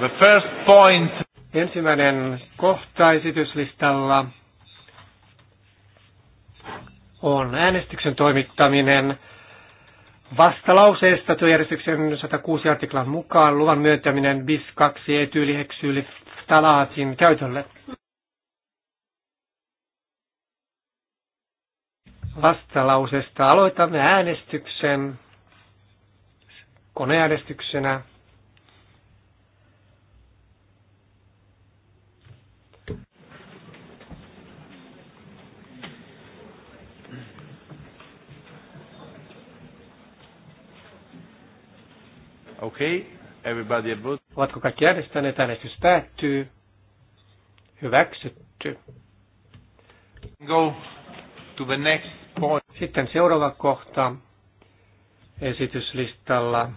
The first point. Ensimmäinen kohta esityslistalla on äänestyksen toimittaminen vastalauseesta työjärjestyksen 106 artiklan mukaan luvan myöntäminen bis 2 talaatin käytölle. Vastalausesta aloitamme äänestyksen koneäänestyksenä. okay. everybody about. Ovatko kaikki äänestäneet? Äänestys päättyy. Hyväksytty. Go to the next point. Sitten seuraava kohta esityslistalla.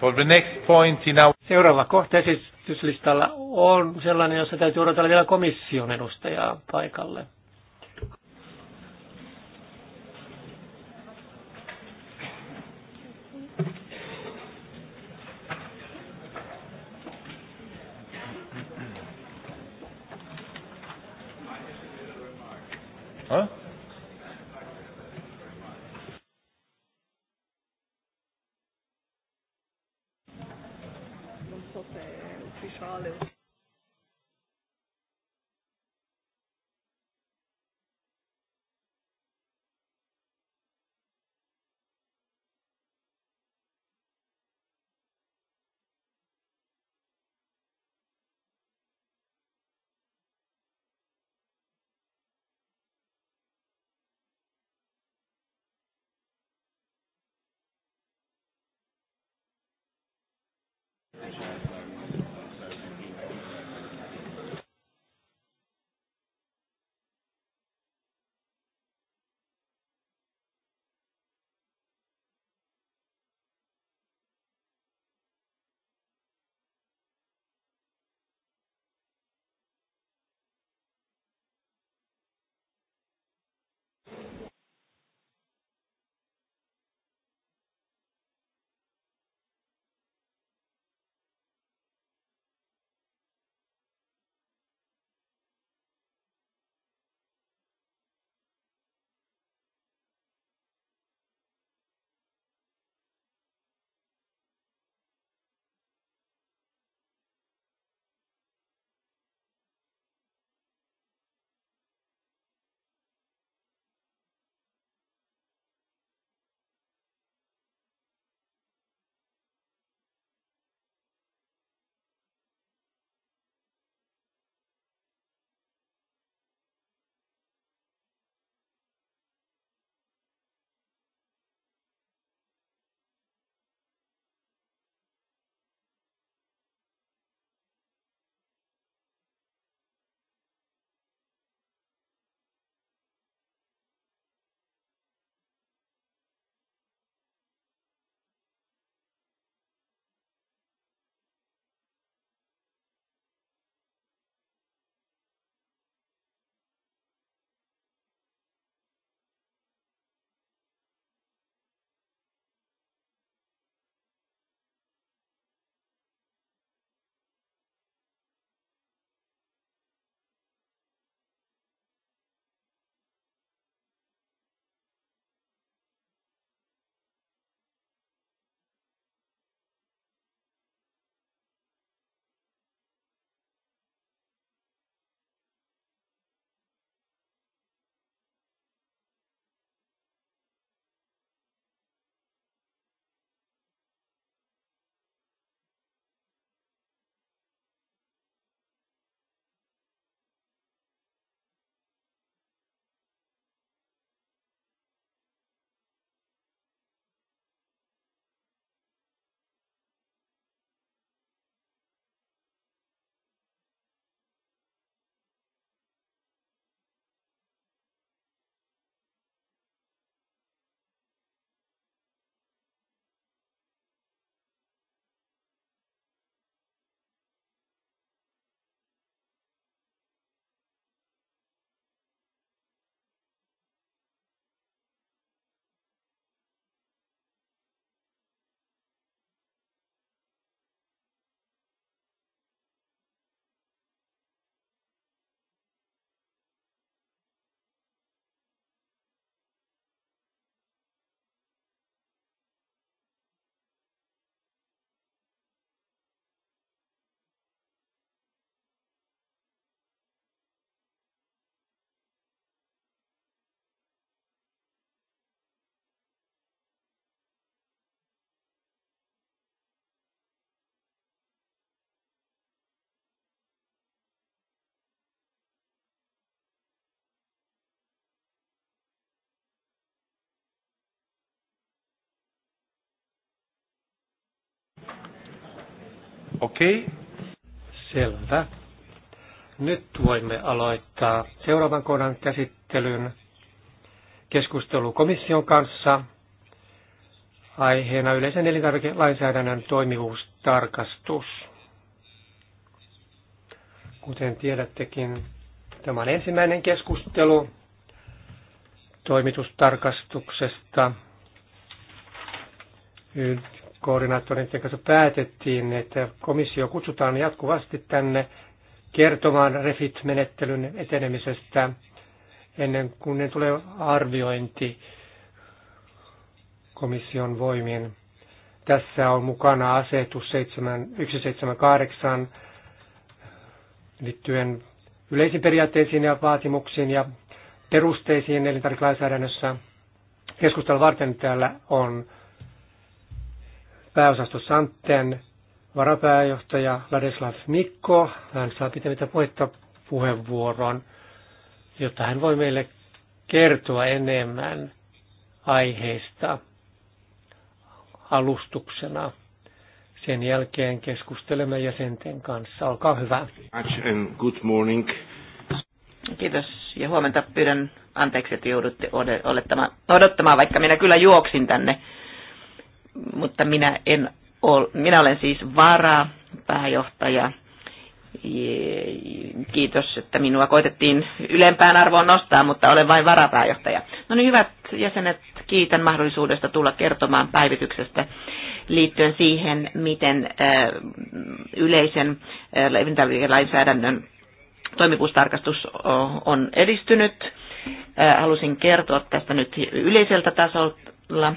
For the next point in our... Seuraava kohta esityslistalla on sellainen, jossa täytyy odotella vielä komission edustajaa paikalle. Okei. Selvä. Nyt voimme aloittaa seuraavan kohdan käsittelyn keskustelu komission kanssa aiheena yleisen elintarvikelainsäädännön toimivuustarkastus. Kuten tiedättekin, tämä on ensimmäinen keskustelu toimitustarkastuksesta koordinaattoreiden kanssa päätettiin, että komissio kutsutaan jatkuvasti tänne kertomaan refit-menettelyn etenemisestä ennen kuin ne tulee arviointi komission voimien. Tässä on mukana asetus 178 liittyen yleisiin periaatteisiin ja vaatimuksiin ja perusteisiin elintarvikelainsäädännössä. Keskustelua varten täällä on pääosasto Santten, varapääjohtaja Ladislav Mikko. Hän saa pitämättä puhetta puheenvuoron, jotta hän voi meille kertoa enemmän aiheesta alustuksena. Sen jälkeen keskustelemme jäsenten kanssa. Olkaa hyvä. Good morning. Kiitos ja huomenta. Pyydän anteeksi, että joudutte odottamaan, vaikka minä kyllä juoksin tänne mutta minä, en ol, minä olen siis vara pääjohtaja. Kiitos, että minua koitettiin ylempään arvoon nostaa, mutta olen vain varapääjohtaja. No niin, hyvät jäsenet, kiitän mahdollisuudesta tulla kertomaan päivityksestä liittyen siihen, miten yleisen lainsäädännön toimivuustarkastus on edistynyt. Halusin kertoa tästä nyt yleiseltä tasolla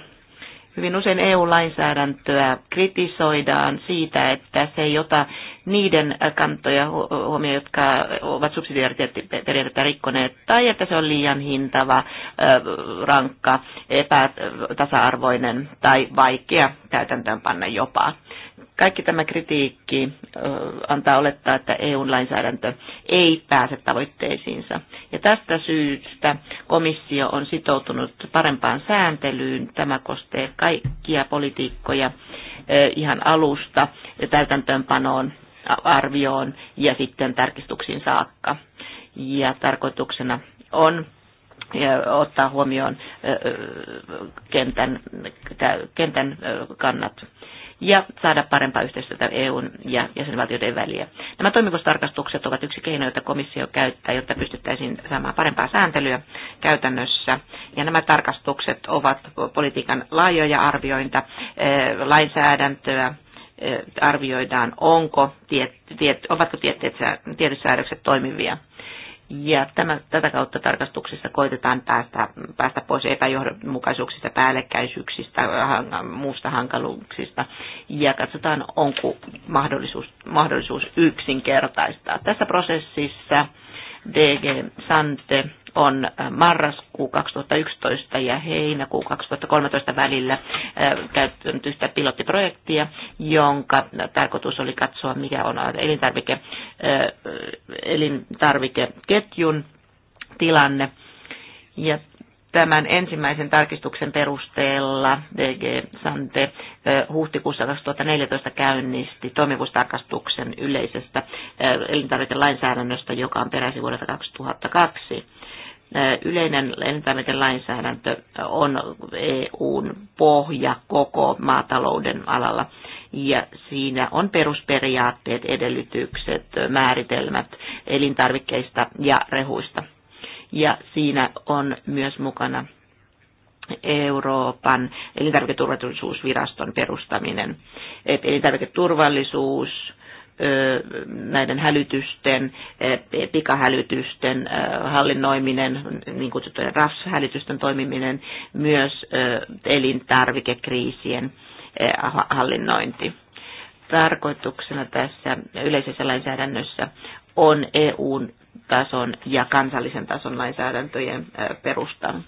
Hyvin usein EU-lainsäädäntöä kritisoidaan siitä, että se ei ota niiden kantoja huomioon, jotka ovat subsidiariteettiperiaatetta rikkoneet, tai että se on liian hintava, rankka, epätasa-arvoinen tai vaikea täytäntöönpanna jopa. Kaikki tämä kritiikki antaa olettaa, että EU-lainsäädäntö ei pääse tavoitteisiinsa. Ja tästä syystä komissio on sitoutunut parempaan sääntelyyn. Tämä koskee kaikkia politiikkoja ihan alusta täytäntöönpanoon, arvioon ja sitten tarkistuksiin saakka. Ja tarkoituksena on ottaa huomioon kentän, kentän kannat ja saada parempaa yhteistyötä EUn ja jäsenvaltioiden väliä. Nämä toimivuustarkastukset ovat yksi keino, jota komissio käyttää, jotta pystyttäisiin saamaan parempaa sääntelyä käytännössä. Ja nämä tarkastukset ovat politiikan laajoja arviointa, eh, lainsäädäntöä, eh, arvioidaan, onko, tiet, tiet, ovatko tietyt säädökset toimivia ja tämä, tätä kautta tarkastuksissa koitetaan päästä, päästä pois epäjohdonmukaisuuksista, päällekkäisyyksistä, muusta hankaluuksista ja katsotaan, onko mahdollisuus, mahdollisuus yksinkertaistaa. Tässä prosessissa DG Sante on äh, marraskuu 2011 ja heinäkuu 2013 välillä äh, käyttänyt yhtä pilottiprojektia, jonka tarkoitus oli katsoa, mikä on elintarvike, äh, elintarvikeketjun tilanne. Ja tämän ensimmäisen tarkistuksen perusteella DG Sante huhtikuussa 2014 käynnisti toimivuustarkastuksen yleisestä elintarvikelainsäädännöstä, joka on peräisin vuodelta 2002 yleinen elintarvikelainsäädäntö on EUn pohja koko maatalouden alalla. Ja siinä on perusperiaatteet, edellytykset, määritelmät elintarvikkeista ja rehuista ja siinä on myös mukana Euroopan elintarviketurvallisuusviraston perustaminen. Elintarviketurvallisuus, näiden hälytysten, e, pikahälytysten hallinnoiminen, niin kutsuttujen RAS-hälytysten toimiminen, myös elintarvikekriisien e, hallinnointi. Tarkoituksena tässä yleisessä lainsäädännössä on EUn tason ja kansallisen tason lainsäädäntöjen perustan.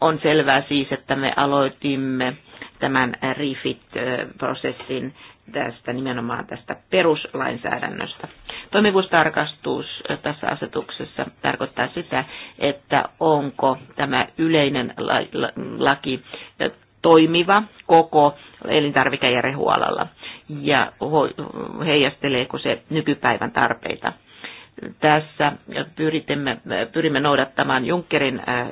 On selvää siis, että me aloitimme tämän REFIT-prosessin tästä nimenomaan tästä peruslainsäädännöstä. Toimivuustarkastus tässä asetuksessa tarkoittaa sitä, että onko tämä yleinen laki toimiva koko elintarvike- ja rehualalla ja heijasteleeko se nykypäivän tarpeita tässä pyritimme, pyrimme noudattamaan Junckerin äh,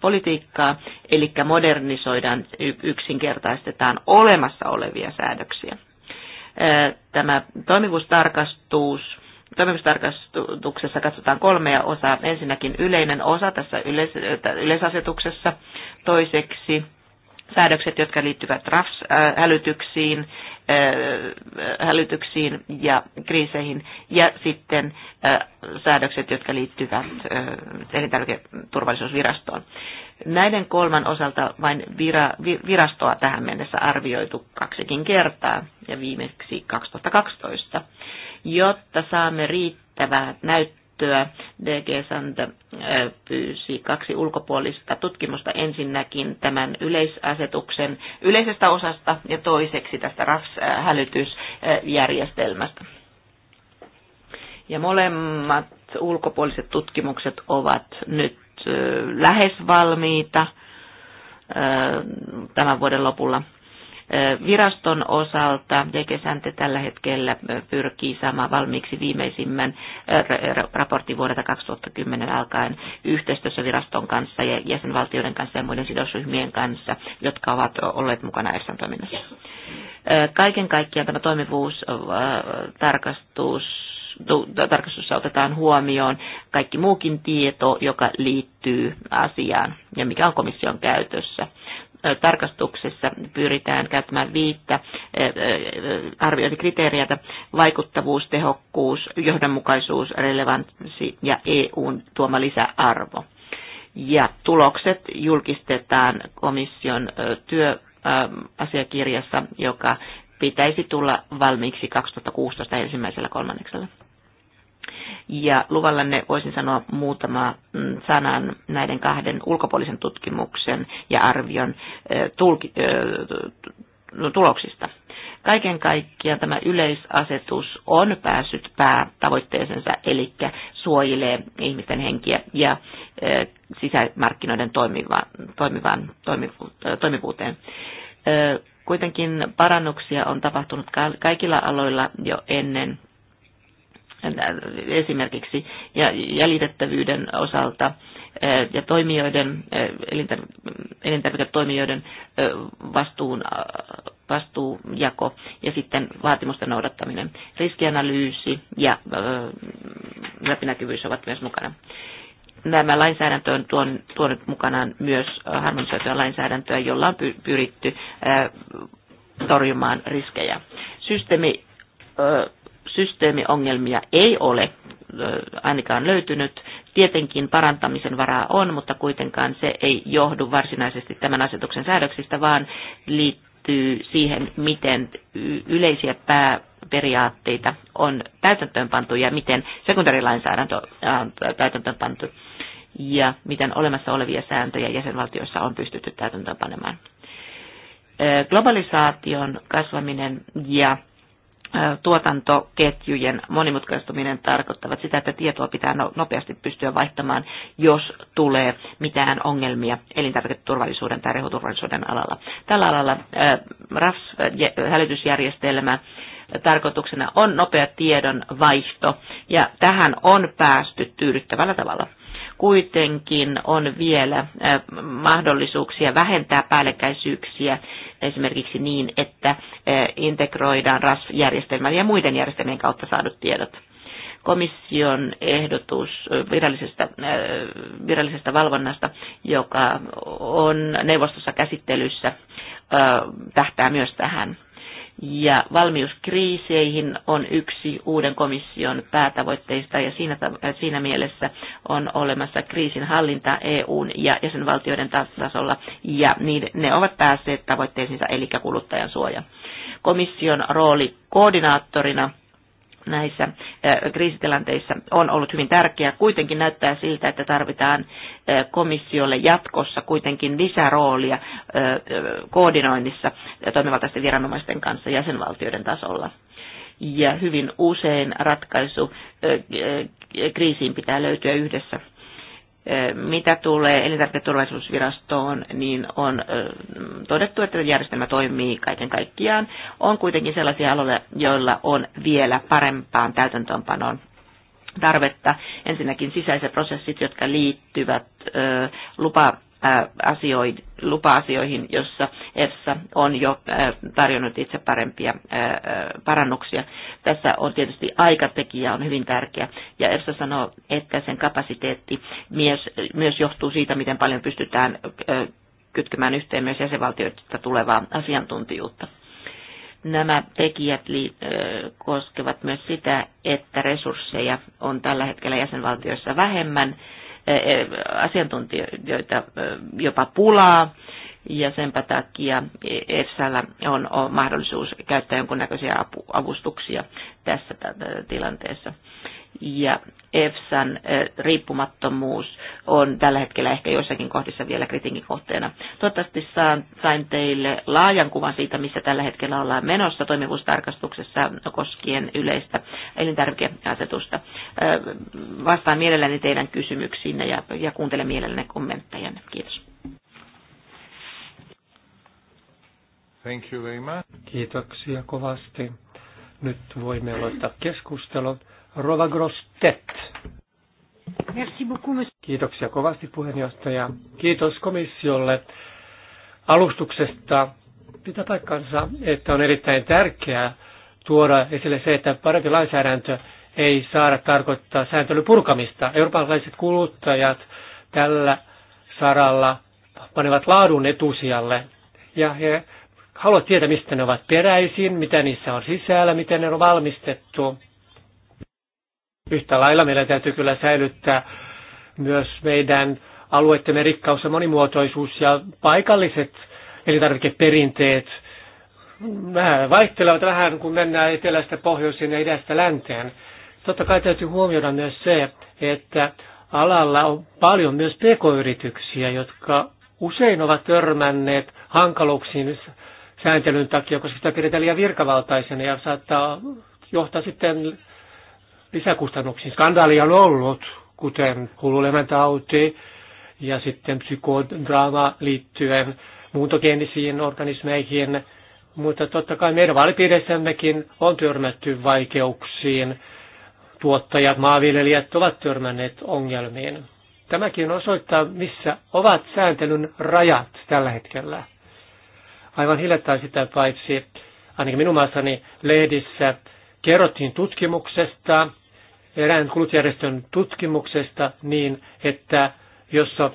politiikkaa, eli modernisoidaan, yksinkertaistetaan olemassa olevia säädöksiä. Äh, tämä toimivuustarkastus toimivuustarkastuksessa katsotaan kolmea osaa. Ensinnäkin yleinen osa tässä yleis- äh, yleisasetuksessa, toiseksi säädökset, jotka liittyvät RAFS-hälytyksiin äh, äh, äh, hälytyksiin ja kriiseihin, ja sitten säädökset, jotka liittyvät elintarviketurvallisuusvirastoon. Näiden kolman osalta vain virastoa tähän mennessä arvioitu kaksikin kertaa, ja viimeksi 2012, jotta saamme riittävää näyttöä käyttöä. DG Santa äh, pyysi kaksi ulkopuolista tutkimusta ensinnäkin tämän yleisasetuksen yleisestä osasta ja toiseksi tästä RAFS-hälytysjärjestelmästä. Ja molemmat ulkopuoliset tutkimukset ovat nyt äh, lähes valmiita äh, tämän vuoden lopulla Viraston osalta DG tällä hetkellä pyrkii saamaan valmiiksi viimeisimmän raportin vuodelta 2010 alkaen yhteistyössä viraston kanssa ja jäsenvaltioiden kanssa ja muiden sidosryhmien kanssa, jotka ovat olleet mukana ERSAn toiminnassa. Kaiken kaikkiaan tämä tarkastus tarkastussa otetaan huomioon kaikki muukin tieto, joka liittyy asiaan ja mikä on komission käytössä tarkastuksessa pyritään käyttämään viittä arviointikriteeriä, vaikuttavuus, tehokkuus, johdonmukaisuus, relevanssi ja EUn tuoma lisäarvo. Ja tulokset julkistetaan komission työasiakirjassa, joka pitäisi tulla valmiiksi 2016 ensimmäisellä kolmanneksella. Ja luvallanne voisin sanoa muutama mm, sanan näiden kahden ulkopuolisen tutkimuksen ja arvion tulki, tuloksista. Kaiken kaikkiaan tämä yleisasetus on päässyt päätavoitteeseensa, eli suojelee ihmisten henkiä ja sisämarkkinoiden toimiva, toimivaan, toimivuuteen. Kuitenkin parannuksia on tapahtunut kaikilla aloilla jo ennen Äh, esimerkiksi ja jäljitettävyyden osalta äh, ja toimijoiden, äh, elintarviketoimijoiden vastuun, vastuujako ja sitten vaatimusten noudattaminen. Riskianalyysi ja läpinäkyvyys ovat myös mukana. Nämä lainsäädäntö on tuonut mukanaan myös harmonisoitua lainsäädäntöä, jolla on pyritty torjumaan riskejä. Systeemi systeemiongelmia ei ole ainakaan löytynyt. Tietenkin parantamisen varaa on, mutta kuitenkaan se ei johdu varsinaisesti tämän asetuksen säädöksistä, vaan liittyy siihen, miten yleisiä pääperiaatteita on täytäntöönpantu ja miten sekundarilainsäädäntö on täytäntöönpantu ja miten olemassa olevia sääntöjä jäsenvaltioissa on pystytty täytäntöönpanemaan. Globalisaation kasvaminen ja tuotantoketjujen monimutkaistuminen tarkoittavat sitä, että tietoa pitää no-, nopeasti pystyä vaihtamaan, jos tulee mitään ongelmia elintarviketurvallisuuden tai rehoturvallisuuden alalla. Tällä alalla RAFS-hälytysjärjestelmä tarkoituksena on nopea tiedon vaihto, ja tähän on päästy tyydyttävällä tavalla kuitenkin on vielä mahdollisuuksia vähentää päällekkäisyyksiä esimerkiksi niin, että integroidaan RAS-järjestelmän ja muiden järjestelmien kautta saadut tiedot komission ehdotus virallisesta, virallisesta valvonnasta, joka on neuvostossa käsittelyssä, tähtää myös tähän. Ja valmiuskriiseihin on yksi uuden komission päätavoitteista ja siinä, äh, siinä mielessä on olemassa kriisinhallinta EUn ja jäsenvaltioiden tasolla ja niin ne ovat päässeet tavoitteisiinsa eli kuluttajan suoja. Komission rooli koordinaattorina näissä kriisitilanteissa on ollut hyvin tärkeää. Kuitenkin näyttää siltä, että tarvitaan komissiolle jatkossa kuitenkin lisäroolia koordinoinnissa toimivaltaisten viranomaisten kanssa jäsenvaltioiden tasolla. Ja hyvin usein ratkaisu kriisiin pitää löytyä yhdessä mitä tulee elintarviketurvallisuusvirastoon, niin on todettu, että järjestelmä toimii kaiken kaikkiaan. On kuitenkin sellaisia aloja, joilla on vielä parempaan täytäntöönpanoon tarvetta. Ensinnäkin sisäiset prosessit, jotka liittyvät lupa asioid, lupa-asioihin, jossa EFSA on jo tarjonnut itse parempia parannuksia. Tässä on tietysti aikatekijä on hyvin tärkeä. Ja EFSA sanoo, että sen kapasiteetti myös, myös johtuu siitä, miten paljon pystytään kytkemään yhteen myös jäsenvaltioista tulevaa asiantuntijuutta. Nämä tekijät koskevat myös sitä, että resursseja on tällä hetkellä jäsenvaltioissa vähemmän E, e, asiantuntijoita e, jopa pulaa, ja sen takia EFSällä on, on mahdollisuus käyttää jonkunnäköisiä avustuksia tässä tilanteessa ja EFSAn riippumattomuus on tällä hetkellä ehkä joissakin kohdissa vielä kritiikin kohteena. Toivottavasti saan, sain teille laajan kuvan siitä, missä tällä hetkellä ollaan menossa toimivuustarkastuksessa koskien yleistä elintarvikeasetusta. Vastaan mielelläni teidän kysymyksiinne ja, ja kuuntelen mielelläni kommenttejanne. Kiitos. Thank you very much. Kiitoksia kovasti. Nyt voimme aloittaa keskustelun. Rova Grostet. Merci beaucoup, Kiitoksia kovasti puheenjohtaja. Kiitos komissiolle alustuksesta. Pitää paikkansa, että on erittäin tärkeää tuoda esille se, että parempi lainsäädäntö ei saada tarkoittaa sääntelyn purkamista. Eurooppalaiset kuluttajat tällä saralla panevat laadun etusijalle ja he haluavat tietää, mistä ne ovat peräisin, mitä niissä on sisällä, miten ne on valmistettu. Yhtä lailla meillä täytyy kyllä säilyttää myös meidän alueittemme rikkaus ja monimuotoisuus ja paikalliset elintarvikeperinteet vähän vaihtelevat vähän, kun mennään etelästä pohjoiseen ja idästä länteen. Totta kai täytyy huomioida myös se, että alalla on paljon myös pk-yrityksiä, jotka usein ovat törmänneet hankaluuksiin sääntelyn takia, koska sitä pidetään liian virkavaltaisena ja saattaa johtaa sitten lisäkustannuksiin. Skandaalia on ollut, kuten hullulemän tauti ja sitten psykodraama liittyen muuntogeenisiin organismeihin, mutta totta kai meidän vaalipiirissämmekin on törmätty vaikeuksiin. Tuottajat, maanviljelijät ovat törmänneet ongelmiin. Tämäkin osoittaa, missä ovat sääntelyn rajat tällä hetkellä. Aivan hiljattain sitä paitsi, ainakin minun maassani lehdissä, kerrottiin tutkimuksesta, erään kulutusjärjestön tutkimuksesta niin, että jossa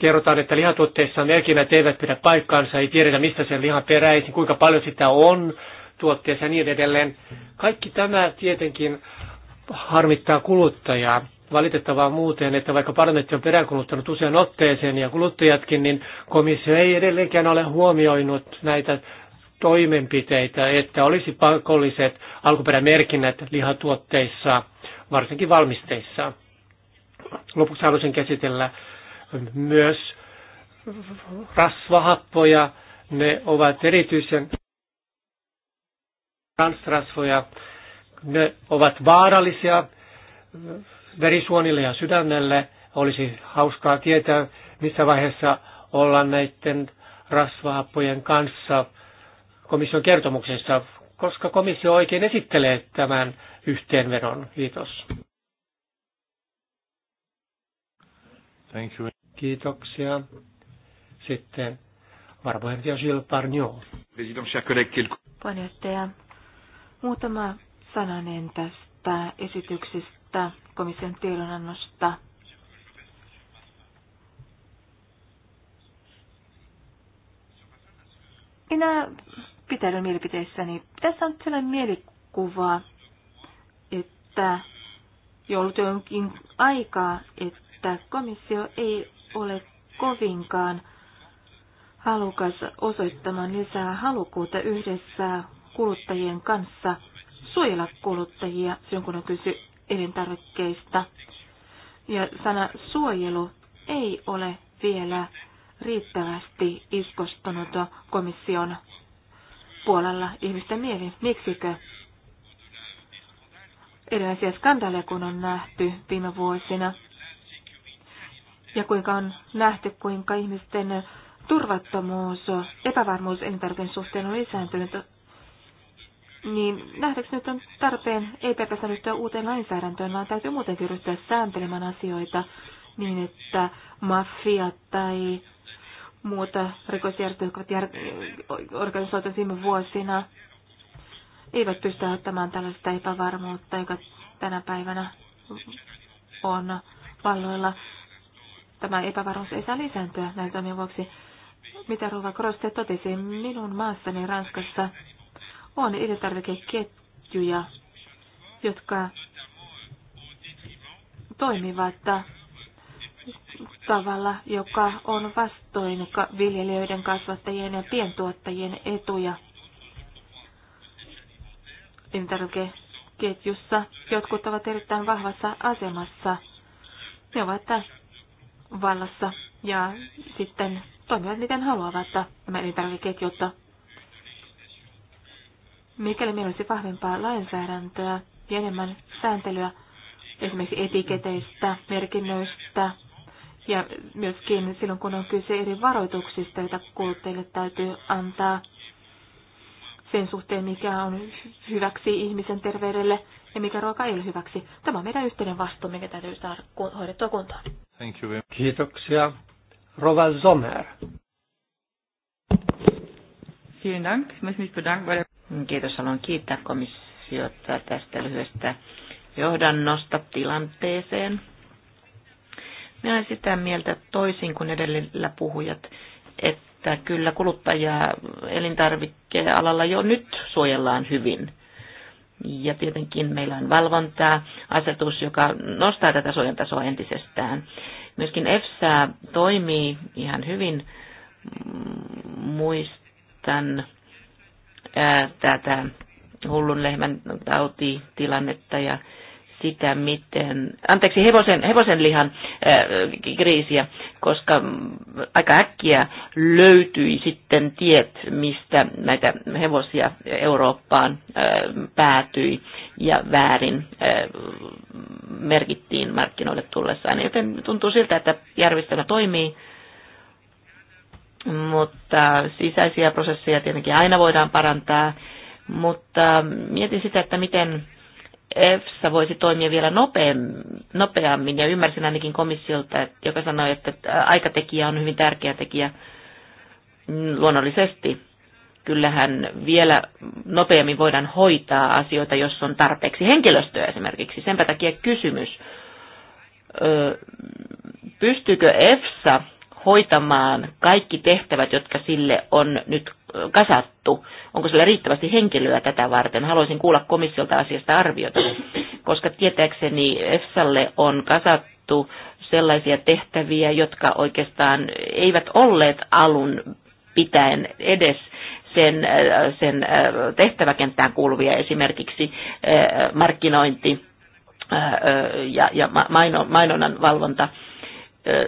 kerrotaan, että lihatuotteissa merkinnät eivät pidä paikkaansa, ei tiedetä mistä se liha peräisin, kuinka paljon sitä on tuotteessa ja niin edelleen. Kaikki tämä tietenkin harmittaa kuluttajaa. Valitettavaa muuten, että vaikka parlamentti on peräänkuluttanut usean otteeseen ja kuluttajatkin, niin komissio ei edelleenkään ole huomioinut näitä toimenpiteitä, että olisi pakolliset alkuperämerkinnät lihatuotteissa – varsinkin valmisteissa. Lopuksi haluaisin käsitellä myös rasvahappoja. Ne ovat erityisen transrasvoja. Ne ovat vaarallisia verisuonille ja sydämelle. Olisi hauskaa tietää, missä vaiheessa ollaan näiden rasvahappojen kanssa komission kertomuksessa koska komissio oikein esittelee tämän yhteenvedon. Kiitos. Thank you. Kiitoksia. Sitten varapuheenjohtaja Gilles Parnio. muutama sananen tästä esityksestä komission tiedonannosta. Minä pitäydyn mielipiteissäni. Tässä on sellainen mielikuva, että jo ollut jonkin aikaa, että komissio ei ole kovinkaan halukas osoittamaan lisää halukkuutta yhdessä kuluttajien kanssa suojella kuluttajia silloin, kun on kysy elintarvikkeista. Ja sana suojelu ei ole vielä riittävästi iskostunut komission puolella ihmisten mieli. Miksikö? Erilaisia skandaaleja kun on nähty viime vuosina. Ja kuinka on nähty, kuinka ihmisten turvattomuus, epävarmuus elintarvikkeiden suhteen on lisääntynyt, niin nähdäks nyt on tarpeen ei pelkästään ryhtyä uuteen lainsäädäntöön, vaan täytyy muutenkin ryhtyä sääntelemään asioita niin, että mafia tai muuta rikosjärjestöjä, jotka ovat organisoituneet viime vuosina, eivät pysty ottamaan tällaista epävarmuutta, joka tänä päivänä on valloilla. Tämä epävarmuus ei saa lisääntyä näin toimien vuoksi. Mitä Ruva Kroste totesi, minun maassani Ranskassa on elintarvikeketjuja, jotka toimivat tavalla, joka on vastoin viljelijöiden, kasvattajien ja pientuottajien etuja. Elintarvikeketjussa jotkut ovat erittäin vahvassa asemassa. Ne ovat vallassa ja sitten toimivat miten haluavat nämä elintarvikeketjut. Mikäli meillä olisi vahvempaa lainsäädäntöä ja enemmän sääntelyä esimerkiksi etiketeistä, merkinnöistä, ja myöskin silloin, kun on kyse eri varoituksista, joita kuluttajille täytyy antaa sen suhteen, mikä on hyväksi ihmisen terveydelle ja mikä ruoka ei ole hyväksi. Tämä on meidän yhteinen vastuu, mikä täytyy saada hoidettua kuntoon. Thank you. Kiitoksia. Rova Sommer. Kiitos. Haluan kiittää komissiota tästä lyhyestä johdannosta tilanteeseen minä olen sitä mieltä toisin kuin edellä puhujat, että kyllä kuluttajaa alalla jo nyt suojellaan hyvin. Ja tietenkin meillä on valvontaa, asetus, joka nostaa tätä suojantasoa entisestään. Myöskin EFSA toimii ihan hyvin. Muistan ää, tätä hullun lehmän tautitilannetta ja sitä, miten, anteeksi, hevosen, hevosen lihan äh, kriisiä, koska aika äkkiä löytyi sitten tiet, mistä näitä hevosia Eurooppaan äh, päätyi ja väärin äh, merkittiin markkinoille tullessaan. Joten tuntuu siltä, että järjestelmä toimii, mutta sisäisiä prosesseja tietenkin aina voidaan parantaa, mutta mietin sitä, että miten EFSA voisi toimia vielä nopeammin, ja ymmärsin ainakin komissiolta, joka sanoi, että aikatekijä on hyvin tärkeä tekijä luonnollisesti. Kyllähän vielä nopeammin voidaan hoitaa asioita, jos on tarpeeksi henkilöstöä esimerkiksi. Senpä takia kysymys, pystyykö EFSA hoitamaan kaikki tehtävät, jotka sille on nyt kasattu? Onko sillä riittävästi henkilöä tätä varten? Haluaisin kuulla komissiolta asiasta arviota, koska tietääkseni EFSAlle on kasattu sellaisia tehtäviä, jotka oikeastaan eivät olleet alun pitäen edes sen, sen tehtäväkenttään kuuluvia, esimerkiksi markkinointi ja, ja mainonnan valvonta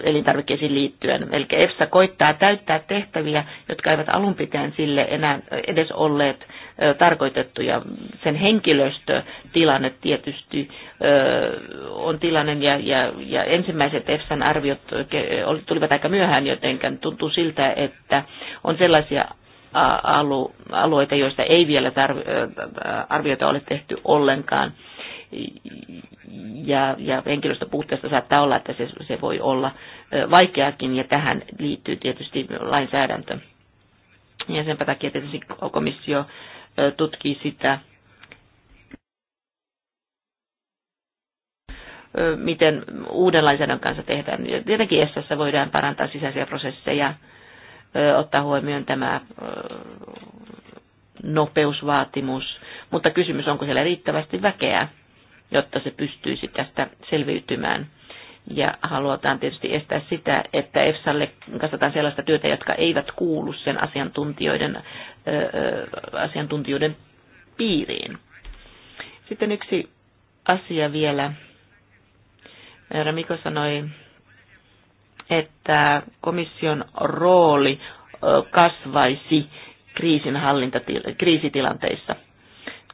elintarvikkeisiin liittyen. Eli EFSA koittaa täyttää tehtäviä, jotka eivät alun pitäen sille enää edes olleet tarkoitettuja. Sen henkilöstötilanne tietysti on tilanne, ja, ja, ja ensimmäiset EFSAn arviot tulivat aika myöhään, joten tuntuu siltä, että on sellaisia alueita, joista ei vielä arvioita ole tehty ollenkaan ja, ja henkilöstöpuhteesta saattaa olla, että se, se voi olla vaikeakin ja tähän liittyy tietysti lainsäädäntö. Ja sen takia tietysti komissio tutkii sitä, miten uuden lainsäädännön kanssa tehdään. Tietenkin Essassa voidaan parantaa sisäisiä prosesseja, ottaa huomioon tämä nopeusvaatimus, mutta kysymys onko siellä riittävästi väkeä jotta se pystyisi tästä selviytymään. Ja halutaan tietysti estää sitä, että EFSAlle kasataan sellaista työtä, jotka eivät kuulu sen asiantuntijoiden, ö, asiantuntijoiden piiriin. Sitten yksi asia vielä. Ramiko sanoi, että komission rooli kasvaisi kriisin kriisitilanteissa?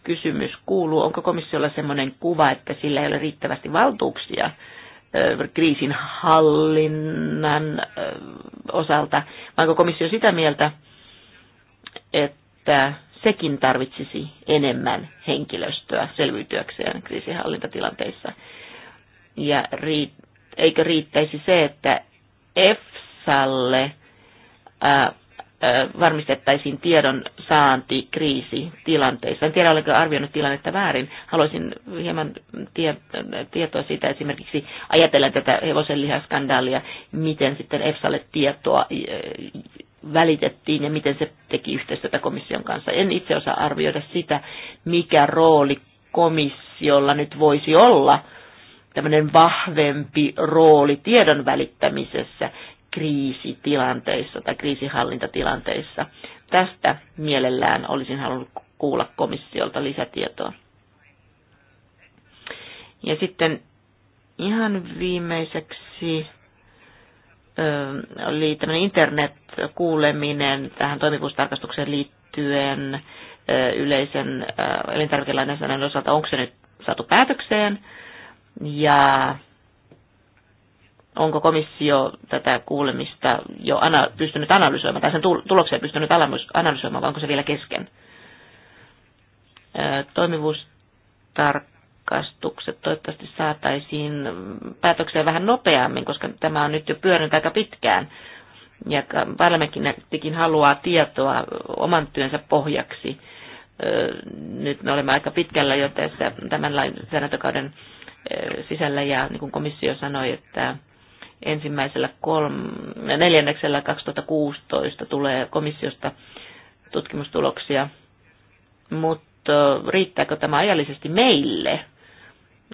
kysymys kuuluu, onko komissiolla sellainen kuva, että sillä ei ole riittävästi valtuuksia kriisin hallinnan osalta, vai onko komissio sitä mieltä, että sekin tarvitsisi enemmän henkilöstöä selviytyäkseen kriisinhallintatilanteissa. Ja riit, eikö riittäisi se, että EFSAlle ää, varmistettaisiin tiedon saanti kriisitilanteissa. En tiedä, olenko arvioinut tilannetta väärin. Haluaisin hieman tie, tietoa siitä esimerkiksi ajatella tätä lihaskandaalia, miten sitten EFSAlle tietoa välitettiin ja miten se teki yhteistyötä komission kanssa. En itse osaa arvioida sitä, mikä rooli komissiolla nyt voisi olla tämmöinen vahvempi rooli tiedon välittämisessä kriisitilanteissa tai kriisihallintatilanteissa. Tästä mielellään olisin halunnut kuulla komissiolta lisätietoa. Ja sitten ihan viimeiseksi oli tämmöinen internetkuuleminen tähän toimivuustarkastukseen liittyen yleisen elintarvikelainsäädännön osalta, onko se nyt saatu päätökseen ja onko komissio tätä kuulemista jo ana- pystynyt analysoimaan, tai sen tuloksia pystynyt analysoimaan, vai onko se vielä kesken? Toimivuustarkastukset toivottavasti saataisiin päätökseen vähän nopeammin, koska tämä on nyt jo pyörinyt aika pitkään. Ja parlamenttikin haluaa tietoa oman työnsä pohjaksi. Nyt me olemme aika pitkällä jo tässä tämän lainsäädäntökauden sisällä ja niin kuin komissio sanoi, että ensimmäisellä kolm, neljänneksellä 2016 tulee komissiosta tutkimustuloksia, mutta riittääkö tämä ajallisesti meille,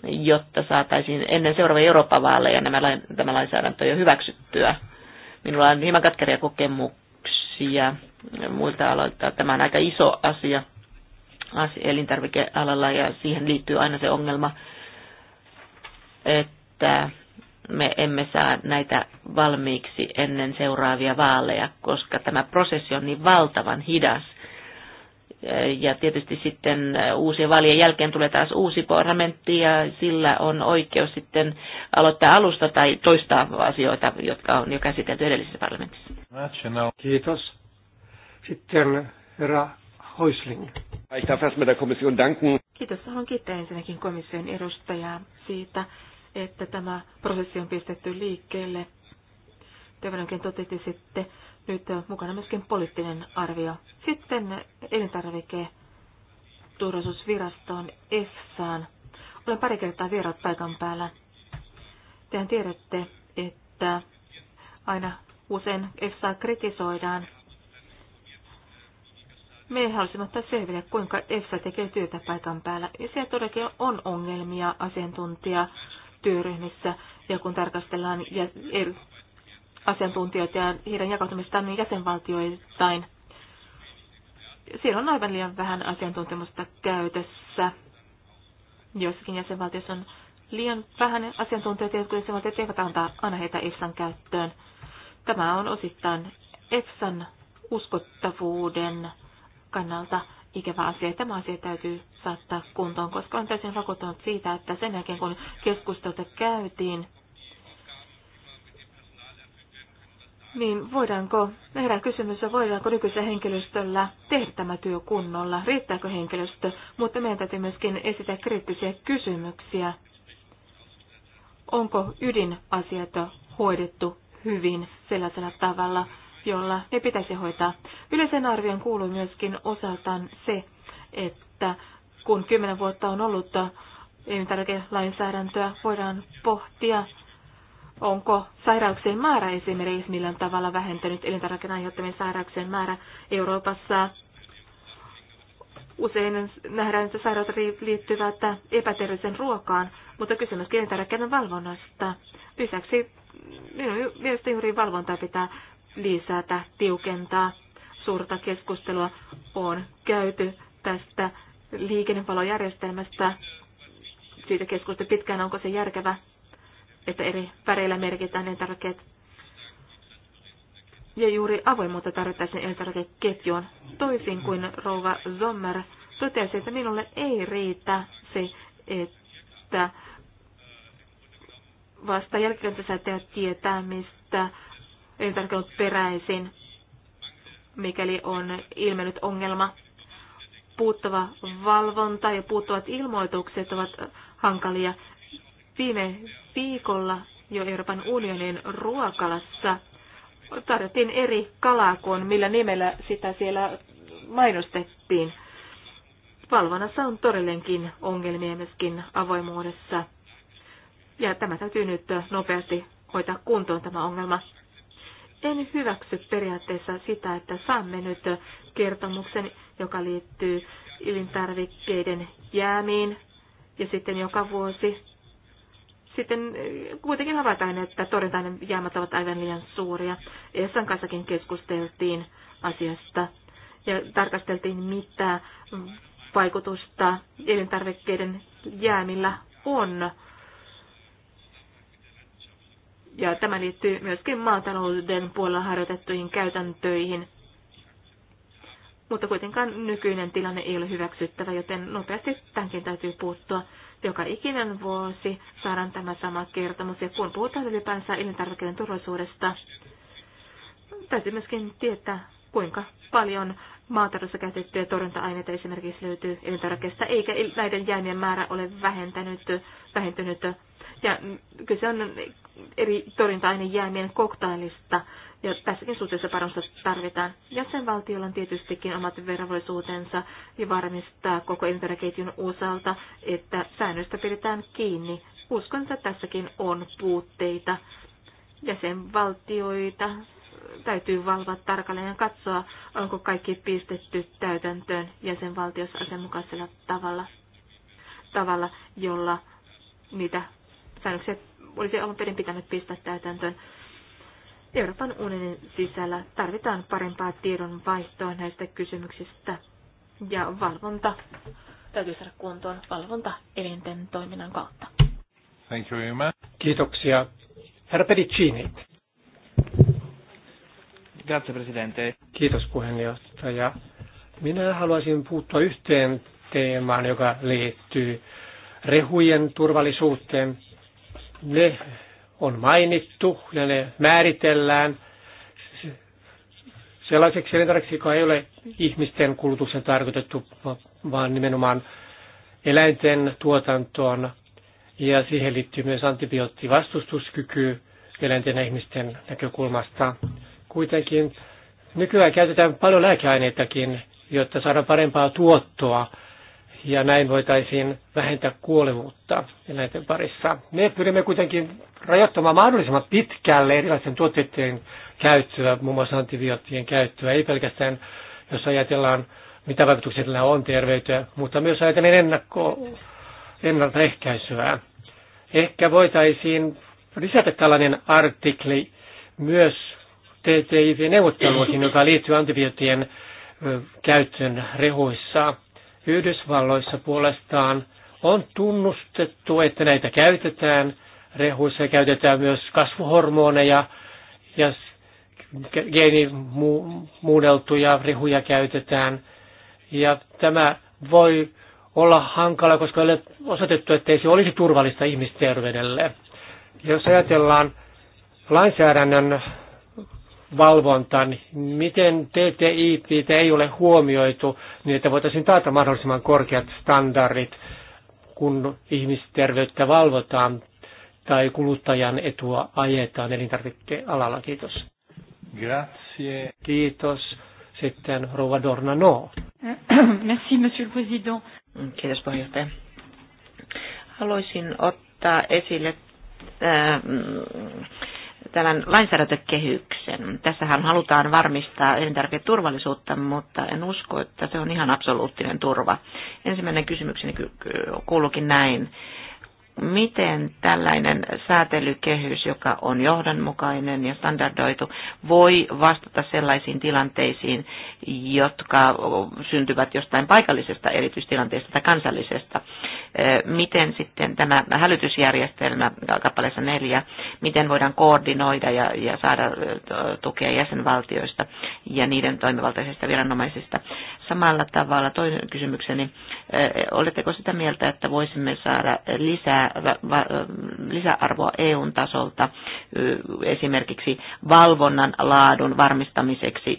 jotta saataisiin ennen seuraavia Euroopan vaaleja nämä, tämä lainsäädäntö jo hyväksyttyä? Minulla on hieman katkeria kokemuksia muilta aloilta. Tämä on aika iso asia elintarvikealalla ja siihen liittyy aina se ongelma, että me emme saa näitä valmiiksi ennen seuraavia vaaleja, koska tämä prosessi on niin valtavan hidas. Ja tietysti sitten uusien vaalien jälkeen tulee taas uusi parlamentti ja sillä on oikeus sitten aloittaa alusta tai toistaa asioita, jotka on jo käsitelty edellisessä parlamentissa. Kiitos. Sitten herra Häusling. Kiitos. Haluan kiittää ensinnäkin komission edustajaa siitä, että tämä prosessi on pistetty liikkeelle. Tevanonkin totesi sitten nyt mukana myöskin poliittinen arvio. Sitten elintarvike turvallisuusvirastoon EFSAan. Olen pari kertaa vieraat paikan päällä. Tehän tiedätte, että aina usein EFSAa kritisoidaan. Me halusimme ottaa selville, kuinka EFSA tekee työtä paikan päällä. Ja siellä todellakin on ongelmia asiantuntija työryhmissä ja kun tarkastellaan asiantuntijoita ja heidän jakautumistaan niin jäsenvaltioittain. Siellä on aivan liian vähän asiantuntemusta käytössä. Joissakin jäsenvaltioissa on liian vähän asiantuntijoita, jotka jäsenvaltiot eivät antaa, aina heitä EFSAn käyttöön. Tämä on osittain EFSAn uskottavuuden kannalta ikävä asia. Tämä asia täytyy saattaa kuntoon, koska on täysin vakuuttunut siitä, että sen jälkeen kun keskustelta käytiin, niin voidaanko, herää kysymys, voidaanko nykyisellä henkilöstöllä tehdä tämä työ kunnolla, riittääkö henkilöstö, mutta meidän täytyy myöskin esittää kriittisiä kysymyksiä. Onko ydinasiat hoidettu hyvin sellaisella tavalla, jolla ne pitäisi hoitaa. Yleisen arvion kuuluu myöskin osaltaan se, että kun kymmenen vuotta on ollut elintarvikelainsäädäntöä, voidaan pohtia, onko sairauksien määrä esimerkiksi millään tavalla vähentynyt elintarvikkeiden aiheuttamien sairauksien määrä Euroopassa. Usein nähdään, että sairaat liittyvät epäterveisen ruokaan, mutta kysymys elintarvikkeiden valvonnasta. Lisäksi minun mielestäni juuri valvontaa pitää lisätä, tiukentaa. Suurta keskustelua on käyty tästä liikennevalojärjestelmästä. Siitä keskusteltiin pitkään, onko se järkevä, että eri väreillä merkitään elintarvikkeet. Ja juuri avoimuutta tarvittaisiin elintarvikeketjuun. Toisin kuin rouva Sommer totesi, että minulle ei riitä se, että vasta jälkikäteen tietää, mistä elintarvikelut peräisin, mikäli on ilmennyt ongelma. Puuttava valvonta ja puuttuvat ilmoitukset ovat hankalia. Viime viikolla jo Euroopan unionin ruokalassa tarjottiin eri kalaa kuin millä nimellä sitä siellä mainostettiin. Valvonnassa on todellinenkin ongelmia myöskin avoimuudessa. Ja tämä täytyy nyt nopeasti hoitaa kuntoon tämä ongelma. En hyväksy periaatteessa sitä, että saamme nyt kertomuksen, joka liittyy elintarvikkeiden jäämiin ja sitten joka vuosi. Sitten eh, kuitenkin havaitaan, että torjuntainen jäämät ovat aivan liian suuria. Essan kanssakin keskusteltiin asiasta ja tarkasteltiin, mitä vaikutusta elintarvikkeiden jäämillä on ja tämä liittyy myöskin maatalouden puolella harjoitettuihin käytäntöihin. Mutta kuitenkaan nykyinen tilanne ei ole hyväksyttävä, joten nopeasti tämänkin täytyy puuttua. Joka ikinen vuosi saadaan tämä sama kertomus. Ja kun puhutaan ylipäänsä elintarvikkeiden turvallisuudesta, täytyy myöskin tietää, kuinka paljon maataloudessa käytettyjä torjunta-aineita esimerkiksi löytyy elintarvikkeista, eikä näiden jäämien määrä ole vähentänyt, vähentynyt. Ja kyse on eri torjunta-ainejäämien koktailista, ja tässäkin suhteessa parannusta tarvitaan. Jäsenvaltiolla on tietystikin omat velvollisuutensa ja varmistaa koko elintarvikeketjun osalta, että säännöistä pidetään kiinni. Uskon, että tässäkin on puutteita. Jäsenvaltioita täytyy valvoa tarkalleen ja katsoa, onko kaikki pistetty täytäntöön jäsenvaltiossa asianmukaisella tavalla, tavalla jolla niitä säännöksiä olisi alun perin pitänyt pistää täytäntöön. Euroopan unionin sisällä tarvitaan parempaa tiedon vaihtoa näistä kysymyksistä ja valvonta täytyy saada kuntoon elinten toiminnan kautta. Thank you, Emma. Kiitoksia. Herra Pedicini. Grazie, Presidente. Kiitos puheenjohtaja. Minä haluaisin puuttua yhteen teemaan, joka liittyy rehujen turvallisuuteen ne on mainittu ja ne määritellään sellaiseksi elintarviksi, joka ei ole ihmisten kulutuksen tarkoitettu, vaan nimenomaan eläinten tuotantoon. Ja siihen liittyy myös antibioottivastustuskyky eläinten ja ihmisten näkökulmasta. Kuitenkin nykyään käytetään paljon lääkeaineitakin, jotta saadaan parempaa tuottoa ja näin voitaisiin vähentää kuolevuutta eläinten parissa. Me pyrimme kuitenkin rajoittamaan mahdollisimman pitkälle erilaisten tuotteiden käyttöä, muun muassa antibioottien käyttöä, ei pelkästään jos ajatellaan, mitä vaikutuksia tällä on terveyteen, mutta myös ajatellen ennakko, ennaltaehkäisyä. Ehkä voitaisiin lisätä tällainen artikli myös ttiv neuvotteluihin joka liittyy antibioottien käyttöön rehuissa Yhdysvalloissa puolestaan on tunnustettu, että näitä käytetään rehuissa käytetään myös kasvuhormoneja ja geenimuunneltuja rehuja käytetään. Ja tämä voi olla hankala, koska ei ole osoitettu, että ei se olisi turvallista ihmisterveydelle. Jos ajatellaan lainsäädännön valvontaan, miten TTIP ei ole huomioitu, niin että voitaisiin taata mahdollisimman korkeat standardit, kun ihmisterveyttä valvotaan tai kuluttajan etua ajetaan alalla Kiitos. Grazie. Kiitos. Sitten Rova no. Merci, monsieur le président. Kiitos puheenjohtaja. Haluaisin ottaa esille äh, tämän lainsäädäntökehyksen. Tässähän halutaan varmistaa elintarviketurvallisuutta, mutta en usko, että se on ihan absoluuttinen turva. Ensimmäinen kysymykseni kuuluukin näin miten tällainen säätelykehys, joka on johdonmukainen ja standardoitu, voi vastata sellaisiin tilanteisiin, jotka syntyvät jostain paikallisesta erityistilanteesta tai kansallisesta. Miten sitten tämä hälytysjärjestelmä kappaleessa neljä, miten voidaan koordinoida ja, ja saada tukea jäsenvaltioista ja niiden toimivaltaisista viranomaisista. Samalla tavalla toinen kysymykseni, oletteko sitä mieltä, että voisimme saada lisää lisäarvoa eu tasolta esimerkiksi valvonnan laadun varmistamiseksi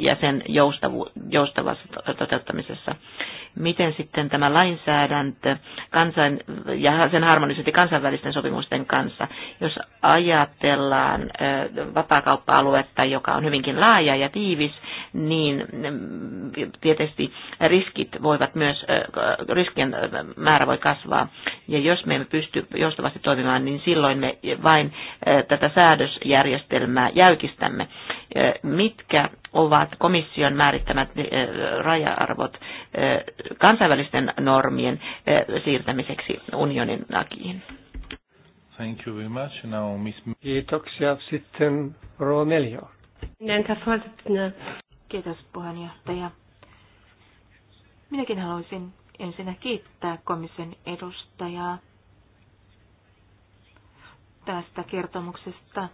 ja sen joustavassa toteuttamisessa miten sitten tämä lainsäädäntö kansain, ja sen harmonisesti kansainvälisten sopimusten kanssa, jos ajatellaan vapaakauppa-aluetta, joka on hyvinkin laaja ja tiivis, niin mm, tietysti riskit voivat myös, riskien määrä voi kasvaa. Ja jos me emme pysty joustavasti toimimaan, niin silloin me vain tätä säädösjärjestelmää jäykistämme mitkä ovat komission määrittämät raja-arvot kansainvälisten normien siirtämiseksi unionin lakiin. Thank you very much. Now, miss... Kiitoksia. Sitten Melio. Kiitos puheenjohtaja. Minäkin haluaisin ensinnä kiittää komission edustajaa tästä kertomuksesta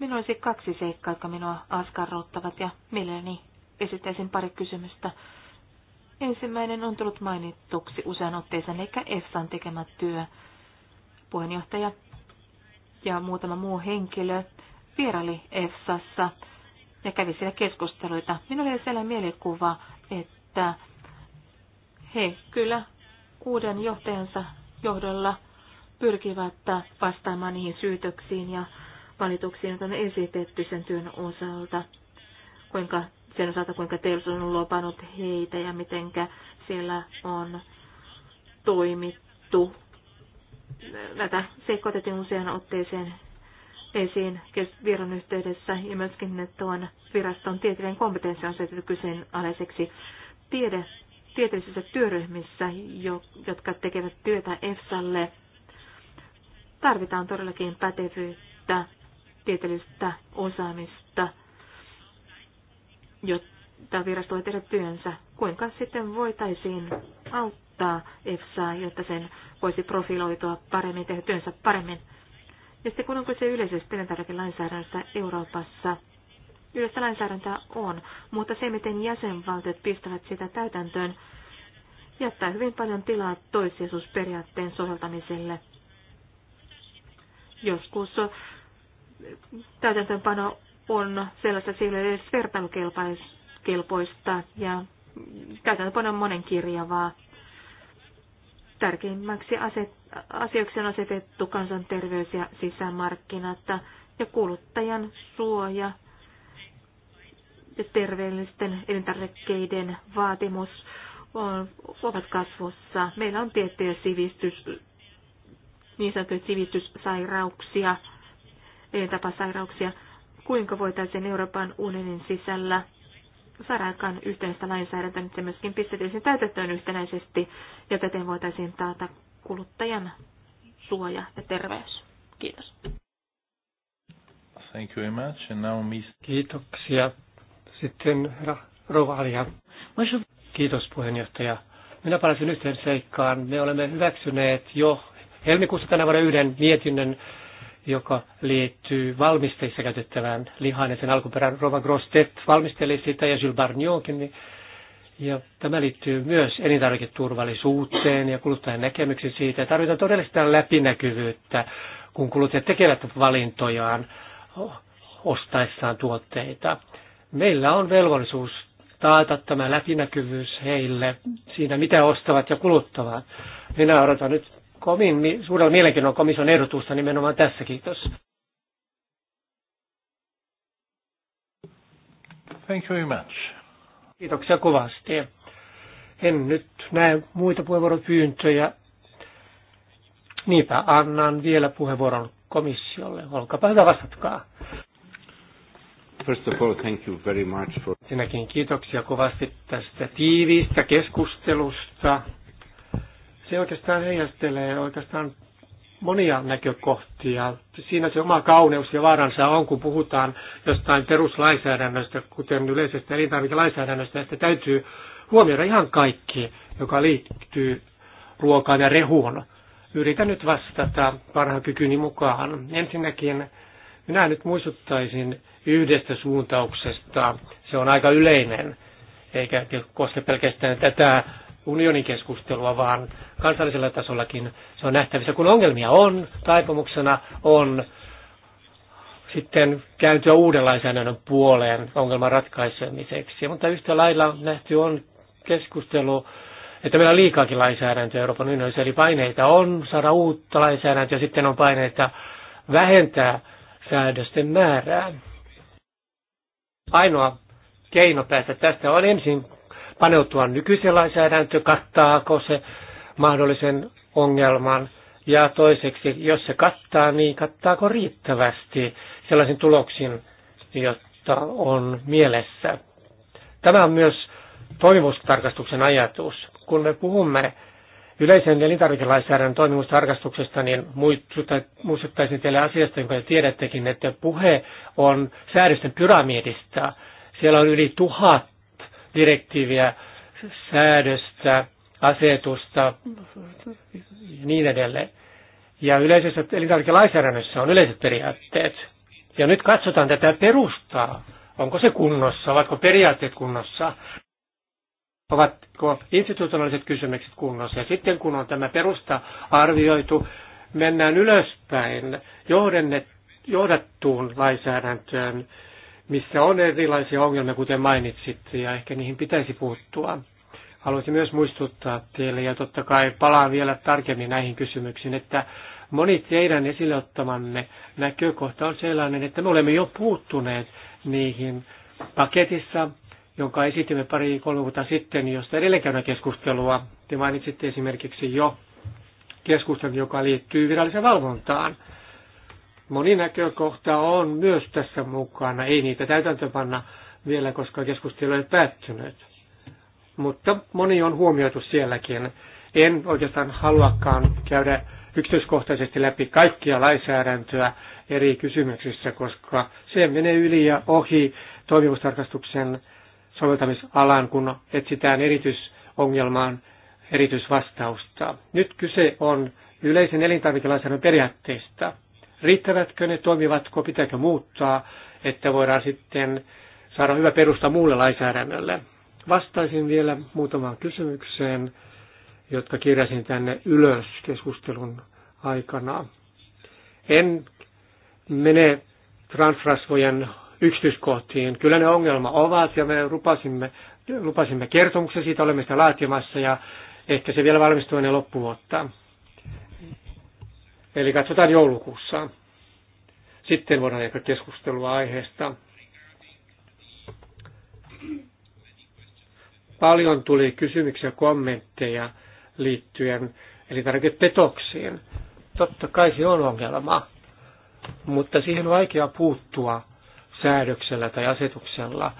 Minulla olisi kaksi seikkaa, jotka minua askarruttavat ja mielelläni esittäisin pari kysymystä. Ensimmäinen on tullut mainittuksi usean otteeseen, eikä EFSAn tekemä työ. Puheenjohtaja ja muutama muu henkilö vieraili EFSassa ja kävi siellä keskusteluita. Minulla oli sellainen mielikuva, että he kyllä uuden johtajansa johdolla pyrkivät vastaamaan niihin syytöksiin ja valituksia joita on esitetty sen työn osalta, kuinka, sen osalta kuinka teillä on lopannut heitä ja mitenkä siellä on toimittu. Näitä seikkoja otettiin usean otteeseen esiin Viron yhteydessä ja myöskin tuon viraston tieteellinen kompetenssi on seitetty kyseenalaiseksi tiede, tieteellisissä työryhmissä, jotka tekevät työtä EFSAlle. Tarvitaan todellakin pätevyyttä tieteellistä osaamista, jotta virasto voi tehdä työnsä. Kuinka sitten voitaisiin auttaa EFSA, jotta sen voisi profiloitua paremmin, tehdä työnsä paremmin? Ja sitten kun on kyse yleisestä lainsäädännössä Euroopassa, yleistä lainsäädäntöä on, mutta se, miten jäsenvaltiot pistävät sitä täytäntöön, jättää hyvin paljon tilaa toissijaisuusperiaatteen soveltamiselle. Joskus täytäntöönpano on sellaista, että ei edes vertailukelpoista ja täytäntöönpano on monen kirjavaa. Tärkeimmäksi aset, asioiksi on asetettu kansanterveys ja sisämarkkinat ja kuluttajan suoja ja terveellisten elintarvikkeiden vaatimus on, ovat kasvussa. Meillä on tiettyjä sivistys, niin sanottuja sivistyssairauksia, elintapasairauksia, kuinka voitaisiin Euroopan unionin sisällä saada aikaan yhteistä lainsäädäntöä, että se myöskin pistetään täytettyön yhtenäisesti, ja täten voitaisiin taata kuluttajan suoja ja terveys. Kiitos. Thank you very much. And now miss... Kiitoksia. Sitten Rovalia. Kiitos puheenjohtaja. Minä palasin yhteen seikkaan. Me olemme hyväksyneet jo helmikuussa tänä vuonna yhden mietinnön joka liittyy valmisteissa käytettävään lihaan ja sen alkuperään. Rova Grostet valmisteli sitä ja Jules Barniokin. Niin- ja tämä liittyy myös elintarviketurvallisuuteen ja kuluttajan näkemyksiin siitä. Tarvitaan todellista läpinäkyvyyttä, kun kuluttajat tekevät valintojaan ostaessaan tuotteita. Meillä on velvollisuus taata tämä läpinäkyvyys heille siinä, mitä ostavat ja kuluttavat. Minä odotan nyt kovin suurella mielenkiinnolla komission ehdotusta nimenomaan tässä. Kiitos. Thank you very much. Kiitoksia kovasti. En nyt näe muita puheenvuoropyyntöjä. Niinpä annan vielä puheenvuoron komissiolle. Olkaapa hyvä, vastatkaa. First of all, thank you very much for... Sinäkin kiitoksia kovasti tästä tiiviistä keskustelusta se oikeastaan heijastelee oikeastaan monia näkökohtia. Siinä se oma kauneus ja vaaransa on, kun puhutaan jostain peruslainsäädännöstä, kuten yleisestä elintarvikelainsäädännöstä, että täytyy huomioida ihan kaikki, joka liittyy ruokaan ja rehuun. Yritän nyt vastata parhaan kykyni mukaan. Ensinnäkin minä nyt muistuttaisin yhdestä suuntauksesta. Se on aika yleinen, eikä koske pelkästään tätä unionin keskustelua, vaan kansallisella tasollakin se on nähtävissä. Kun ongelmia on, taipumuksena on sitten kääntyä uuden lainsäädännön puoleen ongelman ratkaisemiseksi. Mutta yhtä lailla nähty on keskustelu, että meillä on liikaakin lainsäädäntöä Euroopan unionissa, eli paineita on saada uutta lainsäädäntöä, sitten on paineita vähentää säädösten määrää. Ainoa keino päästä tästä on ensin paneutua nykyiseen lainsäädäntöön, kattaako se mahdollisen ongelman. Ja toiseksi, jos se kattaa, niin kattaako riittävästi sellaisen tuloksin, jotta on mielessä. Tämä on myös toimivuustarkastuksen ajatus. Kun me puhumme yleisen elintarvikelainsäädännön toimivuustarkastuksesta, niin muistuttaisin teille asiasta, jonka te tiedättekin, että puhe on säädösten pyramidista. Siellä on yli tuhat direktiiviä, säädöstä, asetusta ja niin edelleen. Ja yleisessä elintarvikelainsäädännössä on yleiset periaatteet. Ja nyt katsotaan tätä perustaa. Onko se kunnossa? Ovatko periaatteet kunnossa? Ovatko institutionaaliset kysymykset kunnossa? Ja sitten kun on tämä perusta arvioitu, mennään ylöspäin johdannet, johdattuun lainsäädäntöön, missä on erilaisia ongelmia, kuten mainitsit, ja ehkä niihin pitäisi puuttua. Haluaisin myös muistuttaa teille, ja totta kai palaan vielä tarkemmin näihin kysymyksiin, että moni teidän esille ottamanne näkökohta on sellainen, että me olemme jo puuttuneet niihin paketissa, jonka esitimme pari-kolme vuotta sitten, josta edelleen käydään keskustelua. Te mainitsitte esimerkiksi jo keskustelun, joka liittyy viralliseen valvontaan – Moni näkökohta on myös tässä mukana. Ei niitä täytäntöpanna vielä, koska keskustelu ei päättynyt. Mutta moni on huomioitu sielläkin. En oikeastaan haluakaan käydä yksityiskohtaisesti läpi kaikkia lainsäädäntöä eri kysymyksissä, koska se menee yli ja ohi toimivuustarkastuksen soveltamisalan, kun etsitään erityisongelmaan erityisvastausta. Nyt kyse on yleisen elintarvikelainsäädännön periaatteista. Riittävätkö ne, toimivatko, pitääkö muuttaa, että voidaan sitten saada hyvä perusta muulle lainsäädännölle. Vastaisin vielä muutamaan kysymykseen, jotka kirjasin tänne ylös keskustelun aikana. En mene transrasvojen yksityiskohtiin. Kyllä ne ongelma ovat ja me lupasimme, lupasimme kertomuksen siitä, olemme sitä laatimassa ja ehkä se vielä valmistuu ennen loppuvuotta. Eli katsotaan joulukuussa. Sitten voidaan ehkä keskustelua aiheesta. Paljon tuli kysymyksiä ja kommentteja liittyen elintarvikepetoksiin. Totta kai se on ongelma, mutta siihen on vaikea puuttua säädöksellä tai asetuksella.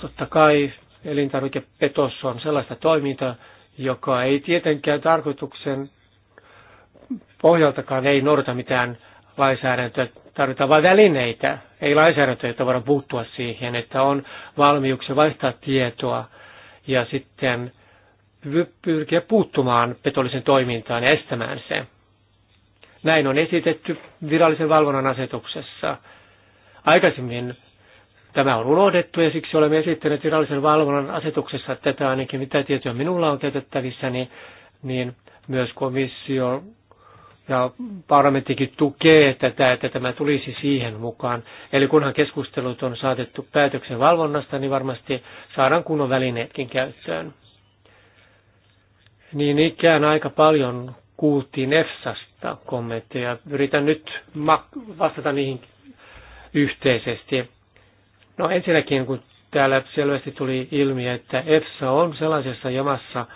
Totta kai elintarvikepetos on sellaista toimintaa, joka ei tietenkään tarkoituksen pohjaltakaan ei noudata mitään lainsäädäntöä. Tarvitaan vain välineitä, ei lainsäädäntöä, jotta voidaan puuttua siihen, että on valmiuksia vaihtaa tietoa ja sitten pyrkiä puuttumaan petollisen toimintaan ja estämään se. Näin on esitetty virallisen valvonnan asetuksessa. Aikaisemmin tämä on unohdettu ja siksi olemme esittäneet virallisen valvonnan asetuksessa tätä ainakin mitä tietoja minulla on käytettävissä, niin, niin myös komissio ja parlamenttikin tukee tätä, että tämä tulisi siihen mukaan. Eli kunhan keskustelut on saatettu päätöksen valvonnasta, niin varmasti saadaan kunnon välineetkin käyttöön. Niin ikään aika paljon kuultiin EFSAsta kommentteja. Yritän nyt vastata niihin yhteisesti. No ensinnäkin, kun täällä selvästi tuli ilmi, että EFSA on sellaisessa jamassa,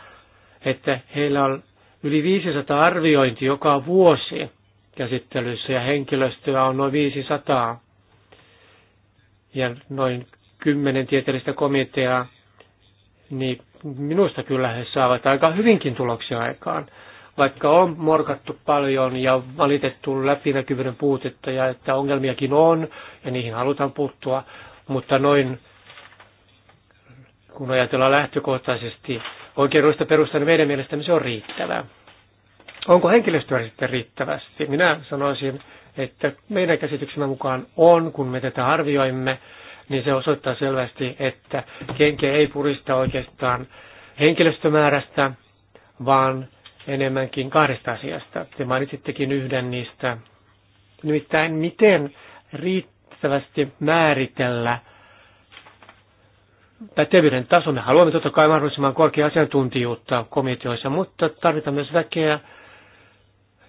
että heillä on yli 500 arviointi joka vuosi käsittelyssä ja henkilöstöä on noin 500 ja noin 10 tieteellistä komiteaa, niin minusta kyllä he saavat aika hyvinkin tuloksia aikaan. Vaikka on morkattu paljon ja valitettu läpinäkyvyyden puutetta ja että ongelmiakin on ja niihin halutaan puuttua, mutta noin kun ajatellaan lähtökohtaisesti oikeudellista perusta, niin meidän mielestämme se on riittävää. Onko henkilöstöä sitten riittävästi? Minä sanoisin, että meidän käsityksemme mukaan on, kun me tätä arvioimme, niin se osoittaa selvästi, että kenkä ei purista oikeastaan henkilöstömäärästä, vaan enemmänkin kahdesta asiasta. Te mainitsittekin yhden niistä. Nimittäin miten riittävästi määritellä pätevyyden taso. Me haluamme totta kai mahdollisimman korkea asiantuntijuutta komiteoissa, mutta tarvitaan myös väkeä,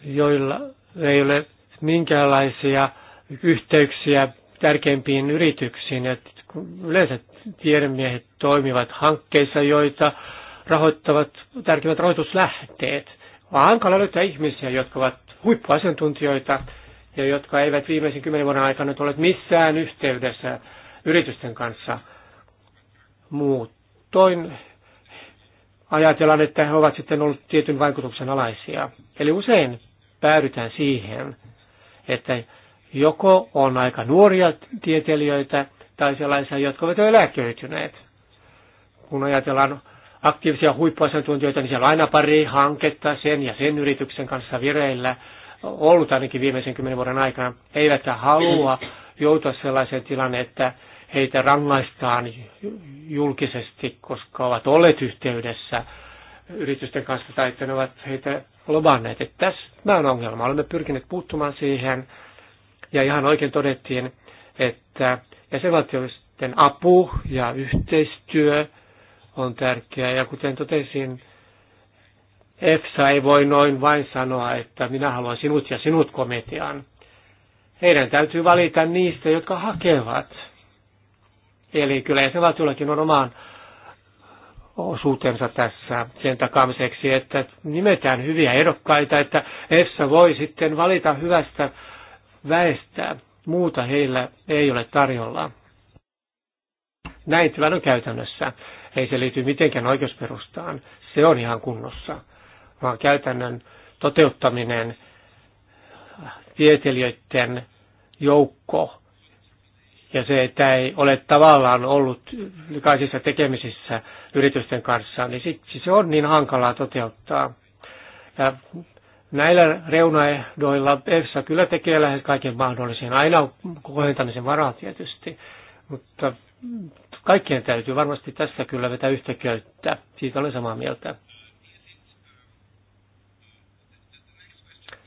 joilla ei ole minkäänlaisia yhteyksiä tärkeimpiin yrityksiin. Et yleensä tiedemiehet toimivat hankkeissa, joita rahoittavat tärkeimmät rahoituslähteet. On hankala löytää ihmisiä, jotka ovat huippuasiantuntijoita ja jotka eivät viimeisen kymmenen vuoden aikana ole missään yhteydessä yritysten kanssa. Muutoin ajatellaan, että he ovat sitten olleet tietyn vaikutuksen alaisia. Eli usein päädytään siihen, että joko on aika nuoria tieteilijöitä tai sellaisia, jotka ovat jo eläköityneet. Kun ajatellaan aktiivisia huippuasiantuntijoita, niin siellä on aina pari hanketta sen ja sen yrityksen kanssa vireillä ollut ainakin viimeisen kymmenen vuoden aikana, eivätkä halua joutua sellaiseen tilanne, että heitä rangaistaan julkisesti, koska ovat olleet yhteydessä yritysten kanssa tai että ne ovat heitä lobanneet. Että tässä on ongelma. Olemme pyrkineet puuttumaan siihen. Ja ihan oikein todettiin, että jäsenvaltioiden apu ja yhteistyö on tärkeää. Ja kuten totesin, EFSA ei voi noin vain sanoa, että minä haluan sinut ja sinut komitean. Heidän täytyy valita niistä, jotka hakevat. Eli kyllä jäsenvaltiollakin on omaan osuutensa tässä sen takamiseksi, että nimetään hyviä ehdokkaita, että EFSA voi sitten valita hyvästä väestää. Muuta heillä ei ole tarjolla. Näin tilanne on käytännössä. Ei se liity mitenkään oikeusperustaan. Se on ihan kunnossa. Vaan käytännön toteuttaminen tieteilijöiden joukko ja se, että ei ole tavallaan ollut likaisissa tekemisissä yritysten kanssa, niin siksi se on niin hankalaa toteuttaa. Ja näillä reunaehdoilla EFSA kyllä tekee lähes kaiken mahdollisen, aina kohentamisen varaa tietysti, mutta kaikkien täytyy varmasti tässä kyllä vetää yhtä köyttä. Siitä olen samaa mieltä.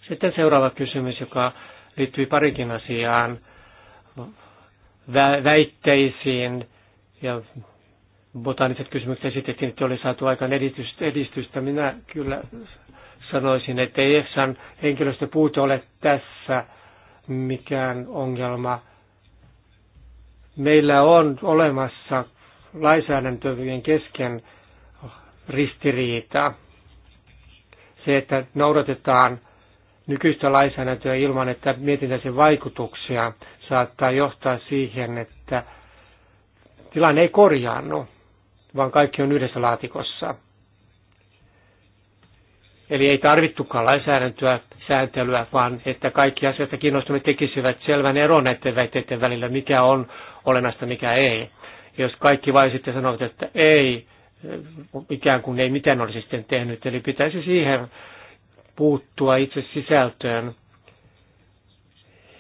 Sitten seuraava kysymys, joka liittyy parikin asiaan – väitteisiin ja botaaniset kysymykset esitettiin, että oli saatu aikaan edistystä. edistystä. Minä kyllä sanoisin, että ei EFSAn henkilöstöpuute ole tässä mikään ongelma. Meillä on olemassa lainsäädäntöjen kesken ristiriita. Se, että noudatetaan nykyistä lainsäädäntöä ilman, että mietitään sen vaikutuksia, saattaa johtaa siihen, että tilanne ei korjaannu, vaan kaikki on yhdessä laatikossa. Eli ei tarvittukaan lainsäädäntöä, sääntelyä, vaan että kaikki asiat kiinnostuneet tekisivät selvän eron näiden väitteiden välillä, mikä on olennaista, mikä ei. Jos kaikki vain sitten sanovat, että ei, ikään kuin ei mitään olisi sitten tehnyt. Eli pitäisi siihen puuttua itse sisältöön,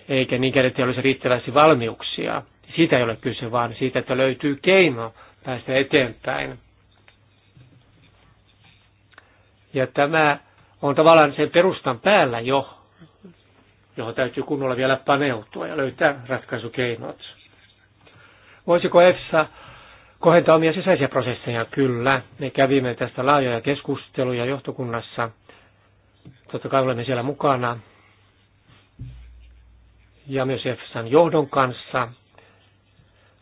eikä niinkään, että olisi riittävästi valmiuksia. Siitä ei ole kyse, vaan siitä, että löytyy keino päästä eteenpäin. Ja tämä on tavallaan sen perustan päällä jo, johon täytyy kunnolla vielä paneutua ja löytää ratkaisukeinot. Voisiko EFSA kohentaa omia sisäisiä prosesseja? Kyllä. Me kävimme tästä laajoja keskusteluja johtokunnassa. Totta kai olemme siellä mukana ja myös EFSAn johdon kanssa.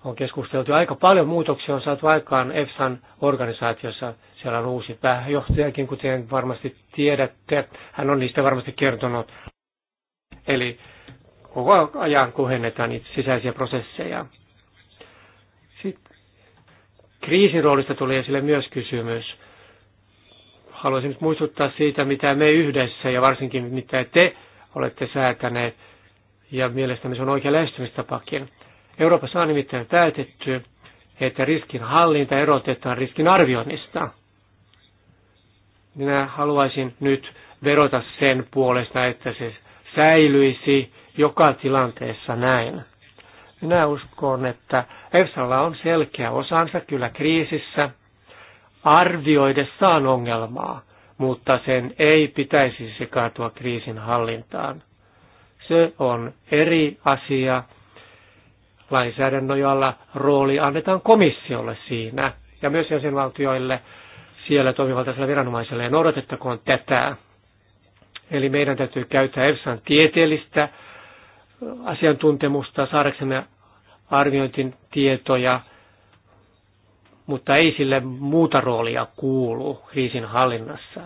On keskusteltu aika paljon muutoksia on saatu aikaan EFSAn organisaatiossa. Siellä on uusi pääjohtajakin, kuten varmasti tiedätte. Hän on niistä varmasti kertonut. Eli koko ajan kohennetaan niitä sisäisiä prosesseja. Sitten kriisin roolista tuli esille myös kysymys. Haluaisin nyt muistuttaa siitä, mitä me yhdessä ja varsinkin mitä te olette säätäneet. Ja mielestäni se on oikea lähestymistapakin. Euroopassa on nimittäin päätetty, että riskin hallinta erotetaan riskin arvioinnista. Minä haluaisin nyt verota sen puolesta, että se säilyisi joka tilanteessa näin. Minä uskon, että EFSAlla on selkeä osansa kyllä kriisissä, arvioidessaan ongelmaa, mutta sen ei pitäisi sekaantua kriisin hallintaan. Se on eri asia. Lainsäädännön nojalla rooli annetaan komissiolle siinä ja myös jäsenvaltioille siellä toimivaltaisella viranomaiselle ja noudatettakoon tätä. Eli meidän täytyy käyttää EFSAn tieteellistä asiantuntemusta saadaksemme arviointin tietoja mutta ei sille muuta roolia kuulu kriisin hallinnassa.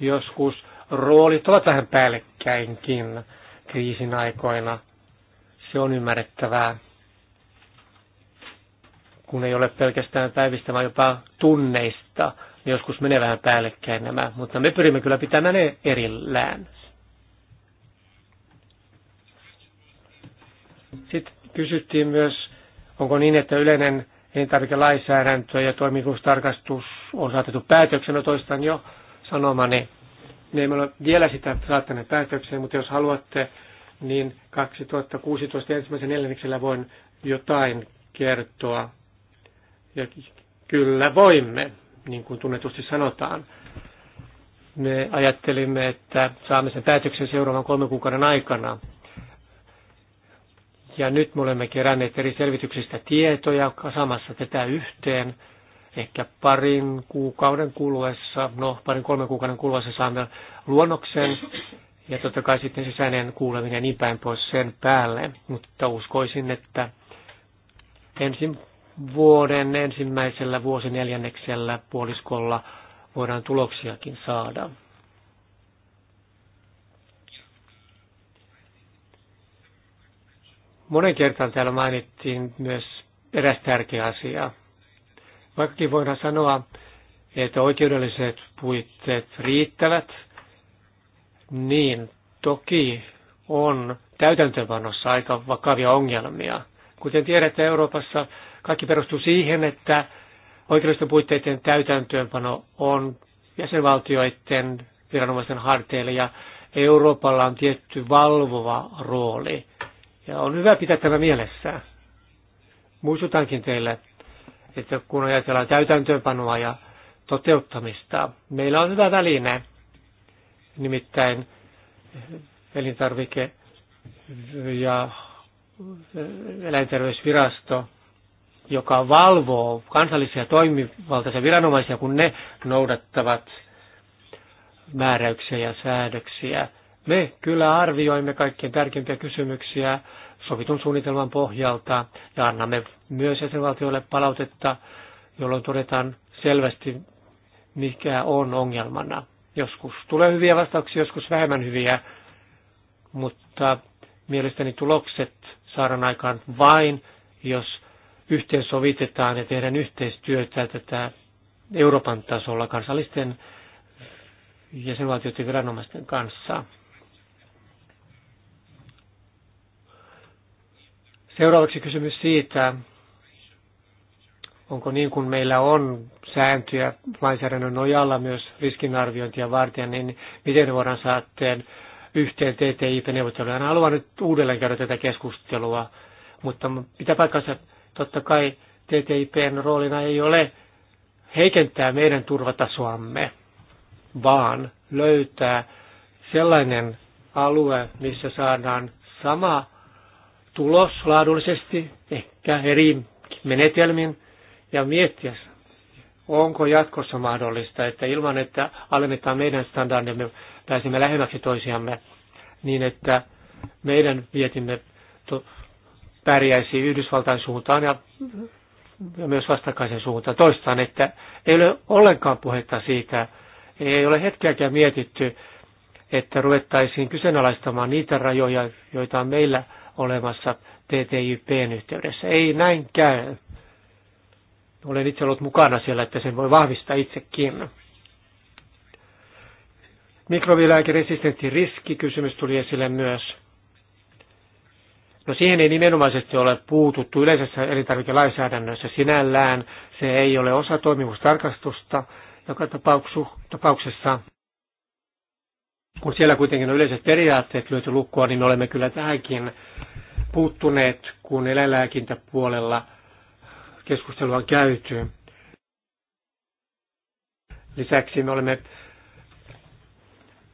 Joskus roolit ovat vähän päällekkäinkin kriisin aikoina. Se on ymmärrettävää, kun ei ole pelkästään päivistä, vaan jopa tunneista. Joskus menee vähän päällekkäin nämä, mutta me pyrimme kyllä pitämään ne erillään. Sitten kysyttiin myös Onko niin, että yleinen elintarvikelainsäädäntö ja toimivuustarkastus on saatettu päätöksenä, toistan jo sanomani. Me emme ole vielä sitä saattaneet päätökseen, mutta jos haluatte, niin 2016 ensimmäisen neljänneksellä voin jotain kertoa. Ja kyllä voimme, niin kuin tunnetusti sanotaan. Me ajattelimme, että saamme sen päätöksen seuraavan kolmen kuukauden aikana. Ja nyt me olemme keränneet eri selvityksistä tietoja samassa tätä yhteen. Ehkä parin kuukauden kuluessa, no parin kolmen kuukauden kuluessa saamme luonnoksen ja totta kai sitten sisäinen kuuleminen niin päin pois sen päälle. Mutta uskoisin, että ensin vuoden ensimmäisellä vuosineljänneksellä puoliskolla voidaan tuloksiakin saada. Monen kertaan täällä mainittiin myös eräs tärkeä asia. Vaikkakin voidaan sanoa, että oikeudelliset puitteet riittävät, niin toki on täytäntöönpanossa aika vakavia ongelmia. Kuten tiedätte, Euroopassa kaikki perustuu siihen, että oikeudellisten puitteiden täytäntöönpano on jäsenvaltioiden viranomaisten harteille ja Euroopalla on tietty valvova rooli. Ja on hyvä pitää tämä mielessä. Muistutankin teille, että kun ajatellaan täytäntöönpanoa ja toteuttamista, meillä on hyvä väline, nimittäin elintarvike ja eläinterveysvirasto, joka valvoo kansallisia toimivaltaisia viranomaisia, kun ne noudattavat määräyksiä ja säädöksiä me kyllä arvioimme kaikkien tärkeimpiä kysymyksiä sovitun suunnitelman pohjalta ja annamme myös jäsenvaltioille palautetta, jolloin todetaan selvästi, mikä on ongelmana. Joskus tulee hyviä vastauksia, joskus vähemmän hyviä, mutta mielestäni tulokset saadaan aikaan vain, jos yhteensovitetaan ja tehdään yhteistyötä tätä Euroopan tasolla kansallisten jäsenvaltioiden viranomaisten kanssa. Seuraavaksi kysymys siitä, onko niin kuin meillä on sääntöjä lainsäädännön nojalla myös riskinarviointia varten, niin miten voidaan saatteen yhteen TTIP-neuvotteluja. Haluan nyt uudelleen käydä tätä keskustelua, mutta pitää paikkansa, totta kai TTIPn roolina ei ole heikentää meidän turvatasoamme, vaan löytää sellainen alue, missä saadaan sama tulos laadullisesti, ehkä eri menetelmin, ja miettiä, onko jatkossa mahdollista, että ilman, että alennetaan meidän standardimme, pääsemme lähemmäksi toisiamme, niin että meidän vietimme pärjäisi Yhdysvaltain suuntaan ja, ja myös vastakkaisen suuntaan. Toistaan, että ei ole ollenkaan puhetta siitä, ei ole hetkeäkään mietitty, että ruvettaisiin kyseenalaistamaan niitä rajoja, joita on meillä olemassa TTIPn yhteydessä. Ei näin käy. Olen itse ollut mukana siellä, että sen voi vahvistaa itsekin. Mikrobilääkeresistentti riskikysymys tuli esille myös. No siihen ei nimenomaisesti ole puututtu yleisessä elintarvikelainsäädännössä sinällään. Se ei ole osa toimivuustarkastusta joka tapauksessa. Kun siellä kuitenkin on yleiset periaatteet lyöty lukkoa, niin me olemme kyllä tähänkin puuttuneet, kun eläinlääkintäpuolella keskustelua on käyty. Lisäksi me olemme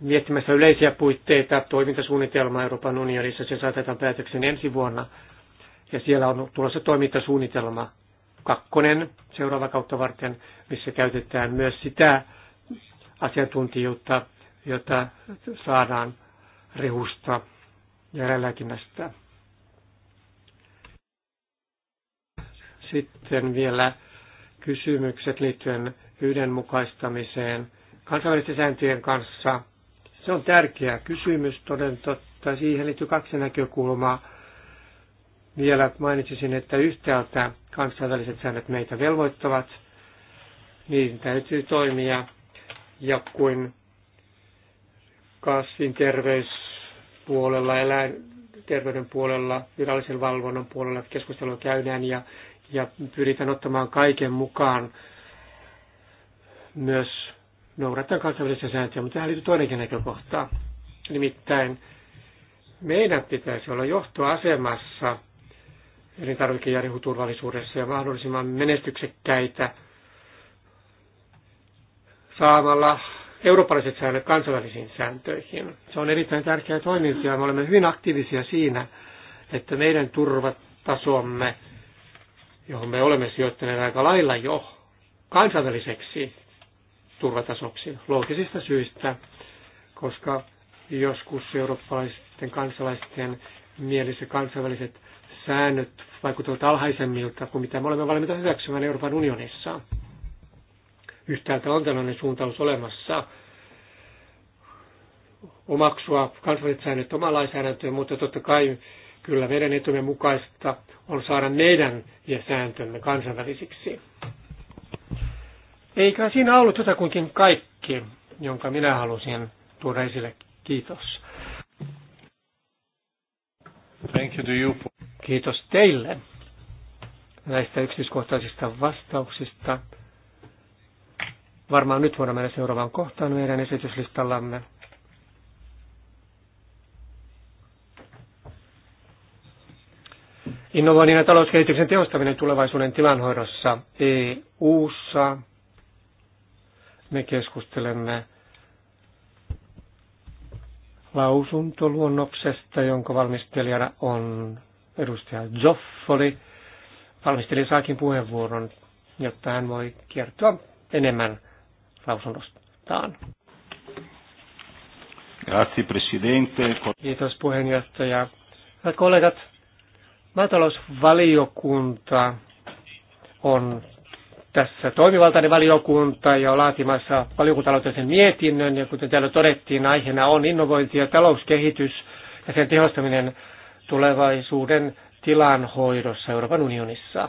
miettimässä yleisiä puitteita toimintasuunnitelmaa Euroopan unionissa. Se saatetaan päätöksen ensi vuonna. Ja siellä on tulossa toimintasuunnitelma kakkonen seuraava kautta varten, missä käytetään myös sitä asiantuntijuutta, jota saadaan rehusta ja eläinlääkinnästä. Sitten vielä kysymykset liittyen yhdenmukaistamiseen kansainvälisten sääntöjen kanssa. Se on tärkeä kysymys toden totta. Siihen liittyy kaksi näkökulmaa. Vielä mainitsisin, että yhtäältä kansainväliset säännöt meitä velvoittavat, niin täytyy toimia, ja kuin kassin terveyspuolella, terveyden puolella, virallisen valvonnan puolella keskustelua käydään ja, ja pyritään ottamaan kaiken mukaan myös noudattaa kansainvälisiä sääntöjä, mutta tähän liittyy toinenkin näkökohta. Nimittäin meidän pitäisi olla johtoasemassa elintarvikejärjestelmäturvallisuudessa ja mahdollisimman menestyksekkäitä saamalla eurooppalaiset säännöt kansainvälisiin sääntöihin. Se on erittäin tärkeää toiminta ja me olemme hyvin aktiivisia siinä, että meidän turvatasomme, johon me olemme sijoittaneet aika lailla jo kansainväliseksi turvatasoksi loogisista syistä, koska joskus eurooppalaisten kansalaisten mielessä kansainväliset säännöt vaikuttavat alhaisemmilta kuin mitä me olemme valmiita hyväksymään Euroopan unionissa yhtäältä on tällainen suuntaus olemassa omaksua kansalliset säännöt omaa lainsäädäntöön, mutta totta kai kyllä meidän etumme mukaista on saada meidän ja sääntömme kansainvälisiksi. Eikä siinä ollut kuitenkin kaikki, jonka minä halusin tuoda esille. Kiitos. Thank you to you. Kiitos teille näistä yksityiskohtaisista vastauksista. Varmaan nyt voidaan mennä seuraavaan kohtaan meidän esityslistallamme. Innovoinnin ja talouskehityksen tehostaminen tulevaisuuden tilanhoidossa EU-ssa. Me keskustelemme lausuntoluonnoksesta, jonka valmistelijana on edustaja Joffoli. Valmistelija saakin puheenvuoron, jotta hän voi kertoa enemmän lausunnostaan. Grazie, presidente. Kiitos puheenjohtaja. Hyvät kollegat, maatalousvaliokunta on tässä toimivaltainen valiokunta ja on laatimassa valiokuntaloitteisen mietinnön. Ja kuten täällä todettiin, aiheena on innovointi ja talouskehitys ja sen tehostaminen tulevaisuuden tilanhoidossa Euroopan unionissa.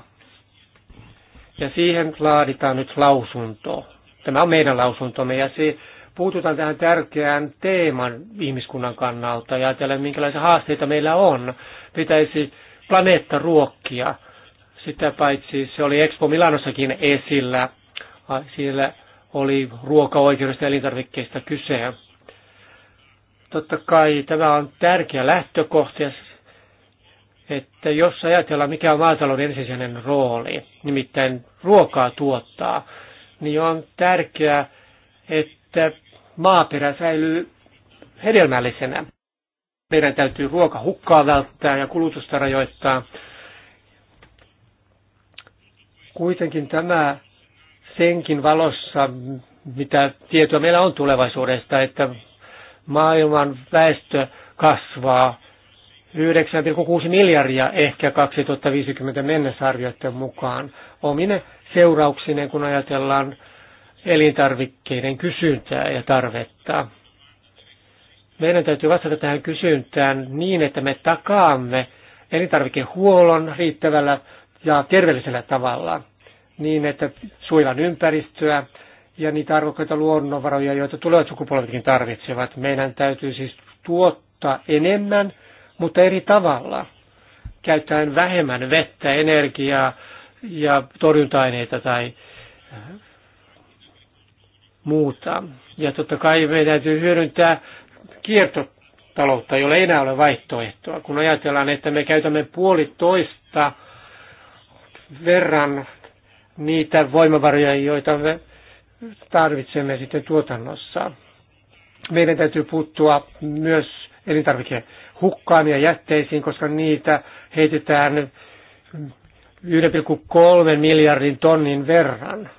Ja siihen laaditaan nyt lausunto. Tämä on meidän lausuntomme ja se puututaan tähän tärkeään teeman ihmiskunnan kannalta ja ajatellaan, minkälaisia haasteita meillä on. Pitäisi planeetta ruokkia. Sitä paitsi se oli Expo Milanossakin esillä. Siellä oli ruokaoikeudesta ja elintarvikkeista kyse. Totta kai tämä on tärkeä lähtökohta, että jos ajatellaan mikä on maatalouden ensisijainen rooli, nimittäin ruokaa tuottaa, niin on tärkeää, että maaperä säilyy hedelmällisenä. Meidän täytyy ruokahukkaa välttää ja kulutusta rajoittaa. Kuitenkin tämä senkin valossa, mitä tietoa meillä on tulevaisuudesta, että maailman väestö kasvaa 9,6 miljardia ehkä 2050 mennessä arvioiden mukaan. Omine seurauksineen, kun ajatellaan elintarvikkeiden kysyntää ja tarvetta. Meidän täytyy vastata tähän kysyntään niin, että me takaamme elintarvikehuollon riittävällä ja terveellisellä tavalla, niin että suojellaan ympäristöä ja niitä arvokkaita luonnonvaroja, joita tulevat sukupolvetkin tarvitsevat. Meidän täytyy siis tuottaa enemmän, mutta eri tavalla, käyttäen vähemmän vettä, energiaa, ja torjunta-aineita tai äh, muuta. Ja totta kai meidän täytyy hyödyntää kiertotaloutta, jolla ei enää ole vaihtoehtoa. Kun ajatellaan, että me käytämme puolitoista verran niitä voimavaroja, joita me tarvitsemme sitten tuotannossa. Meidän täytyy puuttua myös elintarvikehukkaan ja jätteisiin, koska niitä heitetään 1,3 miljardin tonnin verran.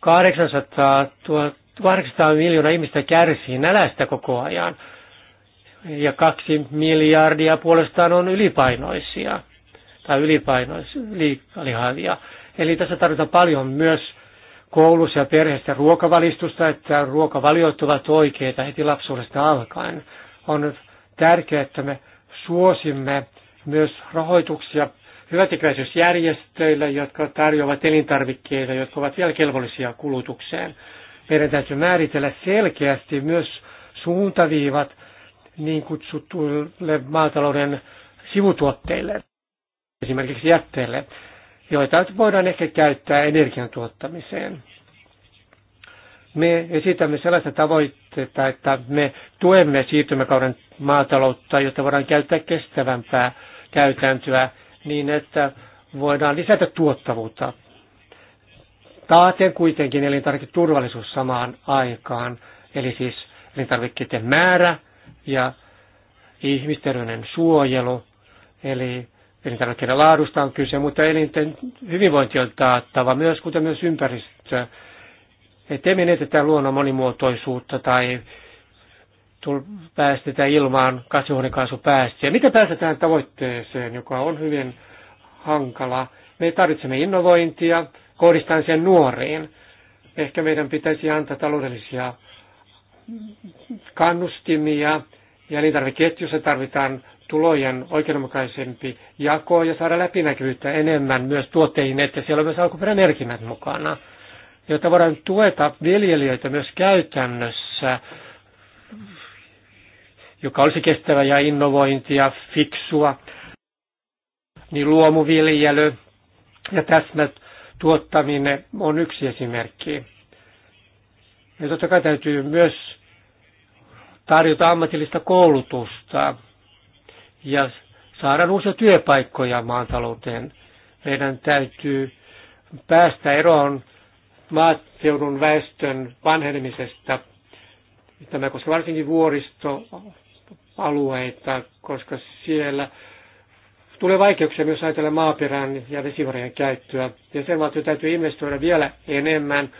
800 800 miljoonaa ihmistä kärsii nälästä koko ajan. Ja kaksi miljardia puolestaan on ylipainoisia tai ylipainoisia, Eli tässä tarvitaan paljon myös koulussa ja perheessä ruokavalistusta, että ruokavaliot ovat oikeita heti lapsuudesta alkaen. On tärkeää, että me suosimme myös rahoituksia hyvätikäisyysjärjestöillä, jotka tarjoavat elintarvikkeita, jotka ovat vielä kelvollisia kulutukseen. Meidän täytyy määritellä selkeästi myös suuntaviivat niin kutsutuille maatalouden sivutuotteille, esimerkiksi jätteelle, joita voidaan ehkä käyttää energian tuottamiseen. Me esitämme sellaista tavoitteita, että me tuemme siirtymäkauden maataloutta, jotta voidaan käyttää kestävämpää käytäntöä niin, että voidaan lisätä tuottavuutta. Taaten kuitenkin elintarviketurvallisuus samaan aikaan, eli siis elintarvikkeiden määrä ja ihmisterveyden suojelu, eli elintarvikkeiden laadusta on kyse, mutta elinten hyvinvointi on taattava myös, kuten myös ympäristö. Ettei menetetä luonnon monimuotoisuutta tai päästetään ilmaan kasvihuonekaasupäästöjä. Miten päästetään tavoitteeseen, joka on hyvin hankala? Me tarvitsemme innovointia, kohdistaan sen nuoriin. Ehkä meidän pitäisi antaa taloudellisia kannustimia ja elintarvikeketjussa tarvitaan tulojen oikeudenmukaisempi jako ja saada läpinäkyvyyttä enemmän myös tuotteihin, että siellä on myös alkuperämerkinnät mukana, jotta voidaan tueta viljelijöitä myös käytännössä joka olisi kestävä ja innovointia, fiksua, niin luomuviljely ja täsmät tuottaminen on yksi esimerkki. Ja totta kai täytyy myös tarjota ammatillista koulutusta ja saada uusia työpaikkoja maantalouteen. Meidän täytyy päästä eroon maaseudun väestön vanhenemisesta. Tämä koskee varsinkin vuoristo, alueita, koska siellä tulee vaikeuksia myös ajatella maaperän ja vesivarojen käyttöä. Ja sen valtio täytyy investoida vielä enemmän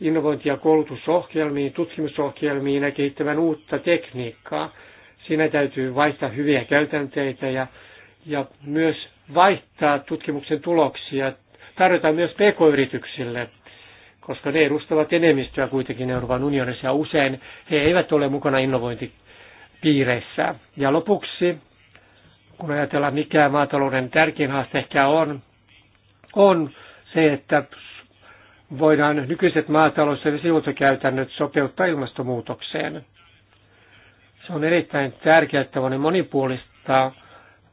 innovointi- ja koulutusohjelmiin, tutkimusohjelmiin ja kehittämään uutta tekniikkaa. Siinä täytyy vaihtaa hyviä käytänteitä ja, ja myös vaihtaa tutkimuksen tuloksia. Tarjotaan myös pk-yrityksille, koska ne edustavat enemmistöä kuitenkin Euroopan unionissa ja usein he eivät ole mukana innovointi piireissä. Ja lopuksi, kun ajatellaan mikä maatalouden tärkein haaste ehkä on, on se, että voidaan nykyiset maatalous- ja vesihuoltokäytännöt sopeuttaa ilmastonmuutokseen. Se on erittäin tärkeää, että voidaan monipuolistaa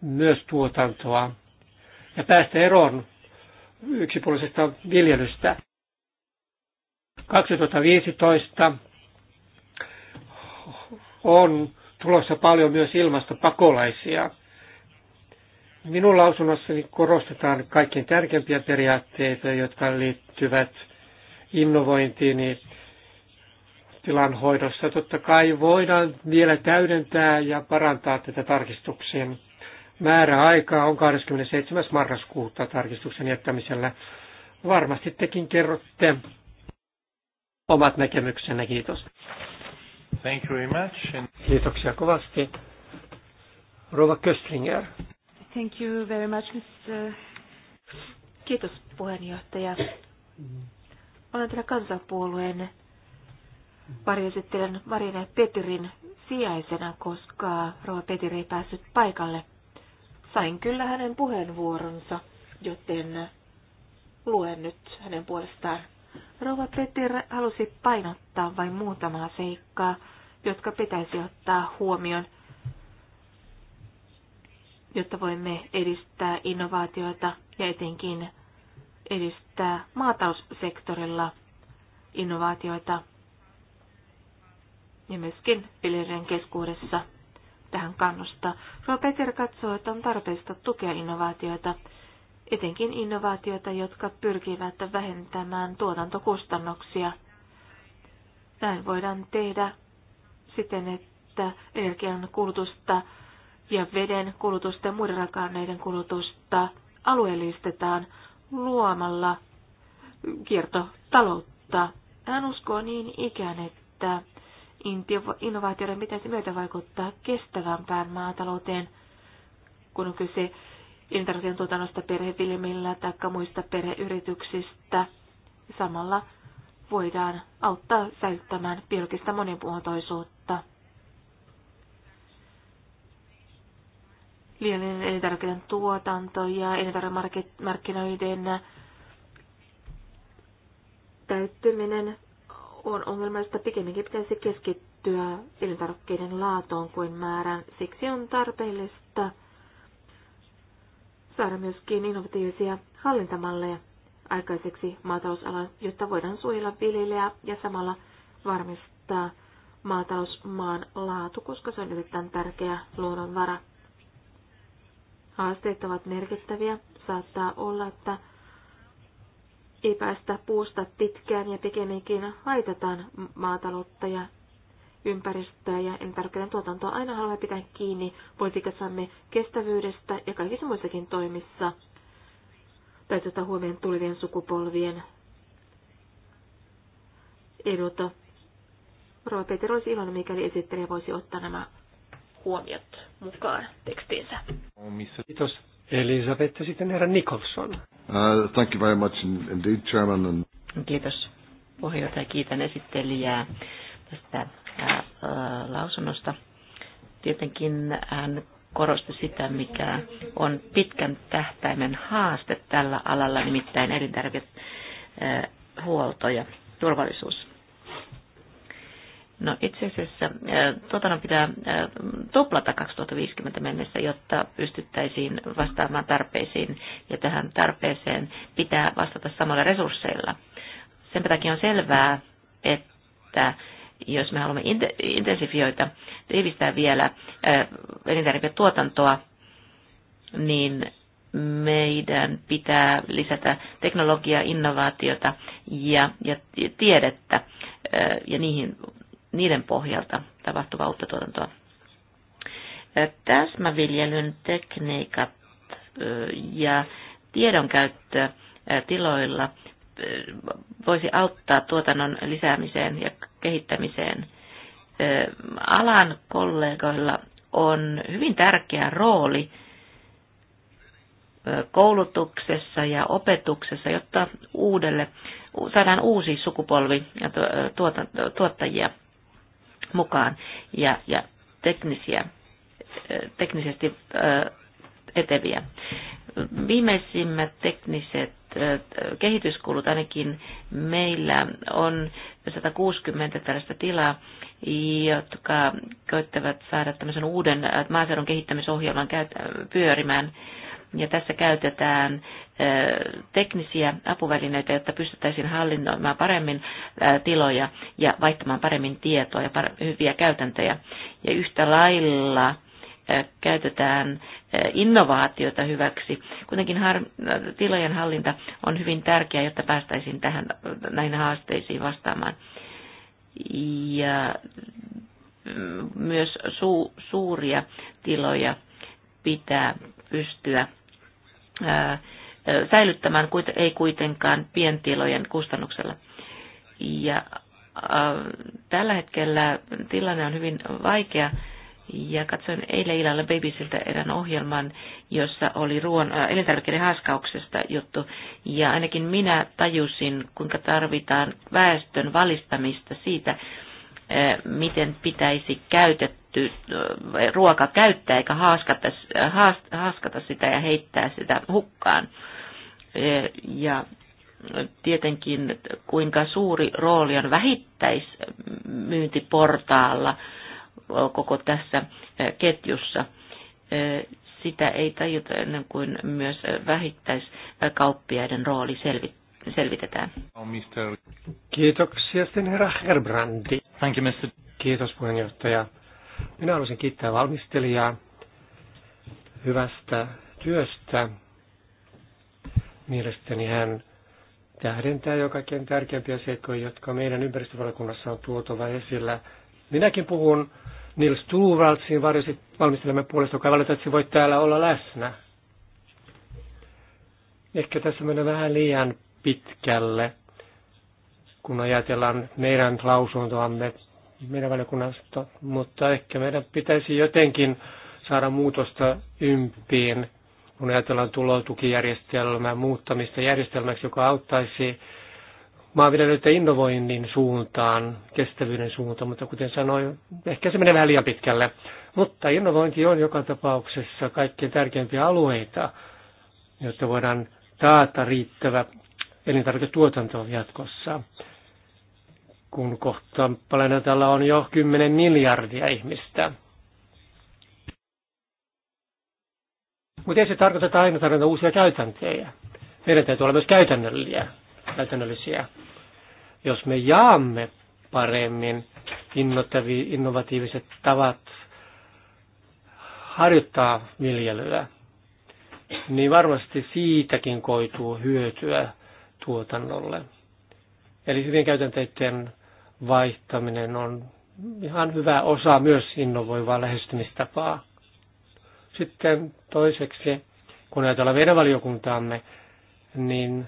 myös tuotantoa ja päästä eroon yksipuolisesta viljelystä. 2015 on tulossa paljon myös ilmastopakolaisia. Minun lausunnossani korostetaan kaikkein tärkeimpiä periaatteita, jotka liittyvät innovointiin niin tilanhoidossa. Totta kai voidaan vielä täydentää ja parantaa tätä tarkistuksen määräaikaa on 27. marraskuuta tarkistuksen jättämisellä. Varmasti tekin kerrotte omat näkemyksenne. Kiitos. Thank you very much. And... Kiitoksia kovasti. Rova Köstringer. Thank you very much, Mr. Kiitos puheenjohtaja. Olen täällä kansanpuolueen varjoesittelijän Marina Petyrin sijaisena, koska Rova Petyri ei päässyt paikalle. Sain kyllä hänen puheenvuoronsa, joten luen nyt hänen puolestaan. Rouva Peter halusi painottaa vain muutamaa seikkaa, jotka pitäisi ottaa huomioon, jotta voimme edistää innovaatioita ja etenkin edistää maataussektorilla innovaatioita ja myöskin viljelijän keskuudessa tähän kannusta. Rouva Peter katsoo, että on tarpeesta tukea innovaatioita etenkin innovaatioita, jotka pyrkivät vähentämään tuotantokustannuksia. Näin voidaan tehdä siten, että energian kulutusta ja veden kulutusta ja muiden raaka kulutusta alueellistetaan luomalla kiertotaloutta. Hän uskoo niin ikään, että innovaatioiden pitäisi myötä vaikuttaa kestävämpään maatalouteen, kun on kyse elintarvikkeiden tuotannosta perhefilmillä tai muista perheyrityksistä. Samalla voidaan auttaa säilyttämään biologista monimuotoisuutta. Liiallinen elintarvikkeiden tuotanto ja elintarvikemarkkinoiden täyttyminen on ongelmallista. Pikemminkin pitäisi keskittyä elintarvikkeiden laatuun kuin määrään. Siksi on tarpeellista saada myöskin innovatiivisia hallintamalleja aikaiseksi maatalousalan, jotta voidaan suojella viljelijää ja samalla varmistaa maatalousmaan laatu, koska se on erittäin tärkeä luonnonvara. Haasteet ovat merkittäviä. Saattaa olla, että ei päästä puusta pitkään ja pikemminkin haitataan maataloutta ja ympäristöä ja elintarvikkeiden tuotantoa. Aina haluamme pitää kiinni politiikassamme kestävyydestä ja kaikissa muissakin toimissa. Täytyy ottaa huomioon tulevien sukupolvien edut. Rova Peter olisi iloinen, mikäli esittelijä voisi ottaa nämä huomiot mukaan tekstiinsä. Kiitos Elisabeth ja sitten herra Nicholson. Uh, thank you very much indeed, Chairman. And... Kiitos puheenjohtaja, kiitän esittelijää tästä lausunnosta. Tietenkin hän korosti sitä, mikä on pitkän tähtäimen haaste tällä alalla, nimittäin elintarvikehuolto ja turvallisuus. No itse asiassa tuotannon pitää tuplata 2050 mennessä, jotta pystyttäisiin vastaamaan tarpeisiin. Ja tähän tarpeeseen pitää vastata samalla resursseilla. Sen takia on selvää, että jos me haluamme intensifioita, tiivistää vielä äh, elintarviketuotantoa, niin meidän pitää lisätä teknologiaa, innovaatiota ja, ja tiedettä äh, ja niihin, niiden pohjalta tapahtuvaa uutta tuotantoa. Äh, täsmäviljelyn tekniikat ja tiedonkäyttö tiloilla voisi auttaa tuotannon lisäämiseen ja kehittämiseen. Alan kollegoilla on hyvin tärkeä rooli koulutuksessa ja opetuksessa, jotta uudelle saadaan uusi sukupolvi tuota, tuottajia mukaan ja, ja teknisiä, teknisesti eteviä. Viimeisimmät tekniset kehityskulut ainakin meillä on 160 tällaista tilaa, jotka koittavat saada tämmöisen uuden maaseudun kehittämisohjelman pyörimään. Ja tässä käytetään teknisiä apuvälineitä, jotta pystyttäisiin hallinnoimaan paremmin tiloja ja vaihtamaan paremmin tietoa ja hyviä käytäntöjä. Ja yhtä lailla käytetään innovaatiota hyväksi. Kuitenkin har, tilojen hallinta on hyvin tärkeää, jotta päästäisiin tähän, näihin haasteisiin vastaamaan. Ja mm, myös su, suuria tiloja pitää pystyä ää, säilyttämään, ei kuitenkaan pientilojen kustannuksella. Ja ää, tällä hetkellä tilanne on hyvin vaikea ja katsoin eilen illalla Babysiltä erään ohjelman, jossa oli ruoan, äh, elintarvikkeiden haaskauksesta juttu. Ja ainakin minä tajusin, kuinka tarvitaan väestön valistamista siitä, äh, miten pitäisi käytetty äh, ruoka käyttää, eikä haaskata, äh, haaskata sitä ja heittää sitä hukkaan. Äh, ja tietenkin kuinka suuri rooli on vähittäismyyntiportaalla. Äh, koko tässä ketjussa. Sitä ei tajuta ennen kuin myös vähittäiskauppiaiden rooli selvitetään. Kiitoksia sitten herra Herbrandi. Thank you, Mr. Kiitos puheenjohtaja. Minä haluaisin kiittää valmistelijaa hyvästä työstä. Mielestäni hän tähdentää jo kaikkein tärkeimpiä seikkoja, jotka meidän ympäristövaliokunnassa on tuotava esillä – Minäkin puhun Nils Tuvaltsin valmistelemme puolesta, joka valitettavasti voi täällä olla läsnä. Ehkä tässä menee vähän liian pitkälle, kun ajatellaan meidän lausuntoamme meidän valiokunnasta, mutta ehkä meidän pitäisi jotenkin saada muutosta ympiin, kun ajatellaan tulotukijärjestelmää muuttamista järjestelmäksi, joka auttaisi maanviljelijöitä innovoinnin suuntaan, kestävyyden suuntaan, mutta kuten sanoin, ehkä se menee vähän liian pitkälle. Mutta innovointi on joka tapauksessa kaikkein tärkeimpiä alueita, jotta voidaan taata riittävä elintarviketuotanto jatkossa. Kun kohta planeetalla on jo 10 miljardia ihmistä. Mutta ei se tarkoita aina tarvitaan uusia käytäntöjä. Meidän täytyy olla myös käytännöllisiä käytännöllisiä. Jos me jaamme paremmin innovatiiviset tavat harjoittaa viljelyä, niin varmasti siitäkin koituu hyötyä tuotannolle. Eli hyvien käytänteiden vaihtaminen on ihan hyvä osa myös innovoivaa lähestymistapaa. Sitten toiseksi, kun ajatellaan meidän valiokuntaamme, niin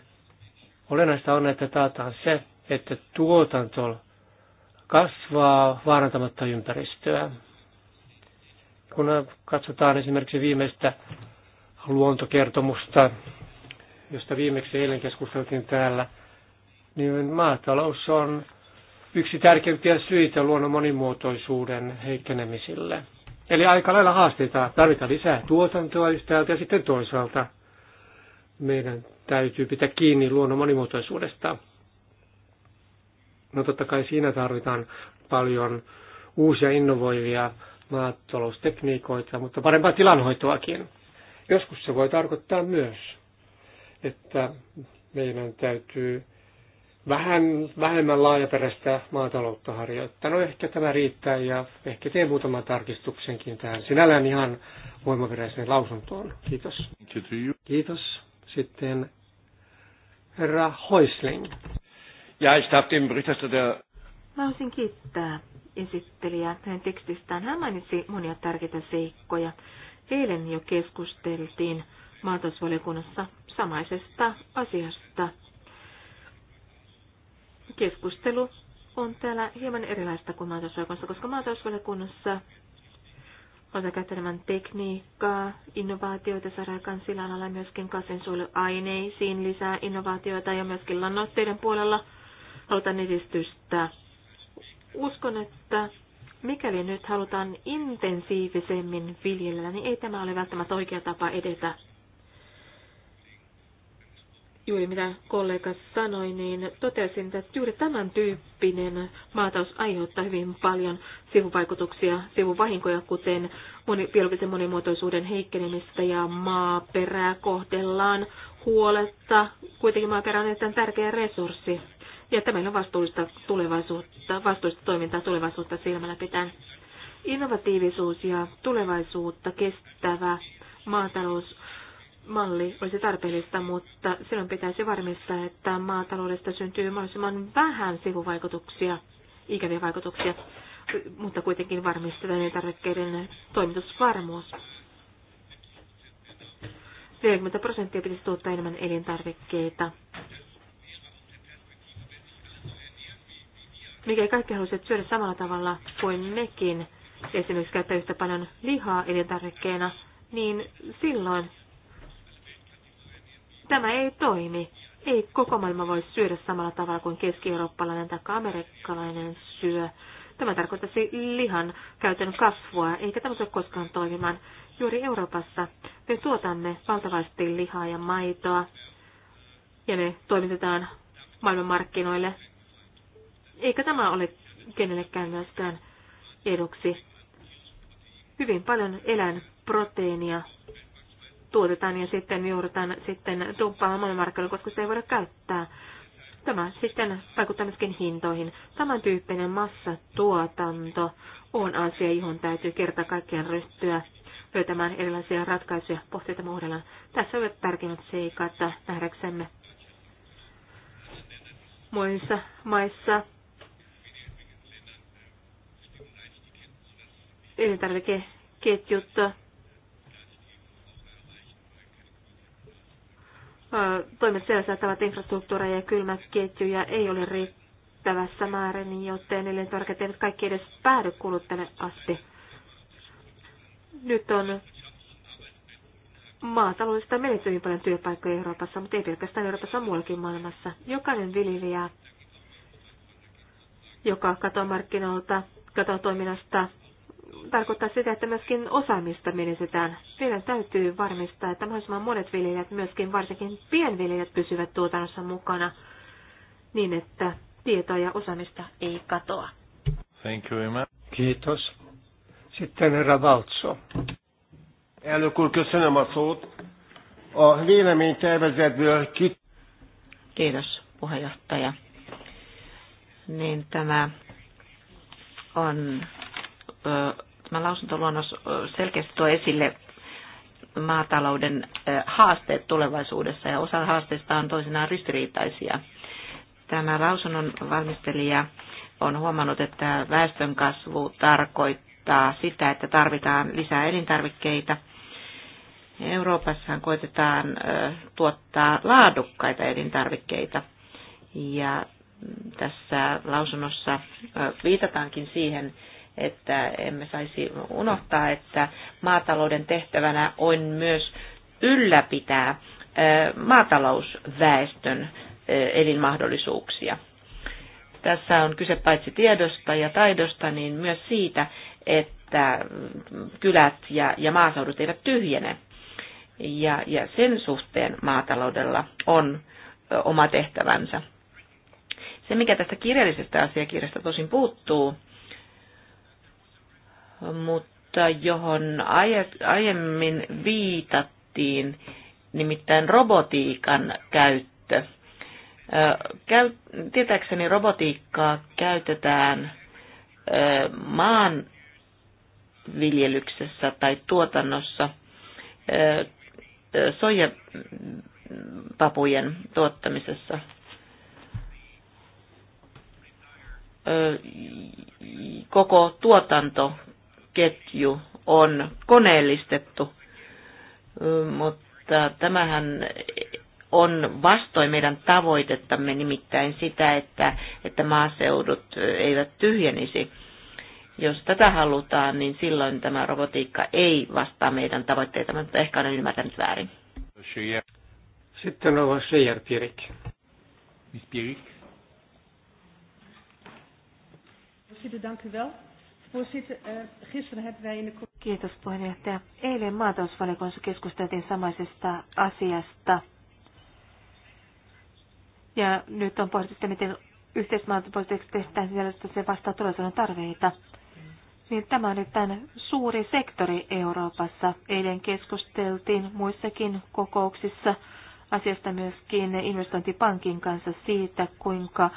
Olennaista on, että taataan se, että tuotanto kasvaa vaarantamatta ympäristöä. Kun katsotaan esimerkiksi viimeistä luontokertomusta, josta viimeksi eilen keskusteltiin täällä, niin maatalous on yksi tärkeimpiä syitä luonnon monimuotoisuuden heikkenemisille. Eli aika lailla haasteita. Tarvitaan lisää tuotantoa yhtäältä ja sitten toisaalta – meidän täytyy pitää kiinni luonnon monimuotoisuudesta. No totta kai siinä tarvitaan paljon uusia innovoivia maataloustekniikoita, mutta parempaa tilanhoitoakin. Joskus se voi tarkoittaa myös, että meidän täytyy vähän vähemmän laajaperäistä maataloutta harjoittaa. No ehkä tämä riittää ja ehkä teen muutaman tarkistuksenkin tähän sinällään ihan voimaperäiseen lausuntoon. Kiitos. Kiitos. Sitten herra Hoisling. Ja, ich darf dem Berichterstatter... Mä haluaisin kiittää esittelijää hänen tekstistään. Hän mainitsi monia tärkeitä seikkoja. Eilen jo keskusteltiin maatalousvaliokunnassa samaisesta asiasta. Keskustelu on täällä hieman erilaista kuin maatalousvaliokunnassa, koska maatalousvaliokunnassa osa käyttämään tekniikkaa, innovaatioita saadaan sillä alla myöskin kasvinsuojeluaineisiin lisää innovaatioita ja myöskin lannoitteiden puolella halutaan edistystä. Uskon, että mikäli nyt halutaan intensiivisemmin viljellä, niin ei tämä ole välttämättä oikea tapa edetä juuri mitä kollega sanoi, niin totesin, että juuri tämän tyyppinen maatalous aiheuttaa hyvin paljon sivuvaikutuksia, sivuvahinkoja, kuten moni, biologisen monimuotoisuuden heikkenemistä ja maaperää kohdellaan huoletta. Kuitenkin maaperä on erittäin tärkeä resurssi. Ja tämä on vastuullista, tulevaisuutta, vastuullista toimintaa tulevaisuutta silmällä pitäen. Innovatiivisuus ja tulevaisuutta kestävä maatalous malli olisi tarpeellista, mutta silloin pitäisi varmistaa, että maataloudesta syntyy mahdollisimman vähän sivuvaikutuksia, ikäviä vaikutuksia, mutta kuitenkin varmistetaan tarvikkeiden toimitusvarmuus. 40 prosenttia pitäisi tuottaa enemmän elintarvikkeita. Mikä kaikki haluaisivat syödä samalla tavalla kuin mekin, esimerkiksi käyttää yhtä paljon lihaa elintarvikkeena, niin silloin Tämä ei toimi. Ei koko maailma voi syödä samalla tavalla kuin keski-eurooppalainen tai amerikkalainen syö. Tämä tarkoittaisi lihan käytön kasvua, eikä tämä tule koskaan toimimaan. Juuri Euroopassa me tuotamme valtavasti lihaa ja maitoa, ja ne toimitetaan maailmanmarkkinoille. Eikä tämä ole kenellekään myöskään eduksi. Hyvin paljon eläinproteiinia tuotetaan ja sitten joudutaan sitten dumppaamaan maailmanmarkkinoille, koska sitä ei voida käyttää. Tämä sitten vaikuttaa myöskin hintoihin. Samantyyppinen massatuotanto on asia, johon täytyy kerta kaikkiaan ryhtyä löytämään erilaisia ratkaisuja pohtia tämä uudelleen. Tässä ovat tärkeimmät seikat nähdäksemme. Muissa maissa elintarvikeketjut toimet selvittävät infrastruktuureja ja ketjuja ei ole riittävässä määrin, joten elintarvikkeet eivät kaikki edes päädy kuluttajalle asti. Nyt on maataloudesta menetty hyvin paljon työpaikkoja Euroopassa, mutta ei pelkästään Euroopassa, muuallakin maailmassa. Jokainen viljelijä, joka katoaa markkinoilta, katoaa toiminnasta, tarkoittaa sitä, että myöskin osaamista menetetään. Meidän täytyy varmistaa, että mahdollisimman monet viljelijät, myöskin varsinkin pienviljelijät, pysyvät tuotannossa mukana niin, että tietoa ja osaamista ei katoa. Thank you, Emma. Kiitos. Sitten herra Valtso. Kiitos, puheenjohtaja. Niin tämä on tämä lausuntoluonnos selkeästi tuo esille maatalouden haasteet tulevaisuudessa ja osa haasteista on toisinaan ristiriitaisia. Tämä lausunnon valmistelija on huomannut, että väestön kasvu tarkoittaa sitä, että tarvitaan lisää elintarvikkeita. Euroopassahan koitetaan tuottaa laadukkaita elintarvikkeita ja tässä lausunnossa viitataankin siihen, että emme saisi unohtaa, että maatalouden tehtävänä on myös ylläpitää maatalousväestön elinmahdollisuuksia. Tässä on kyse paitsi tiedosta ja taidosta, niin myös siitä, että kylät ja, ja maaseudut eivät tyhjene. Ja, ja sen suhteen maataloudella on oma tehtävänsä. Se, mikä tästä kirjallisesta asiakirjasta tosin puuttuu, mutta johon aiemmin viitattiin, nimittäin robotiikan käyttö. Käy, tietääkseni robotiikkaa käytetään maanviljelyksessä tai tuotannossa soijapapujen tuottamisessa. Koko tuotanto ketju on koneellistettu, mutta tämähän on vastoin meidän tavoitettamme, nimittäin sitä, että, että maaseudut eivät tyhjenisi. Jos tätä halutaan, niin silloin tämä robotiikka ei vastaa meidän tavoitteita, mutta ehkä olen ymmärtänyt väärin. Sitten on Seijer Pirik. Miss Pirik. Voorzitter, Eh, Kiitos puheenjohtaja. Eilen maatalousvaliokunnassa keskusteltiin samaisesta asiasta. Ja nyt on pohdittu, miten yhteismaatalouspolitiikassa tehdään sellaista, se vastaa tulevaisuuden tarveita. Niin tämä on nyt tämän suuri sektori Euroopassa. Eilen keskusteltiin muissakin kokouksissa asiasta myöskin investointipankin kanssa siitä, kuinka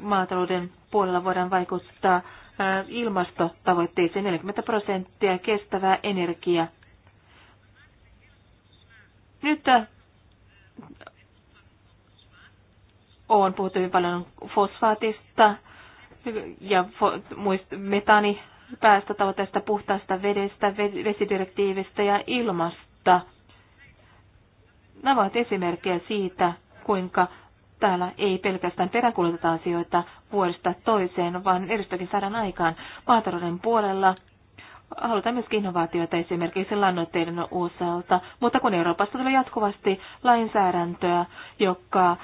maatalouden puolella voidaan vaikuttaa ilmastotavoitteeseen 40 prosenttia kestävää energiaa. Nyt on puhuttu hyvin paljon fosfaatista ja metaanipäästötavoitteesta, puhtaasta vedestä, vesidirektiivistä ja ilmasta – Nämä ovat esimerkkejä siitä, kuinka täällä ei pelkästään peräänkuuluteta asioita vuodesta toiseen, vaan eristäkin saadaan aikaan maatalouden puolella. Halutaan myös innovaatioita esimerkiksi lannoitteiden osalta, mutta kun Euroopassa tulee jatkuvasti lainsäädäntöä, joka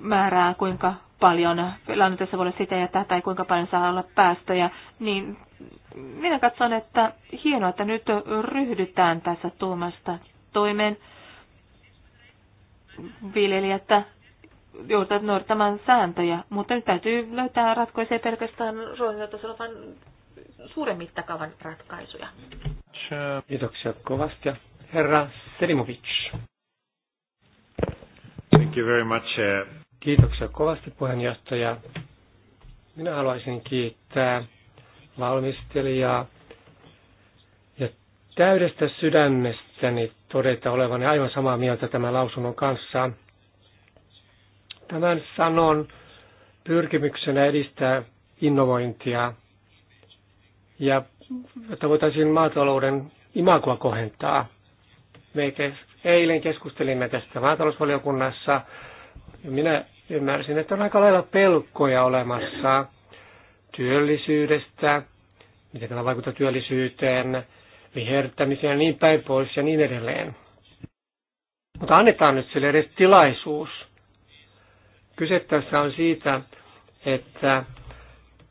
määrää kuinka paljon lannoitteessa voi olla sitä ja tätä tai kuinka paljon saa olla päästöjä, niin minä katson, että hienoa, että nyt ryhdytään tässä tuomasta toimeen viljelijät joutuvat noudattamaan sääntöjä, mutta nyt täytyy löytää ratkaisuja pelkästään ruohonjuuritasolla, vaan suuren mittakaavan ratkaisuja. Kiitoksia kovasti. Herra Selimovic. Thank you very much. Uh, Kiitoksia kovasti puheenjohtaja. Minä haluaisin kiittää valmistelijaa ja täydestä sydämestä itseni todeta olevani aivan samaa mieltä tämän lausunnon kanssa. Tämän sanon pyrkimyksenä edistää innovointia ja että voitaisiin maatalouden imagoa kohentaa. Me eilen keskustelimme tästä maatalousvaliokunnassa ja minä ymmärsin, että on aika lailla pelkoja olemassa työllisyydestä, miten tämä vaikuttaa työllisyyteen, vihertämiseen ja niin päin pois ja niin edelleen. Mutta annetaan nyt sille edes tilaisuus. Kyse tässä on siitä, että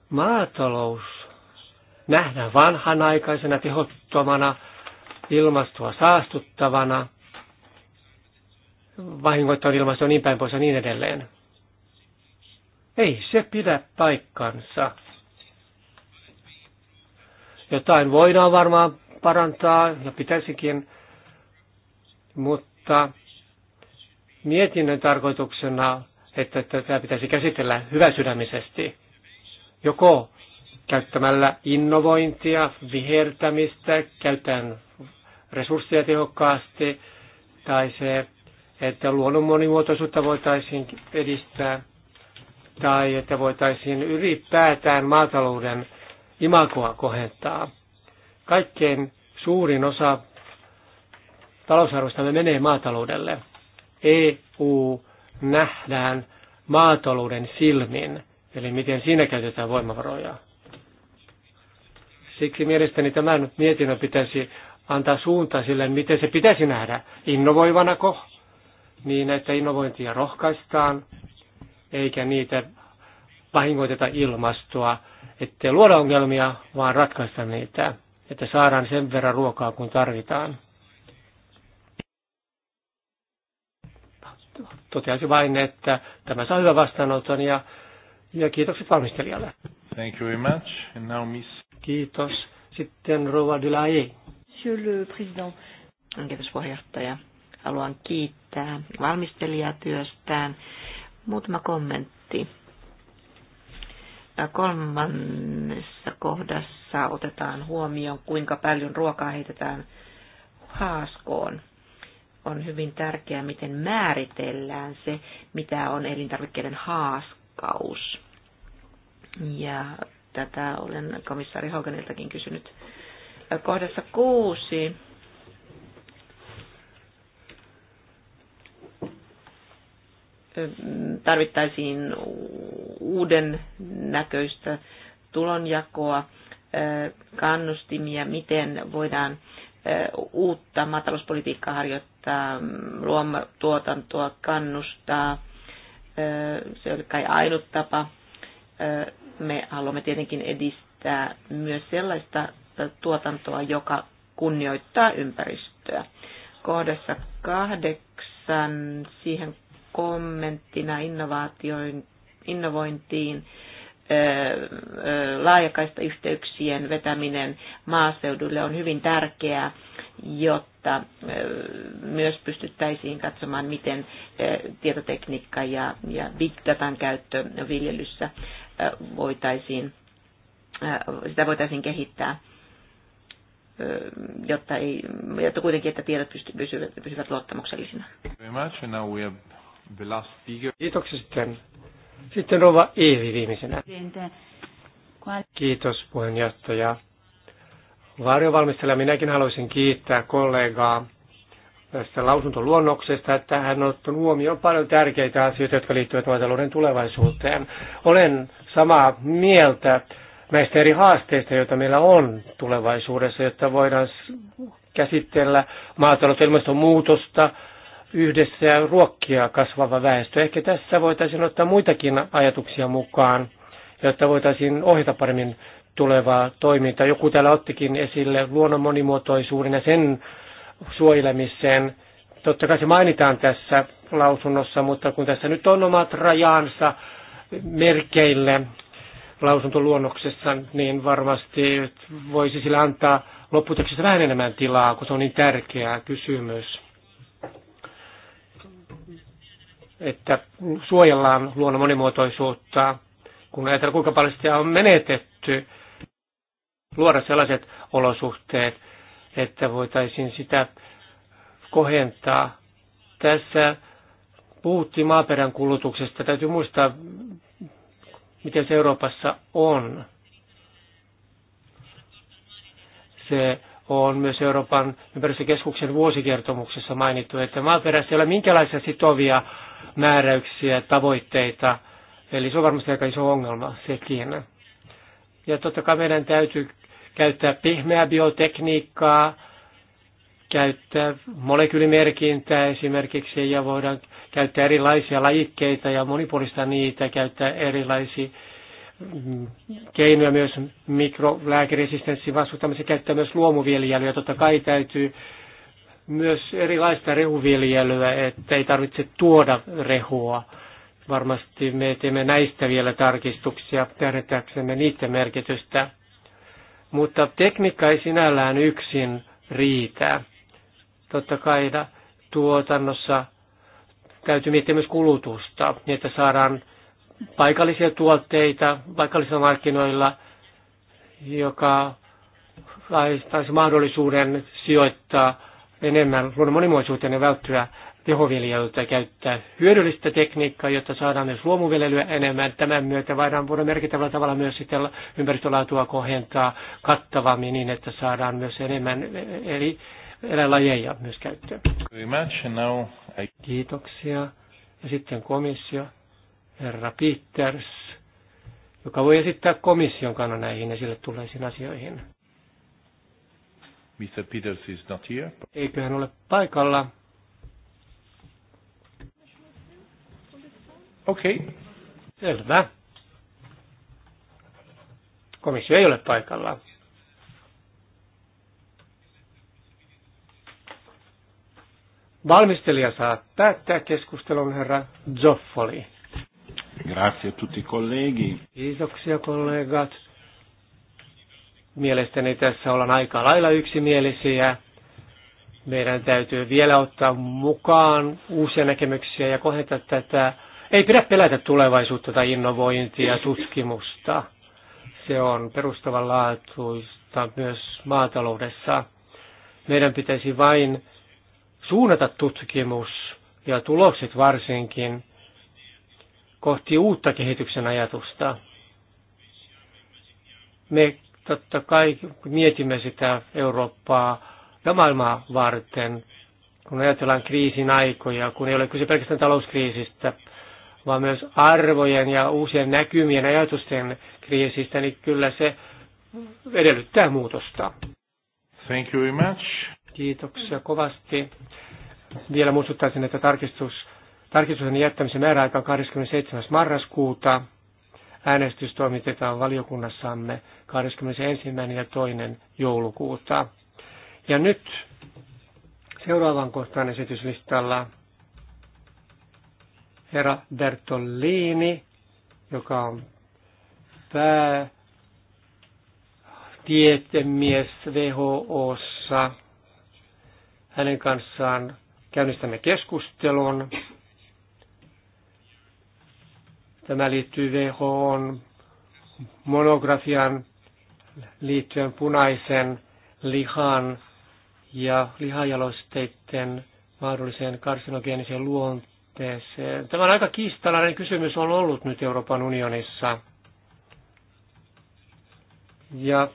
maatalous nähdään vanhanaikaisena, tehottomana, ilmastoa saastuttavana, vahingoittaa ilmastoa niin päin pois ja niin edelleen. Ei se pidä paikkansa. Jotain voidaan varmaan parantaa ja pitäisikin, mutta mietinnön tarkoituksena, että tätä pitäisi käsitellä hyväsydämisesti, joko käyttämällä innovointia, vihertämistä, käytän resursseja tehokkaasti, tai se, että luonnon monimuotoisuutta voitaisiin edistää, tai että voitaisiin ylipäätään maatalouden imakoa kohentaa. Kaikkein suurin osa talousarvostamme menee maataloudelle. EU nähdään maatalouden silmin, eli miten siinä käytetään voimavaroja. Siksi mielestäni tämän mietinnön pitäisi antaa suunta sille, miten se pitäisi nähdä innovoivanako, niin että innovointia rohkaistaan, eikä niitä vahingoiteta ilmastoa, ettei luoda ongelmia, vaan ratkaista niitä että saadaan sen verran ruokaa kuin tarvitaan. Toteaisin vain, että tämä saa hyvän vastaanoton ja, ja kiitokset valmistelijalle. Thank you very much. And now miss... Kiitos. Sitten Rova Delaye. Monsieur le Président. Kiitos puheenjohtaja. Haluan kiittää valmistelijaa työstään. Muutama kommentti Kolmannessa kohdassa otetaan huomioon, kuinka paljon ruokaa heitetään haaskoon. On hyvin tärkeää, miten määritellään se, mitä on elintarvikkeiden haaskaus. Ja tätä olen komissaari Hoganiltakin kysynyt. Kohdassa kuusi tarvittaisiin uuden näköistä tulonjakoa, kannustimia, miten voidaan uutta maatalouspolitiikkaa harjoittaa, luomatuotantoa kannustaa. Se oli kai ainut tapa. Me haluamme tietenkin edistää myös sellaista tuotantoa, joka kunnioittaa ympäristöä. Kohdassa kahdeksan siihen kommenttina innovointiin laajakaista yhteyksien vetäminen maaseudulle on hyvin tärkeää, jotta myös pystyttäisiin katsomaan, miten tietotekniikka ja, big datan käyttö viljelyssä voitaisiin, sitä voitaisiin kehittää jotta, ei, jotta kuitenkin, että tiedot pysyvät, pysyvät luottamuksellisina. The Kiitoksia sitten. Sitten Rova Eevi viimeisenä. Kiitos puheenjohtaja. Varjovalmistelija, minäkin haluaisin kiittää kollegaa tästä lausuntoluonnoksesta, että hän on ottanut huomioon paljon tärkeitä asioita, jotka liittyvät maatalouden tulevaisuuteen. Olen samaa mieltä näistä eri haasteista, joita meillä on tulevaisuudessa, jotta voidaan käsitellä maatalouden ilmastonmuutosta, yhdessä ruokkia kasvava väestö. Ehkä tässä voitaisiin ottaa muitakin ajatuksia mukaan, jotta voitaisiin ohjata paremmin tulevaa toimintaa. Joku täällä ottikin esille luonnon monimuotoisuuden ja sen suojelemiseen. Totta kai se mainitaan tässä lausunnossa, mutta kun tässä nyt on omat rajansa merkeille lausuntoluonnoksessa, niin varmasti voisi sillä antaa lopputekstissä vähän enemmän tilaa, kun se on niin tärkeä kysymys. että suojellaan luonnon monimuotoisuutta, kun ajatellaan kuinka paljon sitä on menetetty, luoda sellaiset olosuhteet, että voitaisiin sitä kohentaa. Tässä puhuttiin maaperän kulutuksesta. Täytyy muistaa, miten se Euroopassa on. Se on myös Euroopan ympäristökeskuksen vuosikertomuksessa mainittu, että maaperässä ei ole minkälaisia sitovia määräyksiä, tavoitteita. Eli se on varmasti aika iso ongelma sekin. Ja totta kai meidän täytyy käyttää pehmeää biotekniikkaa, käyttää molekyylimerkintää esimerkiksi ja voidaan käyttää erilaisia lajikkeita ja monipuolista niitä, käyttää erilaisia keinoja myös mikrolääkeresistenssin vastustamisen käyttää myös luomuviljelyä. Totta kai täytyy myös erilaista rehuviljelyä, että ei tarvitse tuoda rehua. Varmasti me teemme näistä vielä tarkistuksia, tähdentääksemme niiden merkitystä. Mutta tekniikka ei sinällään yksin riitä. Totta kai tuotannossa täytyy miettiä myös kulutusta, niin että saadaan paikallisia tuotteita paikallisilla markkinoilla, joka laistaisi mahdollisuuden sijoittaa enemmän luonnon monimuotoisuuteen ja välttyä tehoviljelijöiltä käyttää hyödyllistä tekniikkaa, jotta saadaan myös luomuviljelyä enemmän. Tämän myötä voidaan, voida merkittävällä tavalla myös sitten ympäristölaatua kohentaa kattavammin niin, että saadaan myös enemmän eli eläinlajeja myös käyttöön. Kiitoksia. Ja sitten komissio herra Peters, joka voi esittää komission kannan näihin esille tulleisiin asioihin. Mr. Peters is not here. Eikö hän ole paikalla? Okei. Okay. Selvä. Komissio ei ole paikalla. Valmistelija saa päättää keskustelun herra Zoffoli. Grazie tutti colleghi. Kiitoksia kollegat. Mielestäni tässä ollaan aika lailla yksimielisiä. Meidän täytyy vielä ottaa mukaan uusia näkemyksiä ja kohdata tätä. Ei pidä pelätä tulevaisuutta tai innovointia ja tutkimusta. Se on perustavanlaatuista myös maataloudessa. Meidän pitäisi vain suunnata tutkimus ja tulokset varsinkin kohti uutta kehityksen ajatusta. Me totta kai mietimme sitä Eurooppaa ja maailmaa varten, kun ajatellaan kriisin aikoja, kun ei ole kyse pelkästään talouskriisistä, vaan myös arvojen ja uusien näkymien ja ajatusten kriisistä, niin kyllä se edellyttää muutosta. Thank you very much. Kiitoksia kovasti. Vielä muistuttaisin, että tarkistus Tarkistuksen jättämisen määräaika on 27. marraskuuta. Äänestys toimitetaan valiokunnassamme 21. ja 2. joulukuuta. Ja nyt seuraavan kohtaan esityslistalla herra Bertolini, joka on päätietemies WHOssa. Hänen kanssaan käynnistämme keskustelun Tämä liittyy WHOn monografian liittyen punaisen lihan ja lihajalosteiden mahdolliseen karsinogeeniseen luonteeseen. Tämä on aika kiistalainen kysymys on ollut nyt Euroopan unionissa. Ja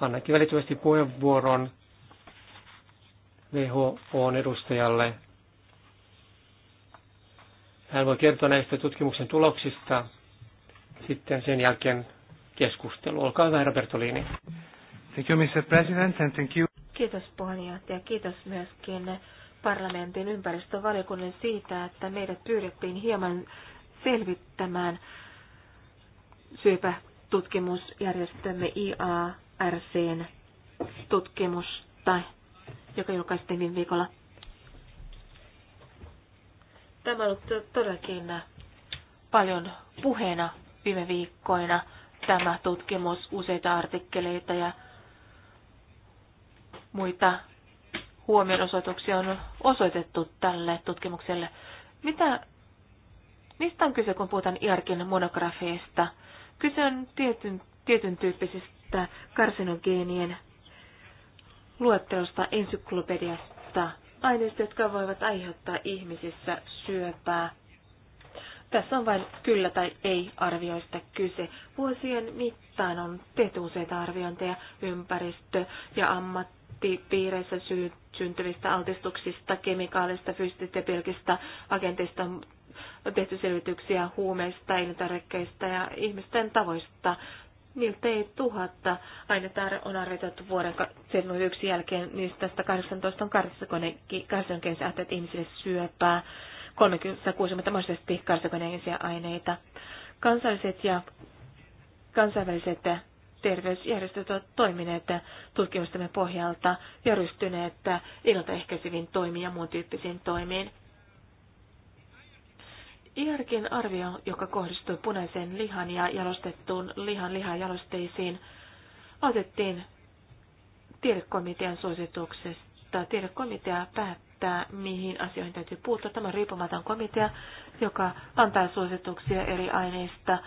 annankin välittömästi puheenvuoron on edustajalle hän voi kertoa näistä tutkimuksen tuloksista. Sitten sen jälkeen keskustelu. Olkaa hyvä, Bertolini. Thank you, Mr. President, and thank you. Kiitos puheenjohtaja. Kiitos myöskin parlamentin ympäristövaliokunnan siitä, että meidät pyydettiin hieman selvittämään syöpätutkimusjärjestömme IARCn tutkimusta, joka julkaistiin viime viikolla Tämä on ollut todellakin paljon puheena viime viikkoina tämä tutkimus, useita artikkeleita ja muita huomionosoituksia on osoitettu tälle tutkimukselle. Mitä, mistä on kyse, kun puhutaan IARKin monografeista? Kyse on tietyn, tietyn tyyppisistä karsinogeenien luettelosta ensyklopediasta – aineista, jotka voivat aiheuttaa ihmisissä syöpää. Tässä on vain kyllä tai ei arvioista kyse. Vuosien mittaan on tehty useita arviointeja ympäristö- ja ammattipiireissä sy- syntyvistä altistuksista, kemikaalista fyysisistä pilkistä, agenteista on tehty selvityksiä huumeista, elintarvikkeista ja ihmisten tavoista miltei tuhatta ainetta on arvioitu vuoden 1971 jälkeen, niistä tästä 18 on karsinogeenisia aineita ihmisille syöpää, 360 mahdollisesti karsinogeenisia aineita. Kansalliset ja kansainväliset terveysjärjestöt ovat toimineet tutkimustemme pohjalta ja ryhtyneet ennaltaehkäiseviin toimiin ja muun tyyppisiin toimiin. IRKin arvio, joka kohdistui punaiseen lihan ja jalostettuun lihan lihajalosteisiin, otettiin tiedekomitean suosituksesta. Tiedekomitea päättää, mihin asioihin täytyy puuttua. Tämä on riippumaton komitea, joka antaa suosituksia eri aineista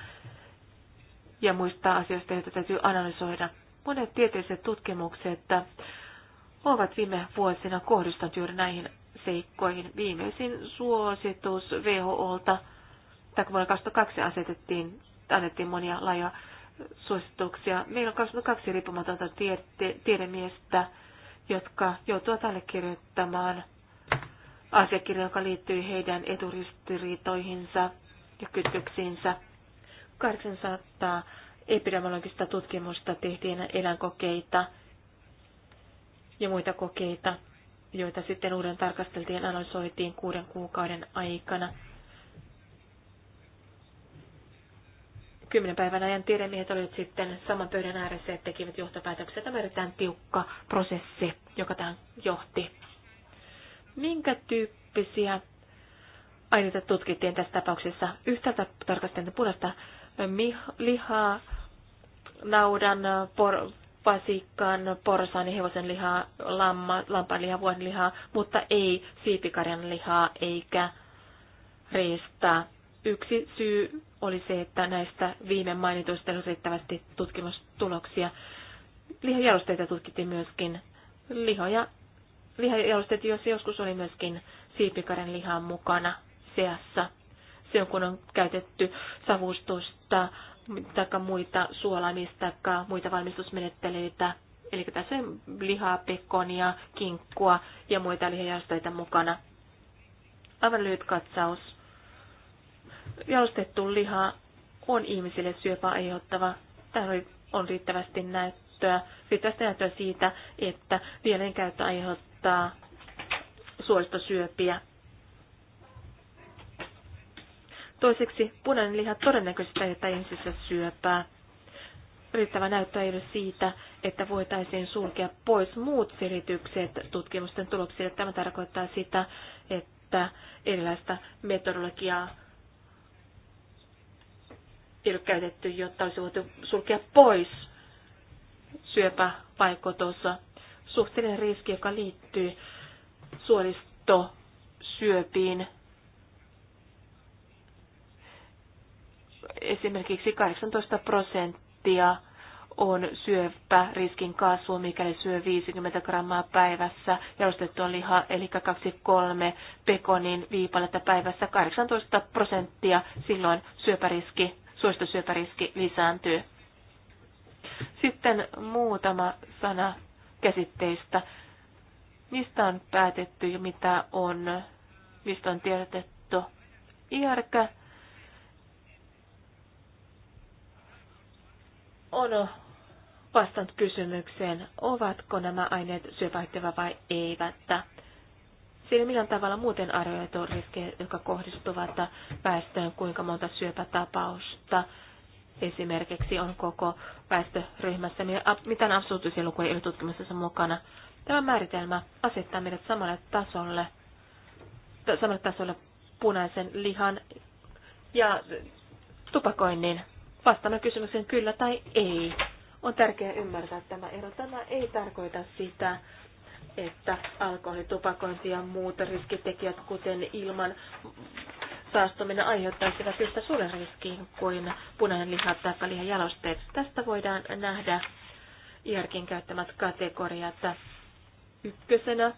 ja muista asioista, joita täytyy analysoida. Monet tieteelliset tutkimukset ovat viime vuosina kohdistuneet juuri näihin seikkoihin. Viimeisin suositus WHOlta, tai vuonna 2002 asetettiin, annettiin monia laajoja suosituksia. Meillä on 22 riippumatonta tiedemiestä, jotka joutuvat allekirjoittamaan asiakirja, joka liittyy heidän eturistiriitoihinsa ja kytköksiinsä. 800 epidemiologista tutkimusta tehtiin eläinkokeita ja muita kokeita joita sitten uuden tarkasteltiin ja analysoitiin kuuden kuukauden aikana. Kymmenen päivän ajan tiedemiehet olivat sitten saman pöydän ääressä ja tekivät johtopäätöksiä. Tämä erittäin tiukka prosessi, joka tähän johti. Minkä tyyppisiä aineita tutkittiin tässä tapauksessa? Yhtäältä tarkasteltiin punaista lihaa, naudan, por, vasikkaan, porsaan hevosen lihaa, lamma, lampaan lihaa, vuoden lihaa, mutta ei siipikarjan lihaa eikä riistaa. Yksi syy oli se, että näistä viime mainituista ei riittävästi tutkimustuloksia. Lihajalosteita tutkittiin myöskin. Lihoja, lihajalosteet, jos joskus oli myöskin siipikarjan lihaa mukana seassa. Se on kun on käytetty savustusta, tai muita suolamista tai muita valmistusmenettelyitä. Eli tässä on lihaa, pekonia, kinkkua ja muita lihajalosteita mukana. Aivan lyhyt katsaus. Jalostettu liha on ihmisille syöpää aiheuttava. Täällä on riittävästi näyttöä, riittävästi näyttöä siitä, että vielen käyttö aiheuttaa suolistosyöpiä. Toiseksi punainen liha todennäköisesti aiheuttaa ensissä syöpää. Riittävä näyttö ei ole siitä, että voitaisiin sulkea pois muut selitykset tutkimusten tuloksille. Tämä tarkoittaa sitä, että erilaista metodologiaa ei ole käytetty, jotta olisi voitu sulkea pois syöpävaikutusta. Suhteellinen riski, joka liittyy suolistosyöpiin, esimerkiksi 18 prosenttia on syöpäriskin kasvu, mikäli syö 50 grammaa päivässä jalostettua lihaa, eli 23 pekonin viipaletta päivässä 18 prosenttia, silloin syöpäriski, suostosyöpäriski lisääntyy. Sitten muutama sana käsitteistä. Mistä on päätetty ja mitä on, mistä on tiedotettu? IARCA on vastannut kysymykseen, ovatko nämä aineet syöpäyttävä vai eivät. Siinä millä tavalla muuten arvioitu riskejä, jotka kohdistuvat väestöön, kuinka monta syöpätapausta esimerkiksi on koko väestöryhmässä. Mitään absoluuttisia lukuja ei ole tutkimuksessa mukana. Tämä määritelmä asettaa meidät samalle tasolle, samalle tasolle punaisen lihan ja tupakoinnin Vastaana kysymyksen kyllä tai ei. On tärkeää ymmärtää tämä ero. Tämä ei tarkoita sitä, että alkoholi, tupakointi ja muut riskitekijät, kuten ilman saastuminen, aiheuttaisivat yhtä suuren riskin kuin punainen liha tai lihajalosteet. Tästä voidaan nähdä järkin käyttämät kategoriat. Ykkösenä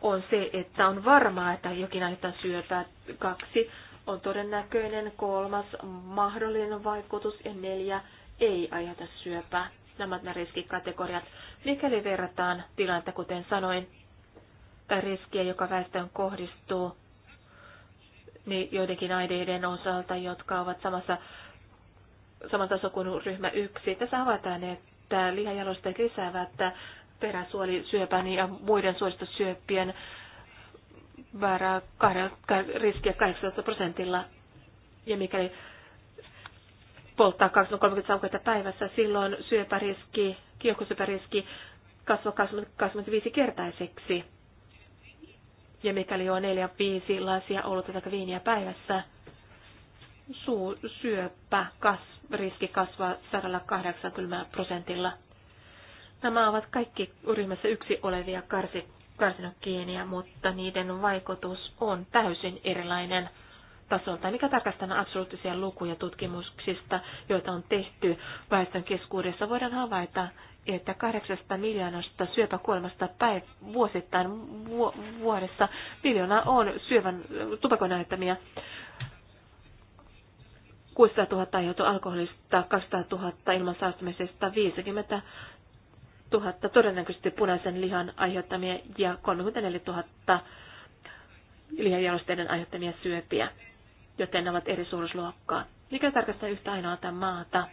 on se, että on varmaa, että jokin aiheuttaa syöpää. Kaksi, on todennäköinen, kolmas mahdollinen vaikutus ja neljä ei aiheuta syöpää. Nämä ovat ne riskikategoriat. Mikäli verrataan tilannetta, kuten sanoin, tai riskiä, joka väestöön kohdistuu, niin joidenkin aineiden osalta, jotka ovat samassa, saman taso kuin ryhmä yksi. Tässä havaitaan, että lihajalosteet lisäävät peräsuolisyöpäni ja muiden suolistosyöppien syöppien väärää kahden, riskiä 18 prosentilla. Ja mikäli polttaa 20-30 sauketta päivässä, silloin syöpäriski, kiukkusyöpäriski kasvaa 25 kertaiseksi. Ja mikäli on 4-5 lasia olutta tai viiniä päivässä, suu, syöpä kas, riski kasvaa 180 prosentilla. Nämä ovat kaikki ryhmässä yksi olevia karsi, karsinogeenia, mutta niiden vaikutus on täysin erilainen tasolta, mikä tarkastaa absoluuttisia lukuja tutkimuksista, joita on tehty väestön keskuudessa. Voidaan havaita, että kahdeksasta miljoonasta syöpäkuolemasta päiv- vuosittain vu- vuodessa miljoona on syövän tupakon aiheuttamia. 600 000 aiheutuu alkoholista, 200 000 ilman saastumisesta, 50 000 todennäköisesti punaisen lihan aiheuttamia ja 34 000 lihanjalosteiden aiheuttamia syöpiä, joten ne ovat eri suuruusluokkaa. Mikä tarkastaa yhtä ainoata maata?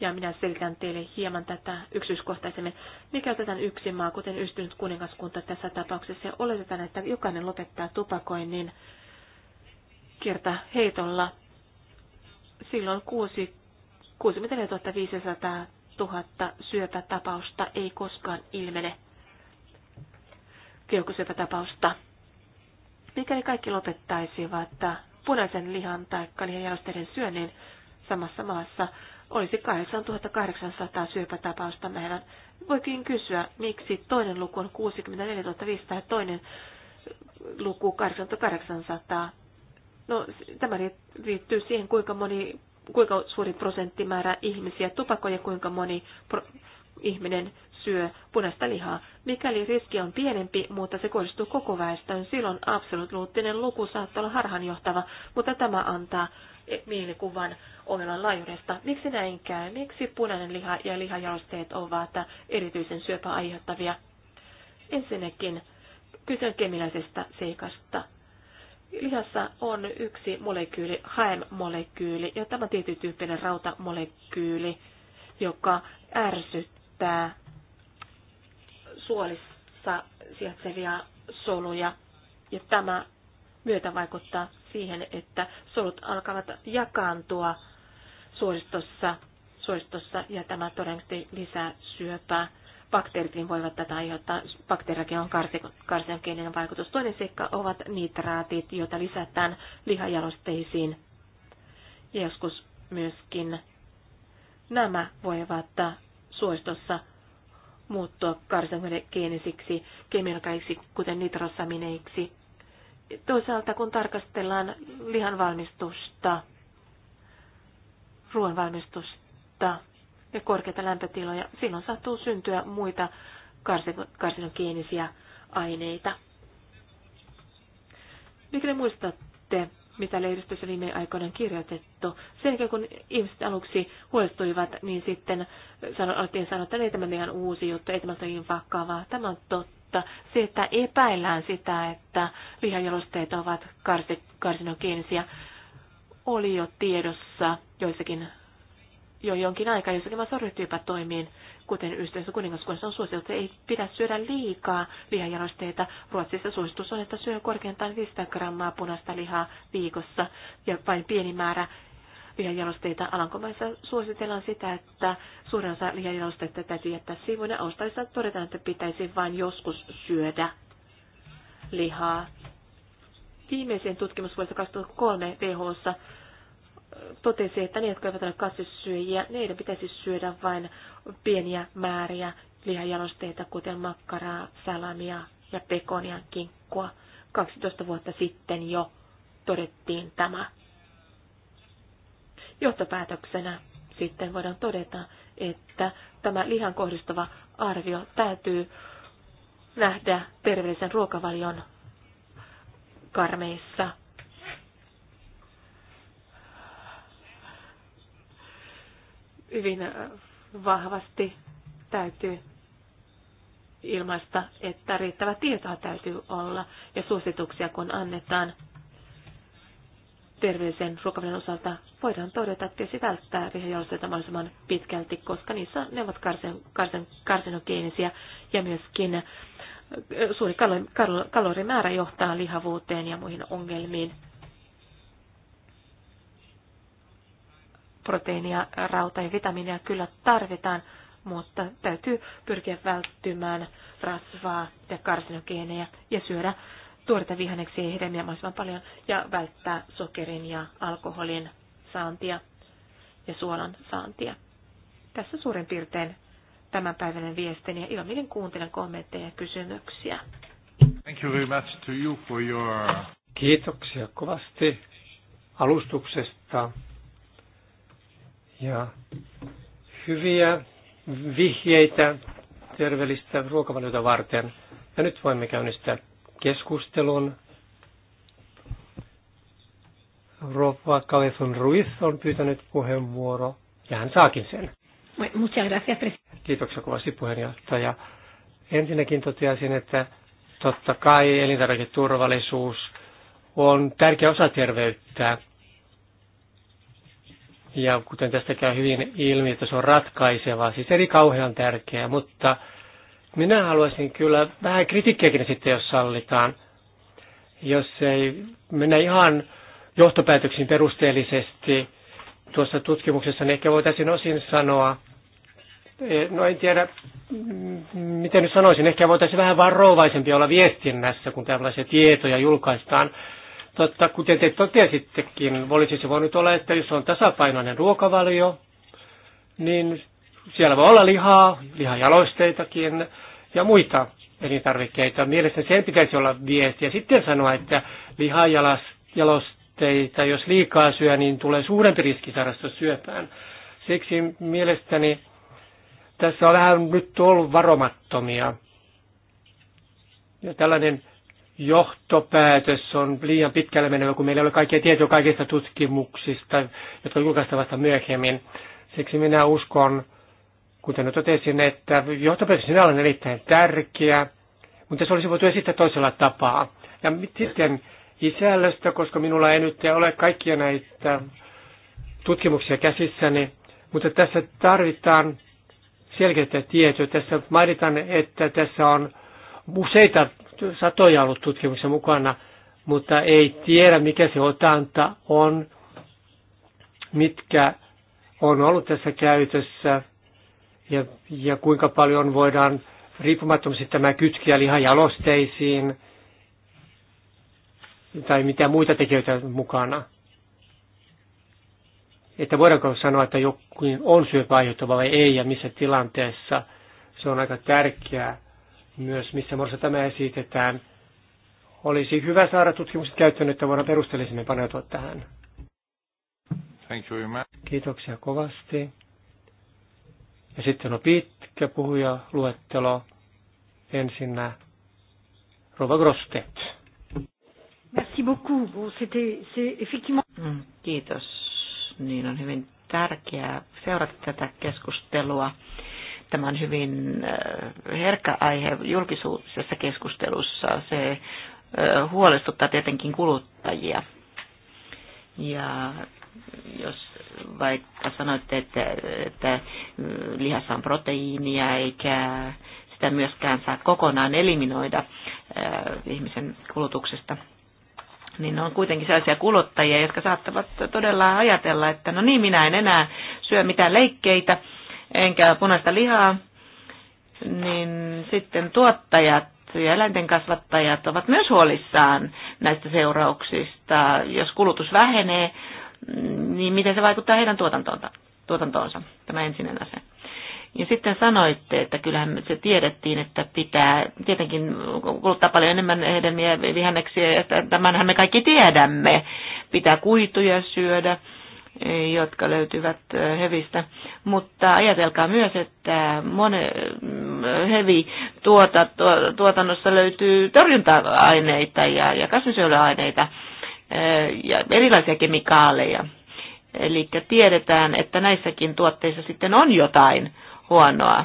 Ja minä selitän teille hieman tätä yksityiskohtaisemmin. Mikä otetaan yksi maa, kuten ystynyt kuningaskunta tässä tapauksessa, ja oletetaan, että jokainen lopettaa tupakoinnin kerta heitolla. Silloin 6, 64 500 tuhatta syöpätapausta ei koskaan ilmene keuhkosyöpätapausta. Mikäli kaikki lopettaisivat punaisen lihan tai jalosteiden syönnin samassa maassa, olisi 8800 syöpätapausta meillä. Voikin kysyä, miksi toinen luku on 64 500 ja toinen luku 8800. No, tämä liittyy siihen, kuinka moni kuinka suuri prosenttimäärä ihmisiä tupakoi ja kuinka moni pro- ihminen syö punaista lihaa. Mikäli riski on pienempi, mutta se kohdistuu koko väestöön, silloin absoluuttinen luku saattaa olla harhanjohtava, mutta tämä antaa mielikuvan ongelman laajuudesta. Miksi näin käy? Miksi punainen liha ja lihajalosteet ovat erityisen syöpäaiheuttavia? Ensinnäkin kyse on kemiallisesta seikasta. Lihassa on yksi molekyyli, haem molekyyli ja tämä on tietyn tyyppinen rautamolekyyli, joka ärsyttää suolissa sijaitsevia soluja. Ja tämä myötä vaikuttaa siihen, että solut alkavat jakaantua suolistossa, suolistossa ja tämä todennäköisesti lisää syöpää bakteeritkin voivat tätä aiheuttaa. bakteerikin on karsinogeeninen vaikutus. Toinen seikka ovat nitraatit, joita lisätään lihajalosteisiin. Ja joskus myöskin nämä voivat suistossa muuttua karsinogeenisiksi kemiokaisiksi, kuten nitrosamineiksi. Toisaalta kun tarkastellaan lihan valmistusta, ruoan valmistusta, ja korkeita lämpötiloja, silloin saattuu syntyä muita karsinogeenisiä aineita. Mikäli muistatte, mitä lehdistössä viime aikoina on kirjoitettu. Sen jälkeen, kun ihmiset aluksi huolestuivat, niin sitten alettiin sanoa, että ei tämä ihan uusi juttu, ei tämä ole niin vakavaa. Tämä on totta. Se, että epäillään sitä, että lihajalosteet ovat karsinogeenisia, oli jo tiedossa joissakin jo jonkin aikaa, jossakin maassa on toimiin, kuten yhteisö kuningaskunnassa on suositeltu, ei pidä syödä liikaa lihajalosteita. Ruotsissa suositus on, että syö korkeintaan 500 grammaa punaista lihaa viikossa ja vain pieni määrä lihajalosteita. Alankomaissa suositellaan sitä, että suurin osa lihajalosteita täytyy jättää sivuun ja Australiassa todetaan, että pitäisi vain joskus syödä lihaa. Viimeisen tutkimus vuodesta 2003 WHOssa totesi, että ne, jotka eivät ole kasvissyöjiä, niiden pitäisi syödä vain pieniä määriä lihajalosteita, kuten makkaraa, salamia ja pekonia, kinkkua. 12 vuotta sitten jo todettiin tämä. Johtopäätöksenä sitten voidaan todeta, että tämä lihan kohdistava arvio täytyy nähdä terveellisen ruokavalion karmeissa hyvin vahvasti täytyy ilmaista, että riittävä tietoa täytyy olla ja suosituksia kun annetaan terveellisen ruokavalon osalta voidaan todeta, että se välttää rihajalosteita mahdollisimman pitkälti, koska niissä ne ovat karsen, karsen, karsinogeenisia ja myöskin suuri kalorimäärä johtaa lihavuuteen ja muihin ongelmiin. proteiinia, rauta ja vitamiinia kyllä tarvitaan, mutta täytyy pyrkiä välttymään rasvaa ja karsinogeeneja ja syödä tuoretta vihanneksia ja hedelmiä mahdollisimman paljon ja välttää sokerin ja alkoholin saantia ja suolan saantia. Tässä suurin piirtein tämänpäiväinen viestini ja ilmiin kuuntelen kommentteja ja kysymyksiä. Thank you very much to you for your... Kiitoksia kovasti alustuksesta ja hyviä vihjeitä terveellistä ruokavaliota varten. Ja nyt voimme käynnistää keskustelun. Rova Cabezon Ruiz on pyytänyt puheenvuoro, ja hän saakin sen. Muchas gracias, Kiitoksia kovasti puheenjohtaja. Ensinnäkin toteaisin, että totta kai elintarviketurvallisuus on tärkeä osa terveyttä ja kuten tästä käy hyvin ilmi, että se on ratkaisevaa, siis eri kauhean tärkeää, mutta minä haluaisin kyllä vähän kritiikkiäkin sitten, jos sallitaan, jos ei mennä ihan johtopäätöksiin perusteellisesti. Tuossa tutkimuksessa niin ehkä voitaisiin osin sanoa, e, no en tiedä, mm, miten nyt sanoisin, ehkä voitaisiin vähän varovaisempia olla viestinnässä, kun tällaisia tietoja julkaistaan, Totta, kuten te totesittekin, olisi se voinut olla, että jos on tasapainoinen ruokavalio, niin siellä voi olla lihaa, lihajalosteitakin ja muita elintarvikkeita. Mielestäni sen pitäisi olla viesti. Ja sitten sanoa, että lihajalosteita, jos liikaa syö, niin tulee suurempi riski sairastua syöpään. Siksi mielestäni tässä on vähän nyt ollut varomattomia. Ja tällainen johtopäätös on liian pitkälle menevä, kun meillä ei ole kaikkea tietoa kaikista tutkimuksista, jotka julkaistaan vasta myöhemmin. Siksi minä uskon, kuten jo totesin, että johtopäätös sinä on erittäin tärkeä, mutta se olisi voitu esittää toisella tapaa. Ja sitten isällöstä, koska minulla ei nyt ole kaikkia näitä tutkimuksia käsissäni, mutta tässä tarvitaan selkeitä tietoja. Tässä mainitaan, että tässä on useita satoja ollut tutkimuksessa mukana, mutta ei tiedä, mikä se otanta on, mitkä on ollut tässä käytössä ja, ja kuinka paljon voidaan riippumattomasti tämä kytkiä lihajalosteisiin tai mitä muita tekijöitä mukana. Että voidaanko sanoa, että joku on syöpä vai ei ja missä tilanteessa. Se on aika tärkeää myös, missä muodossa tämä esitetään. Olisi hyvä saada tutkimukset käyttöön, että voidaan perusteellisemmin paneutua tähän. Thank you, Kiitoksia kovasti. Ja sitten on pitkä luettelo. Ensinnä Rova Grostet. Merci beaucoup. c'était, c'est effectivement... mm, kiitos. Niin on hyvin tärkeää seurata tätä keskustelua Tämä on hyvin äh, herkkä aihe julkisuudessa keskustelussa. Se äh, huolestuttaa tietenkin kuluttajia. Ja jos vaikka sanoitte, että, että äh, lihassa on proteiinia eikä sitä myöskään saa kokonaan eliminoida ihmisen kulutuksesta, niin ne on kuitenkin sellaisia kuluttajia, jotka saattavat todella ajatella, että no niin, minä en enää syö mitään leikkeitä, enkä punaista lihaa, niin sitten tuottajat ja eläinten kasvattajat ovat myös huolissaan näistä seurauksista. Jos kulutus vähenee, niin miten se vaikuttaa heidän tuotantoonsa, tuotantoonsa tämä ensimmäinen asia. Ja sitten sanoitte, että kyllähän se tiedettiin, että pitää tietenkin kuluttaa paljon enemmän hedelmiä ja vihanneksia, ja tämänhän me kaikki tiedämme. Pitää kuituja syödä, jotka löytyvät hevistä. Mutta ajatelkaa myös, että monen hevi tuota, tuotannossa löytyy torjunta-aineita ja, ja kasvisöljyaineita ja erilaisia kemikaaleja. Eli tiedetään, että näissäkin tuotteissa sitten on jotain huonoa.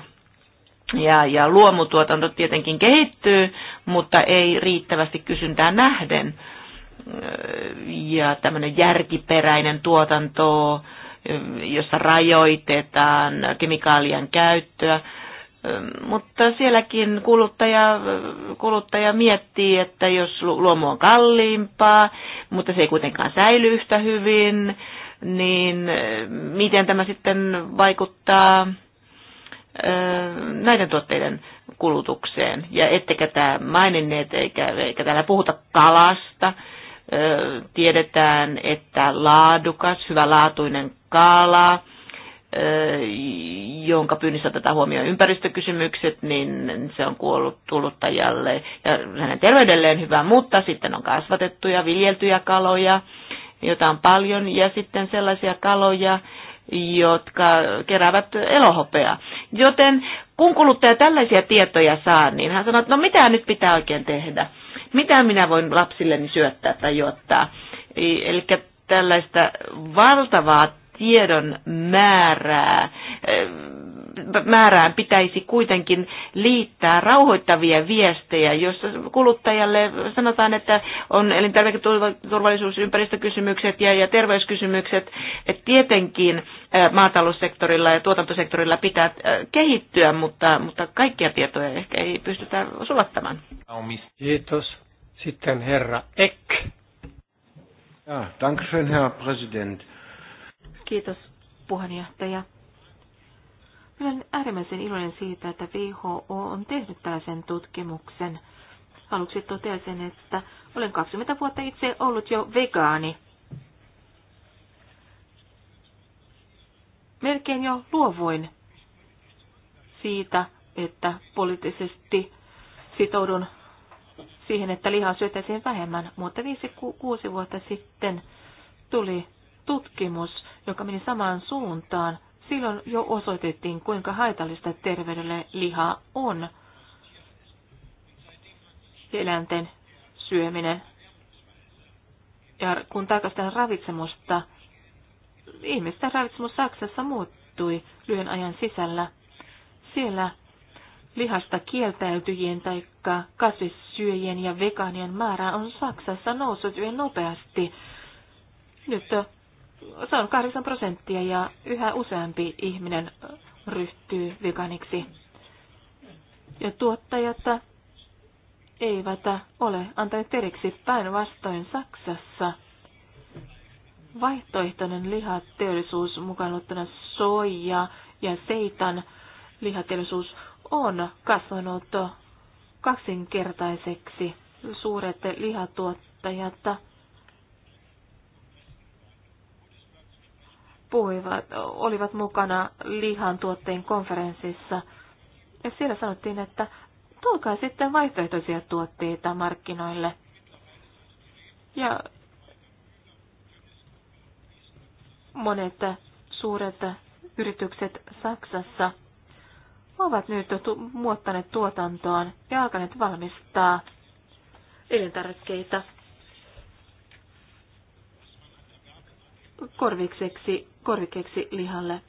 Ja, ja luomutuotanto tietenkin kehittyy, mutta ei riittävästi kysyntää nähden ja tämmöinen järkiperäinen tuotanto, jossa rajoitetaan kemikaalien käyttöä. Mutta sielläkin kuluttaja, kuluttaja miettii, että jos luomu on kalliimpaa, mutta se ei kuitenkaan säily yhtä hyvin, niin eh, miten tämä sitten vaikuttaa eh, näiden tuotteiden kulutukseen. Ja ettekä tämä maininneet, eikä, eikä täällä puhuta kalasta, tiedetään, että laadukas, hyvälaatuinen kaala, jonka pyynnissä tätä huomioon ympäristökysymykset, niin se on kuollut tuluttajalle ja hänen terveydelleen hyvä, mutta sitten on kasvatettuja, viljeltyjä kaloja, joita on paljon, ja sitten sellaisia kaloja, jotka keräävät elohopeaa. Joten kun kuluttaja tällaisia tietoja saa, niin hän sanoo, että no mitä nyt pitää oikein tehdä? mitä minä voin lapsilleni syöttää tai juottaa. E, Eli tällaista valtavaa tiedon määrää, e, määrään pitäisi kuitenkin liittää rauhoittavia viestejä, jos kuluttajalle sanotaan, että on elintarviketurvallisuusympäristökysymykset ja, ja terveyskysymykset, että tietenkin e, maataloussektorilla ja tuotantosektorilla pitää kehittyä, mutta, mutta kaikkia tietoja ehkä ei pystytä sulattamaan. Kiitos. Sitten herra Eck. Ja, dankeschön, herra president. Kiitos, puheenjohtaja. olen äärimmäisen iloinen siitä, että WHO on tehnyt tällaisen tutkimuksen. Aluksi totesin, että olen 20 vuotta itse ollut jo vegaani. Melkein jo luovuin siitä, että poliittisesti sitoudun siihen, että lihaa syötäisiin vähemmän, mutta ku, kuusi vuotta sitten tuli tutkimus, joka meni samaan suuntaan. Silloin jo osoitettiin, kuinka haitallista terveydelle liha on. Eläinten syöminen. Ja kun tarkastellaan ravitsemusta, ihmisten ravitsemus Saksassa muuttui lyhyen ajan sisällä. Siellä lihasta kieltäytyjien tai kasvissyöjien ja vegaanien määrä on Saksassa noussut hyvin nopeasti. Nyt se on 8 prosenttia ja yhä useampi ihminen ryhtyy veganiksi. Ja tuottajat eivät ole antaneet periksi päinvastoin Saksassa. Vaihtoehtoinen lihateollisuus, mukaan luettuna soija ja seitan lihateollisuus, on kasvanut kaksinkertaiseksi. Suuret lihatuottajat puhuivat, olivat mukana lihan tuotteen konferenssissa. Ja siellä sanottiin, että tuokaa sitten vaihtoehtoisia tuotteita markkinoille. Ja monet suuret yritykset Saksassa – ovat nyt muottaneet tuotantoon ja alkaneet valmistaa elintarvikkeita korvikseksi, korvikeksi lihalle.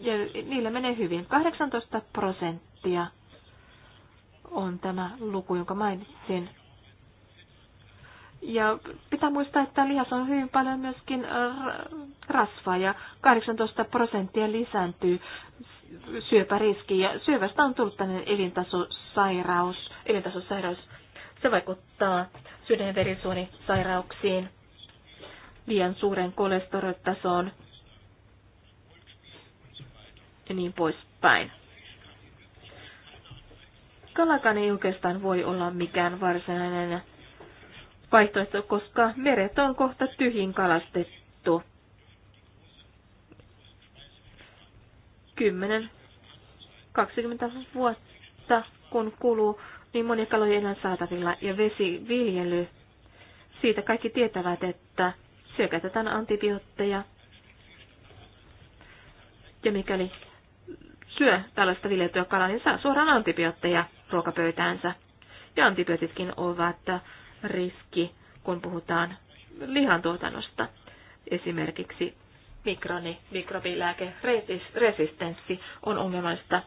Ja niillä menee hyvin. 18 prosenttia on tämä luku, jonka mainitsin. Ja pitää muistaa, että lihas on hyvin paljon myöskin rasvaa ja 18 prosenttia lisääntyy syöpäriski. Ja syövästä on tullut tämmöinen elintasosairaus, elintasosairaus. Se vaikuttaa sydänverisuonisairauksiin, liian suuren kolesterolitasoon ja niin poispäin. Kalakaan ei oikeastaan voi olla mikään varsinainen vaihtoehto, koska meret on kohta tyhjin kalastettu. 10-20 vuotta, kun kuluu, niin monia kaloja ei ole saatavilla. Ja vesiviljely, siitä kaikki tietävät, että syökätetään antibiootteja. Ja mikäli syö tällaista viljeltyä kalaa, niin saa suoraan antibiootteja ruokapöytäänsä. Ja antibiootitkin ovat riski, kun puhutaan lihantuotannosta esimerkiksi mikroni, resistenssi on ongelmallista.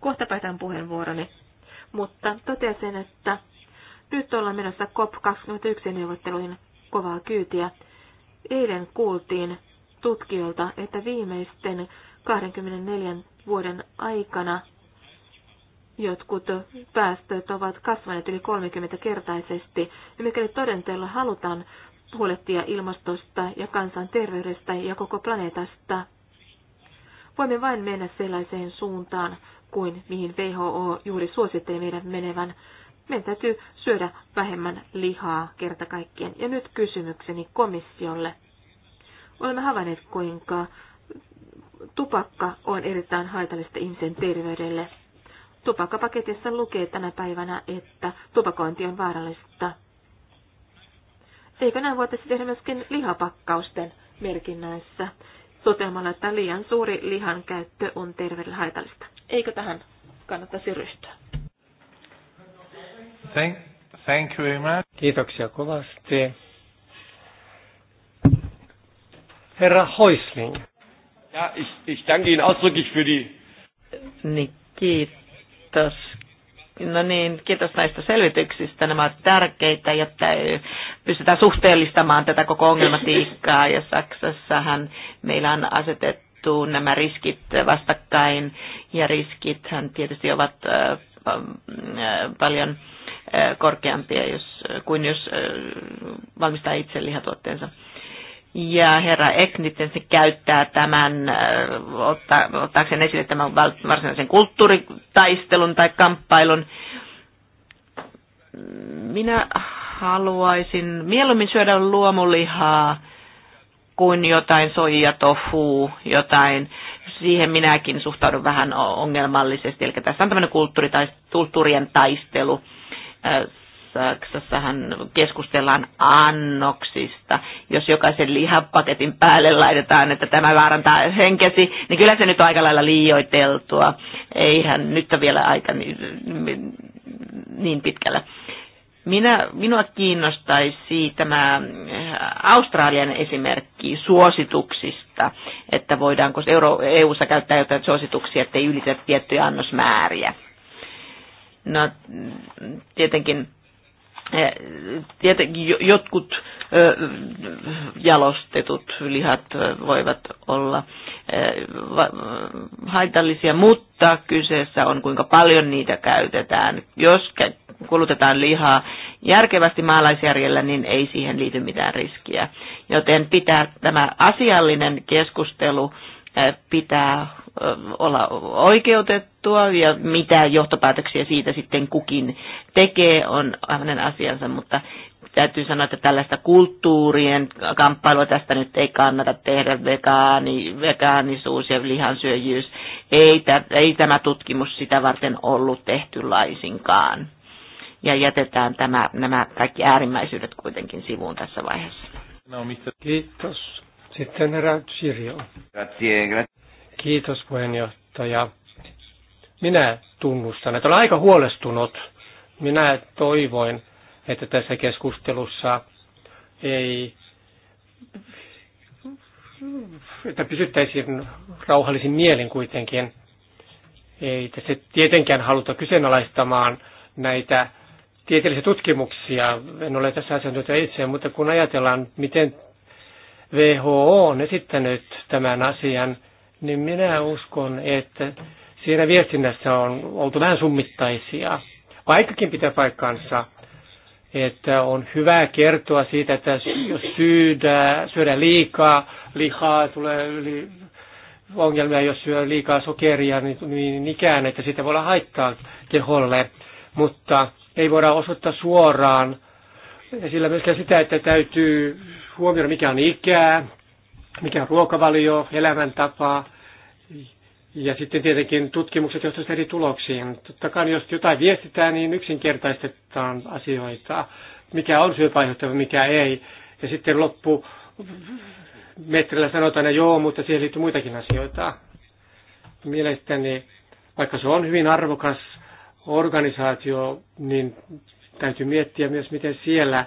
Kohta päätän puheenvuoroni, mutta totesin, että nyt ollaan menossa COP21-neuvotteluihin kovaa kyytiä. Eilen kuultiin tutkijoilta, että viimeisten 24 vuoden aikana jotkut päästöt ovat kasvaneet yli 30-kertaisesti. Ja mikäli todenteella halutaan huolehtia ilmastosta ja kansanterveydestä ja koko planeetasta. Voimme vain mennä sellaiseen suuntaan kuin mihin WHO juuri suosittelee meidän menevän. Meidän täytyy syödä vähemmän lihaa kerta kaikkien. Ja nyt kysymykseni komissiolle. Olemme havainneet, kuinka tupakka on erittäin haitallista ihmisen terveydelle. Tupakkapaketissa lukee tänä päivänä, että tupakointi on vaarallista. Eikö näin voitaisiin tehdä myöskin lihapakkausten merkinnäissä toteamalla, että liian suuri lihan käyttö on terveydelle haitallista? Eikö tähän kannattaisi ryhtyä? Thank, thank you very much. Kiitoksia kovasti. Herra Häusling. Ja, ich, ich danke Ihnen ausdrücklich für die... Niin, kiitos No niin, kiitos näistä selvityksistä. Nämä ovat tärkeitä, jotta pystytään suhteellistamaan tätä koko ongelmatiikkaa. Ja Saksassahan meillä on asetettu nämä riskit vastakkain. Ja riskithän tietysti ovat paljon korkeampia jos, kuin jos valmistaa itse lihatuotteensa ja herra Ek nyt se käyttää tämän, äh, ottaa, ottaakseen esille tämän varsinaisen kulttuuritaistelun tai kamppailun. Minä haluaisin mieluummin syödä luomulihaa kuin jotain soija tofu, jotain. Siihen minäkin suhtaudun vähän ongelmallisesti. Eli tässä on tämmöinen kulttuurien taistelu äh, Saksassahan keskustellaan annoksista. Jos jokaisen lihapaketin päälle laitetaan, että tämä vaarantaa henkesi, niin kyllä se nyt on aika lailla liioiteltua. Eihän nyt ole vielä aika niin, niin pitkällä. Minä, minua kiinnostaisi tämä äh, Australian esimerkki suosituksista, että voidaanko Euro, EU-ssa käyttää jotain suosituksia, ettei ylitä tiettyjä annosmääriä. No tietenkin Tietenkin jotkut jalostetut lihat voivat olla haitallisia, mutta kyseessä on kuinka paljon niitä käytetään. Jos kulutetaan lihaa järkevästi maalaisjärjellä, niin ei siihen liity mitään riskiä. Joten pitää tämä asiallinen keskustelu pitää olla oikeutettua ja mitä johtopäätöksiä siitä sitten kukin tekee on hänen asiansa, mutta täytyy sanoa, että tällaista kulttuurien kamppailua tästä nyt ei kannata tehdä, vegaani, vegaanisuus ja lihansyöjyys. Ei, ei tämä tutkimus sitä varten ollut tehty laisinkaan. Ja jätetään tämä, nämä kaikki äärimmäisyydet kuitenkin sivuun tässä vaiheessa. No, mistä? Kiitos. Sitten herra Sirjo. Grazie, grazie. Kiitos puheenjohtaja. Minä tunnustan, että olen aika huolestunut. Minä toivoin, että tässä keskustelussa ei että pysyttäisiin rauhallisin mielin kuitenkin. Ei tässä tietenkään haluta kyseenalaistamaan näitä tieteellisiä tutkimuksia. En ole tässä asiantuntija itse, mutta kun ajatellaan, miten WHO on esittänyt tämän asian, niin minä uskon, että siinä viestinnässä on oltu vähän summittaisia. Vaikkakin pitää paikkansa, että on hyvä kertoa siitä, että jos syödään, syödään liikaa lihaa, tulee yli ongelmia, jos syö liikaa sokeria, niin, niin ikään, että siitä voi olla haittaa keholle. Mutta ei voida osoittaa suoraan sillä myöskään sitä, että täytyy huomioida mikä on ikää, mikä on ruokavalio, elämäntapaa. ja sitten tietenkin tutkimukset johtavat eri tuloksiin. Totta kai jos jotain viestitään, niin yksinkertaistetaan asioita, mikä on syöpäaiheuttava, mikä ei. Ja sitten loppu metrillä sanotaan, että joo, mutta siihen liittyy muitakin asioita. Mielestäni, vaikka se on hyvin arvokas organisaatio, niin täytyy miettiä myös, miten siellä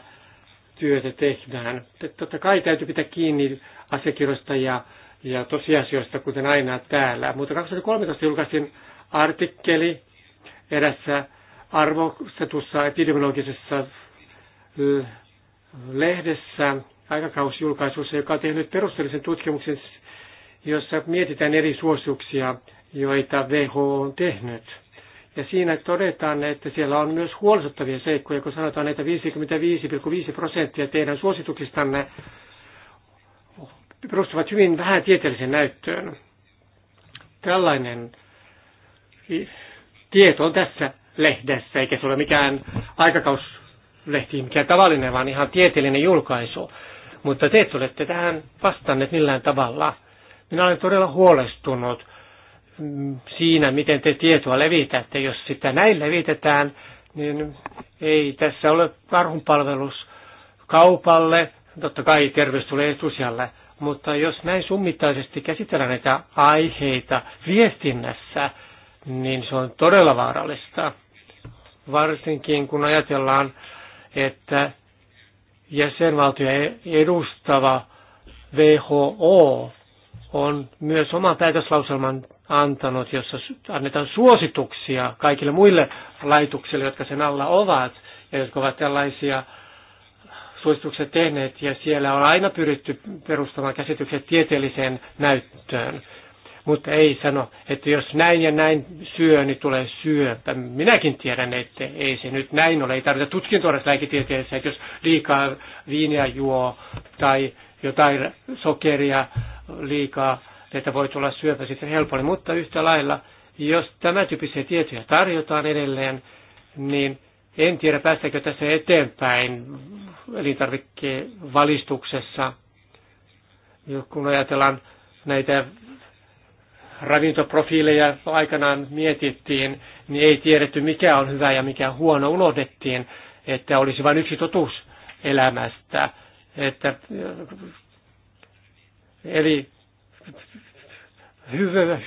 työtä tehdään. Totta kai täytyy pitää kiinni asiakirjoista ja, ja tosiasioista, kuten aina täällä. Mutta 2013 julkaisin artikkeli edessä arvostetussa epidemiologisessa lehdessä aikakausjulkaisussa, joka on tehnyt perusteellisen tutkimuksen, jossa mietitään eri suosituksia, joita WHO on tehnyt. Ja siinä todetaan, että siellä on myös huolestuttavia seikkoja, kun sanotaan, että 55,5 prosenttia teidän suosituksistanne perustuvat hyvin vähän tieteelliseen näyttöön. Tällainen tieto on tässä lehdessä, eikä se ole mikään aikakauslehti, mikään tavallinen, vaan ihan tieteellinen julkaisu. Mutta te et olette tähän vastanneet millään tavalla. Minä olen todella huolestunut mm, siinä, miten te tietoa levitätte. Jos sitä näin levitetään, niin ei tässä ole karhunpalvelus kaupalle. Totta kai terveys tulee etusijalle, mutta jos näin summittaisesti käsitellään näitä aiheita viestinnässä, niin se on todella vaarallista. Varsinkin kun ajatellaan, että jäsenvaltio edustava WHO on myös oman päätöslauselman antanut, jossa annetaan suosituksia kaikille muille laitoksille, jotka sen alla ovat ja jotka ovat tällaisia suositukset tehneet ja siellä on aina pyritty perustamaan käsitykset tieteelliseen näyttöön. Mutta ei sano, että jos näin ja näin syö, niin tulee syöpä. Minäkin tiedän, että ei se nyt näin ole. Ei tarvita tutkintoa lääketieteessä, että jos liikaa viiniä juo tai jotain sokeria liikaa, että voi tulla syöpä sitten helpommin. Mutta yhtä lailla, jos tämä tyyppisiä tietoja tarjotaan edelleen, niin en tiedä, päästäkö tässä eteenpäin elintarvikkevalistuksessa, kun ajatellaan näitä ravintoprofiileja aikanaan mietittiin, niin ei tiedetty mikä on hyvä ja mikä huono. Unohdettiin, että olisi vain yksi totuus elämästä. Että, eli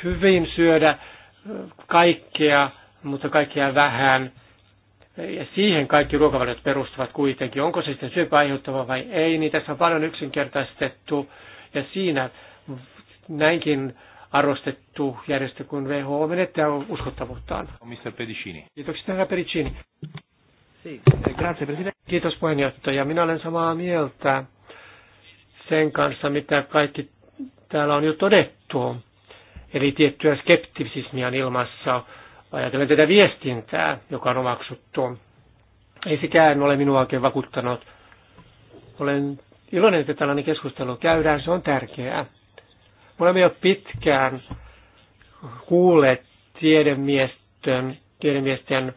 hyvin syödä kaikkea, mutta kaikkea vähän – ja siihen kaikki ruokavaliot perustuvat kuitenkin. Onko se sitten syöpä aiheuttava vai ei, niin tässä on paljon yksinkertaistettu. Ja siinä näinkin arvostettu järjestö kuin WHO menettää uskottavuuttaan. Oh, Mr. Pedicini. Kiitoksia, herra Pedicini. Eh, Kiitos puheenjohtaja. Minä olen samaa mieltä sen kanssa, mitä kaikki täällä on jo todettu. Eli tiettyä skeptisismia on ilmassa Ajatellen tätä viestintää, joka on omaksuttu. Ei sekään ole minua oikein vakuuttanut. Olen iloinen, että tällainen keskustelu käydään, se on tärkeää. Me olemme jo pitkään kuulleet tiedemiesten, tiedemiesten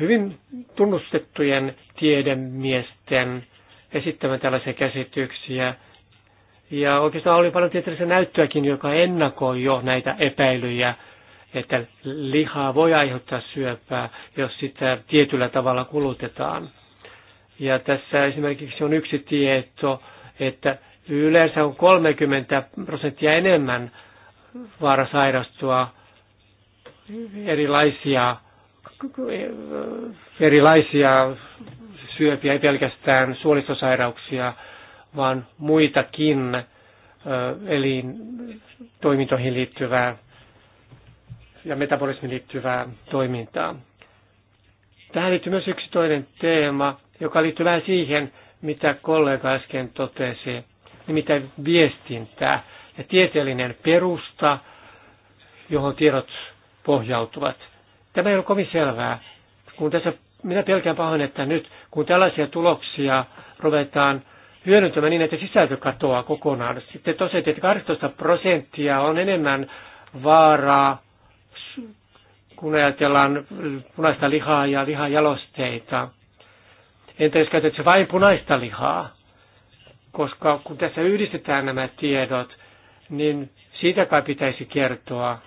hyvin tunnustettujen tiedemiesten esittämään tällaisia käsityksiä. Ja oikeastaan oli paljon tieteellistä näyttöäkin, joka ennakoi jo näitä epäilyjä että lihaa voi aiheuttaa syöpää, jos sitä tietyllä tavalla kulutetaan. Ja tässä esimerkiksi on yksi tieto, että yleensä on 30 prosenttia enemmän vaara sairastua erilaisia, erilaisia syöpiä, ei pelkästään suolistosairauksia, vaan muitakin eli toimintoihin liittyvää ja metabolismiin liittyvää toimintaa. Tähän liittyy myös yksi toinen teema, joka liittyy vähän siihen, mitä kollega äsken totesi, nimittäin viestintää ja tieteellinen perusta, johon tiedot pohjautuvat. Tämä ei ole kovin selvää. Kun tässä, minä pelkään pahoin, että nyt kun tällaisia tuloksia ruvetaan hyödyntämään niin, että sisältö katoaa kokonaan, sitten tosiaan, että 18 prosenttia on enemmän vaaraa kun ajatellaan punaista lihaa ja lihajalosteita. Entä jos käytätkö vain punaista lihaa? Koska kun tässä yhdistetään nämä tiedot, niin siitä kai pitäisi kertoa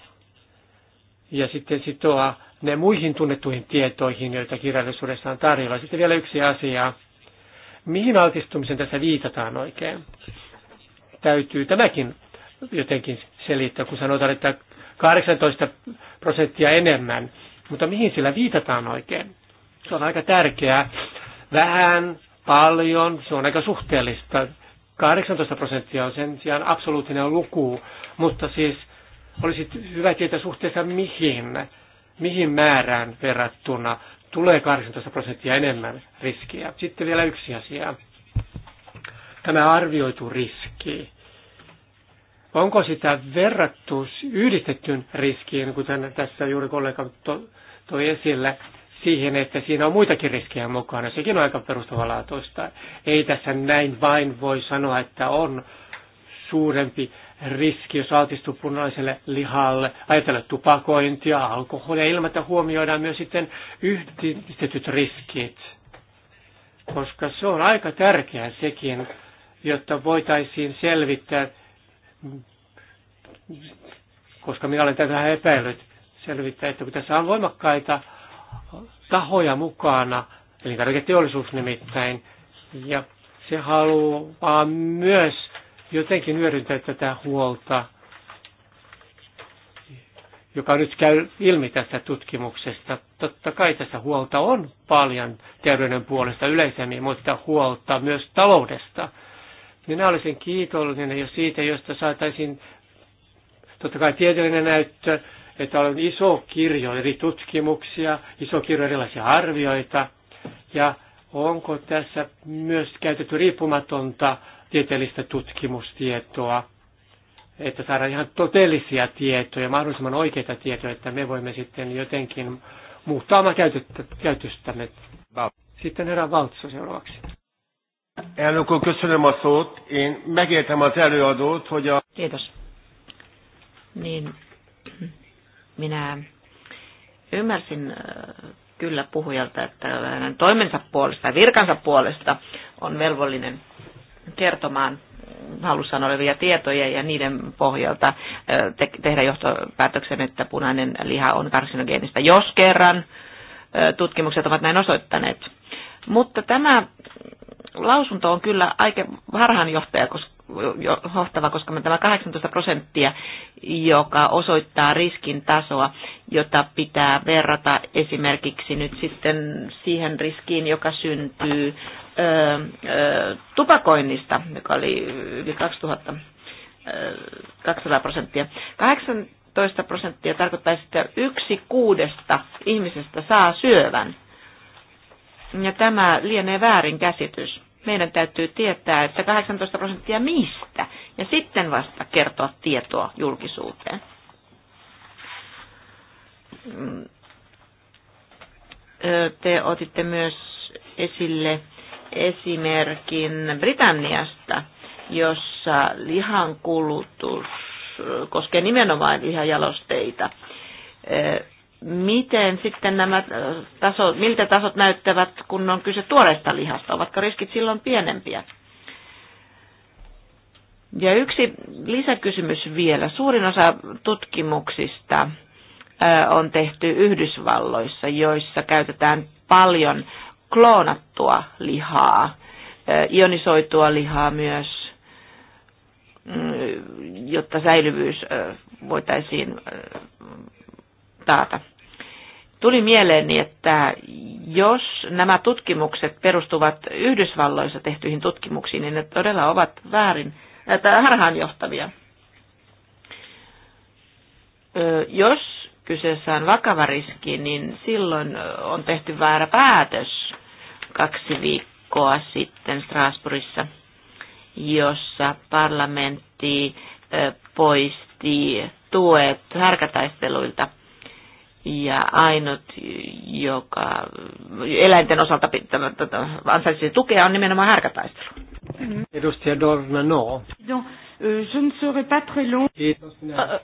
ja sitten sitoa ne muihin tunnettuihin tietoihin, joita kirjallisuudessa on tarjolla. Sitten vielä yksi asia. Mihin altistumisen tässä viitataan oikein? Täytyy tämäkin jotenkin selittää, kun sanotaan, että 18 prosenttia enemmän. Mutta mihin sillä viitataan oikein? Se on aika tärkeää. Vähän, paljon, se on aika suhteellista. 18 prosenttia on sen sijaan absoluuttinen luku, mutta siis olisi hyvä tietää suhteessa mihin, mihin määrään verrattuna tulee 18 prosenttia enemmän riskiä. Sitten vielä yksi asia. Tämä arvioitu riski. Onko sitä verrattu yhdistettyyn riskiin, kuten tässä juuri kollega toi esille, siihen, että siinä on muitakin riskejä mukana. Sekin on aika perustavanlaatuista. Ei tässä näin vain voi sanoa, että on suurempi riski, jos altistuu punaiselle lihalle, ajatella tupakointia, alkoholia, ilman että huomioidaan myös sitten yhdistetyt riskit, koska se on aika tärkeää sekin, jotta voitaisiin selvittää koska minä olen tätä vähän epäillyt selvittää, että kun tässä on voimakkaita tahoja mukana, eli teollisuus nimittäin, ja se haluaa myös jotenkin hyödyntää tätä huolta, joka nyt käy ilmi tästä tutkimuksesta. Totta kai tässä huolta on paljon terveyden puolesta yleisemmin, mutta huolta myös taloudesta – minä olisin kiitollinen jo siitä, josta saataisiin totta kai tieteellinen näyttö, että on iso kirjo eri tutkimuksia, iso kirjo erilaisia arvioita, ja onko tässä myös käytetty riippumatonta tieteellistä tutkimustietoa, että saadaan ihan todellisia tietoja, mahdollisimman oikeita tietoja, että me voimme sitten jotenkin muuttaa omaa käytöstämme. Sitten herra Valtso seuraavaksi. Elnök úr, köszönöm a szót. Én megértem az előadót, hogy a... Kérdés. Niin, minä ymmärsin kyllä puhujalta, että hänen toimensa puolesta, virkansa puolesta on velvollinen kertomaan halussaan olevia tietoja ja niiden pohjalta te- tehdä johtopäätöksen, että punainen liha on karsinogeenista, jos kerran tutkimukset ovat näin osoittaneet. Mutta tämä lausunto on kyllä aika johtaja, koska johtava, koska me tämä 18 prosenttia, joka osoittaa riskin tasoa, jota pitää verrata esimerkiksi nyt sitten siihen riskiin, joka syntyy ö, ö, tupakoinnista, joka oli yli 2000, ö, 200 prosenttia. 18 prosenttia tarkoittaa että yksi kuudesta ihmisestä saa syövän. Ja tämä lienee väärin käsitys, Meidän täytyy tietää, että 18 prosenttia mistä, ja sitten vasta kertoa tietoa julkisuuteen. Mm. Te otitte myös esille esimerkin Britanniasta, jossa lihan kulutus koskee nimenomaan lihajalosteita miten sitten nämä äh, tasot, miltä tasot näyttävät, kun on kyse tuoreesta lihasta? Ovatko riskit silloin pienempiä? Ja yksi lisäkysymys vielä. Suurin osa tutkimuksista äh, on tehty Yhdysvalloissa, joissa käytetään paljon kloonattua lihaa, äh, ionisoitua lihaa myös, mm, jotta säilyvyys voitaisiin taata. Tuli mieleeni, että jos nämä tutkimukset perustuvat Yhdysvalloissa tehtyihin tutkimuksiin, niin ne todella ovat väärin, että harhaanjohtavia. Jos kyseessä on vakava riski, niin silloin on tehty väärä päätös kaksi viikkoa sitten Strasbourgissa, jossa parlamentti poisti tuet härkätaisteluilta – ja ainut, joka eläinten osalta ansaitsee tukea, on nimenomaan härkätaistelu. Mm. Edustaja Dornano. Donc, euh, je ne serai pas très long. Kiitos. Minä. Euh,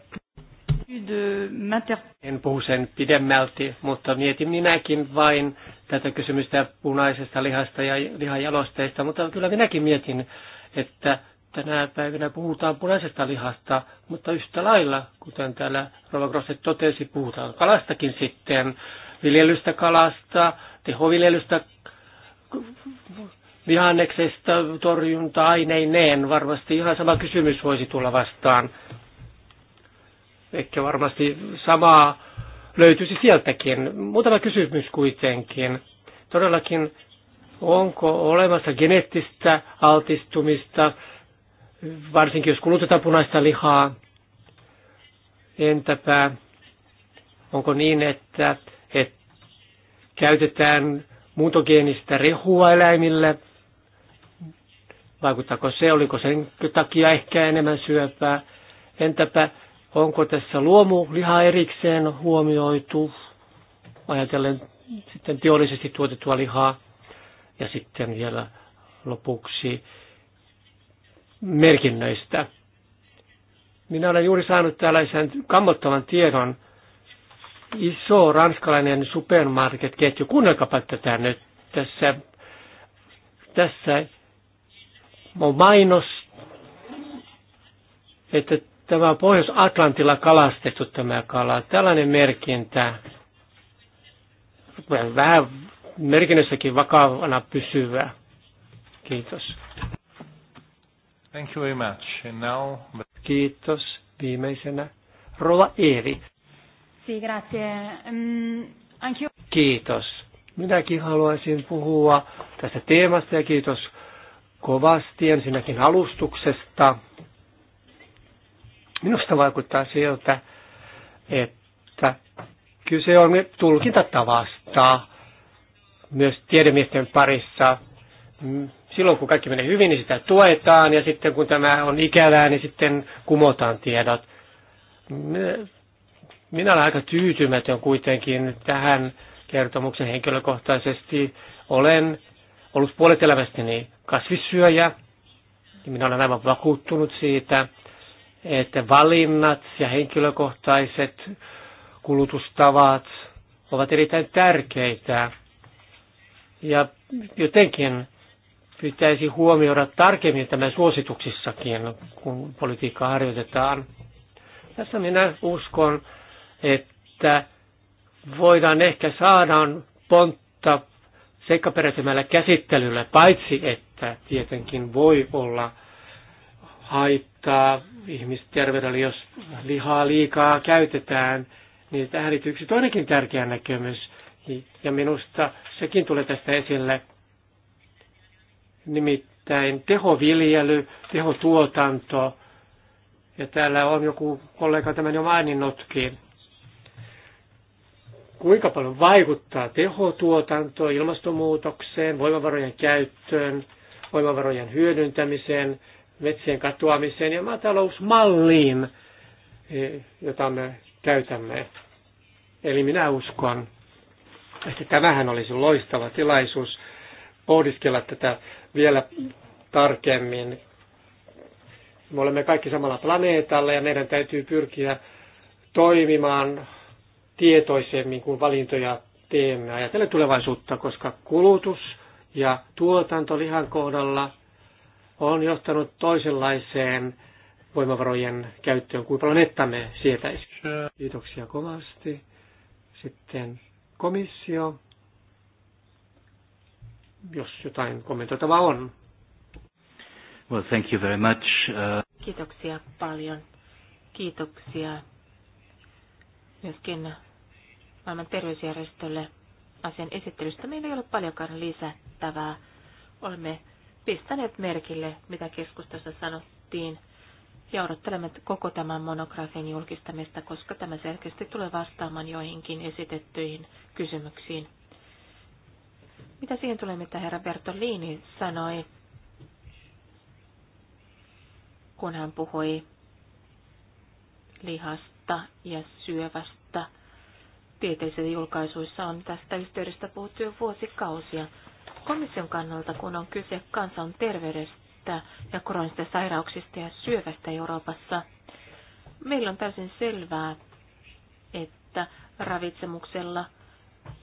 euh, en puhu sen pidemmälti, mutta mietin minäkin vain tätä kysymystä punaisesta lihasta ja lihajalosteista, mutta kyllä minäkin mietin, että tänä päivänä puhutaan punaisesta lihasta, mutta yhtä lailla, kuten täällä Rova Grosset totesi, puhutaan kalastakin sitten, viljelystä kalasta, tehoviljelystä, vihanneksesta, torjunta-aineineen. Varmasti ihan sama kysymys voisi tulla vastaan. Ehkä varmasti samaa löytyisi sieltäkin. Muutama kysymys kuitenkin. Todellakin, onko olemassa geneettistä altistumista varsinkin jos kulutetaan punaista lihaa. Entäpä onko niin, että, että käytetään muutogeenistä rehua eläimille? Vaikuttaako se, oliko sen takia ehkä enemmän syöpää? Entäpä onko tässä luomuliha erikseen huomioitu, ajatellen sitten teollisesti tuotettua lihaa? Ja sitten vielä lopuksi merkinnöistä. Minä olen juuri saanut tällaisen kammottavan tiedon. Iso ranskalainen supermarketketju, kuunnelkapa tätä nyt tässä, tässä on mainos, että tämä on Pohjois-Atlantilla kalastettu tämä kala. Tällainen merkintä, vähän merkinnössäkin vakavana pysyvä. Kiitos. Thank you very much. And now... Kiitos. Viimeisenä Rova Eevi. Si, grazie. Um, Kiitos. Minäkin haluaisin puhua tästä teemasta ja kiitos kovasti ensinnäkin alustuksesta. Minusta vaikuttaa siltä, että kyse on tulkintatavasta myös tiedemiesten parissa. Mm, silloin kun kaikki menee hyvin, niin sitä tuetaan ja sitten kun tämä on ikävää, niin sitten kumotaan tiedot. Minä olen aika tyytymätön kuitenkin tähän kertomuksen henkilökohtaisesti. Olen ollut puolet elämästäni kasvissyöjä ja minä olen aivan vakuuttunut siitä, että valinnat ja henkilökohtaiset kulutustavat ovat erittäin tärkeitä. Ja jotenkin pitäisi huomioida tarkemmin tämän suosituksissakin, kun politiikkaa harjoitetaan. Tässä minä uskon, että voidaan ehkä saada pontta seikkaperäisemmällä käsittelyllä, paitsi että tietenkin voi olla haittaa ihmisterveydelle, jos lihaa liikaa käytetään, niin tähän liittyy yksi toinenkin tärkeä näkemys. Ja minusta sekin tulee tästä esille nimittäin tehoviljely, tehotuotanto, ja täällä on joku kollega tämän jo maininnutkin. Kuinka paljon vaikuttaa tehotuotanto ilmastonmuutokseen, voimavarojen käyttöön, voimavarojen hyödyntämiseen, metsien katoamiseen ja maatalousmalliin, e, jota me käytämme. Eli minä uskon, että tämähän olisi loistava tilaisuus pohdiskella tätä vielä tarkemmin. Me olemme kaikki samalla planeetalla ja meidän täytyy pyrkiä toimimaan tietoisemmin, kun valintoja teemme. Ajatellen tulevaisuutta, koska kulutus ja tuotanto lihan kohdalla on johtanut toisenlaiseen voimavarojen käyttöön kuin planeettamme sietäisi. Kiitoksia kovasti. Sitten komissio jos jotain kommentoitavaa on. Well, thank you very much. Uh... Kiitoksia paljon. Kiitoksia myöskin maailman terveysjärjestölle asian esittelystä. Meillä ei ole paljonkaan lisättävää. Olemme pistäneet merkille, mitä keskustassa sanottiin, ja odottelemme koko tämän monografian julkistamista, koska tämä selkeästi tulee vastaamaan joihinkin esitettyihin kysymyksiin. Mitä siihen tulee, mitä herra Bertolini sanoi, kun hän puhui lihasta ja syövästä? Tieteellisissä julkaisuissa on tästä yhteydestä puhuttu jo vuosikausia. Komission kannalta, kun on kyse kansan terveydestä ja kronisista sairauksista ja syövästä Euroopassa, meillä on täysin selvää, että ravitsemuksella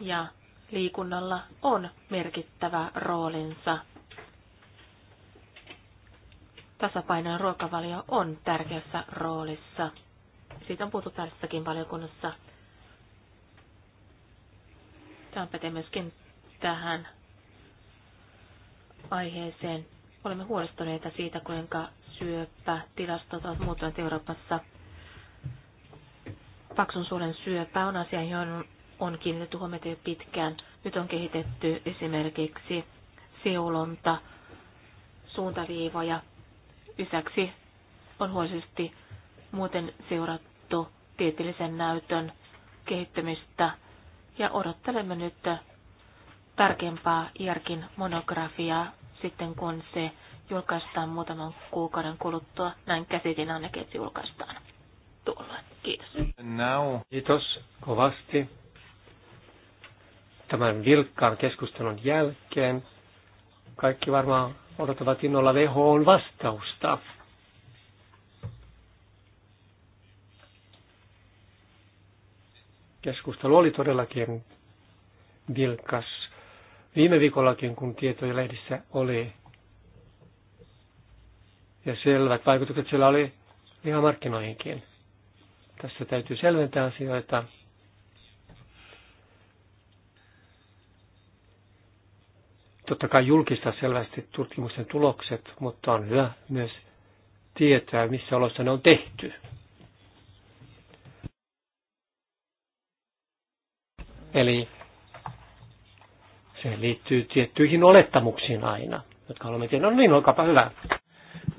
ja liikunnalla on merkittävä roolinsa. Tasapainoinen ruokavalio on tärkeässä roolissa. Siitä on puhuttu tässäkin valiokunnassa. Tämä pätee myöskin tähän aiheeseen. Olemme huolestuneita siitä, kuinka syöpä tilastot ovat muuttuneet Euroopassa. Paksun suolen syöpä on asia, johon on kiinnitetty huomiota jo pitkään. Nyt on kehitetty esimerkiksi seulonta, suuntaviivoja. Lisäksi on huolisesti muuten seurattu tieteellisen näytön kehittämistä ja odottelemme nyt tarkempaa Jarkin monografiaa sitten kun se julkaistaan muutaman kuukauden kuluttua. Näin käsitin ainakin, että julkaistaan tuolloin. Kiitos. Now. Kiitos kovasti tämän vilkkaan keskustelun jälkeen kaikki varmaan odottavat innolla on vastausta. Keskustelu oli todellakin vilkas. Viime viikollakin, kun tietoja lehdissä oli, ja selvät vaikutukset sillä oli markkinoihinkin. Tässä täytyy selventää asioita. totta kai julkistaa selvästi tutkimusten tulokset, mutta on hyvä myös tietää, missä oloissa ne on tehty. Eli se liittyy tiettyihin olettamuksiin aina, jotka haluamme tehdä. No niin, olkaapa hyvä.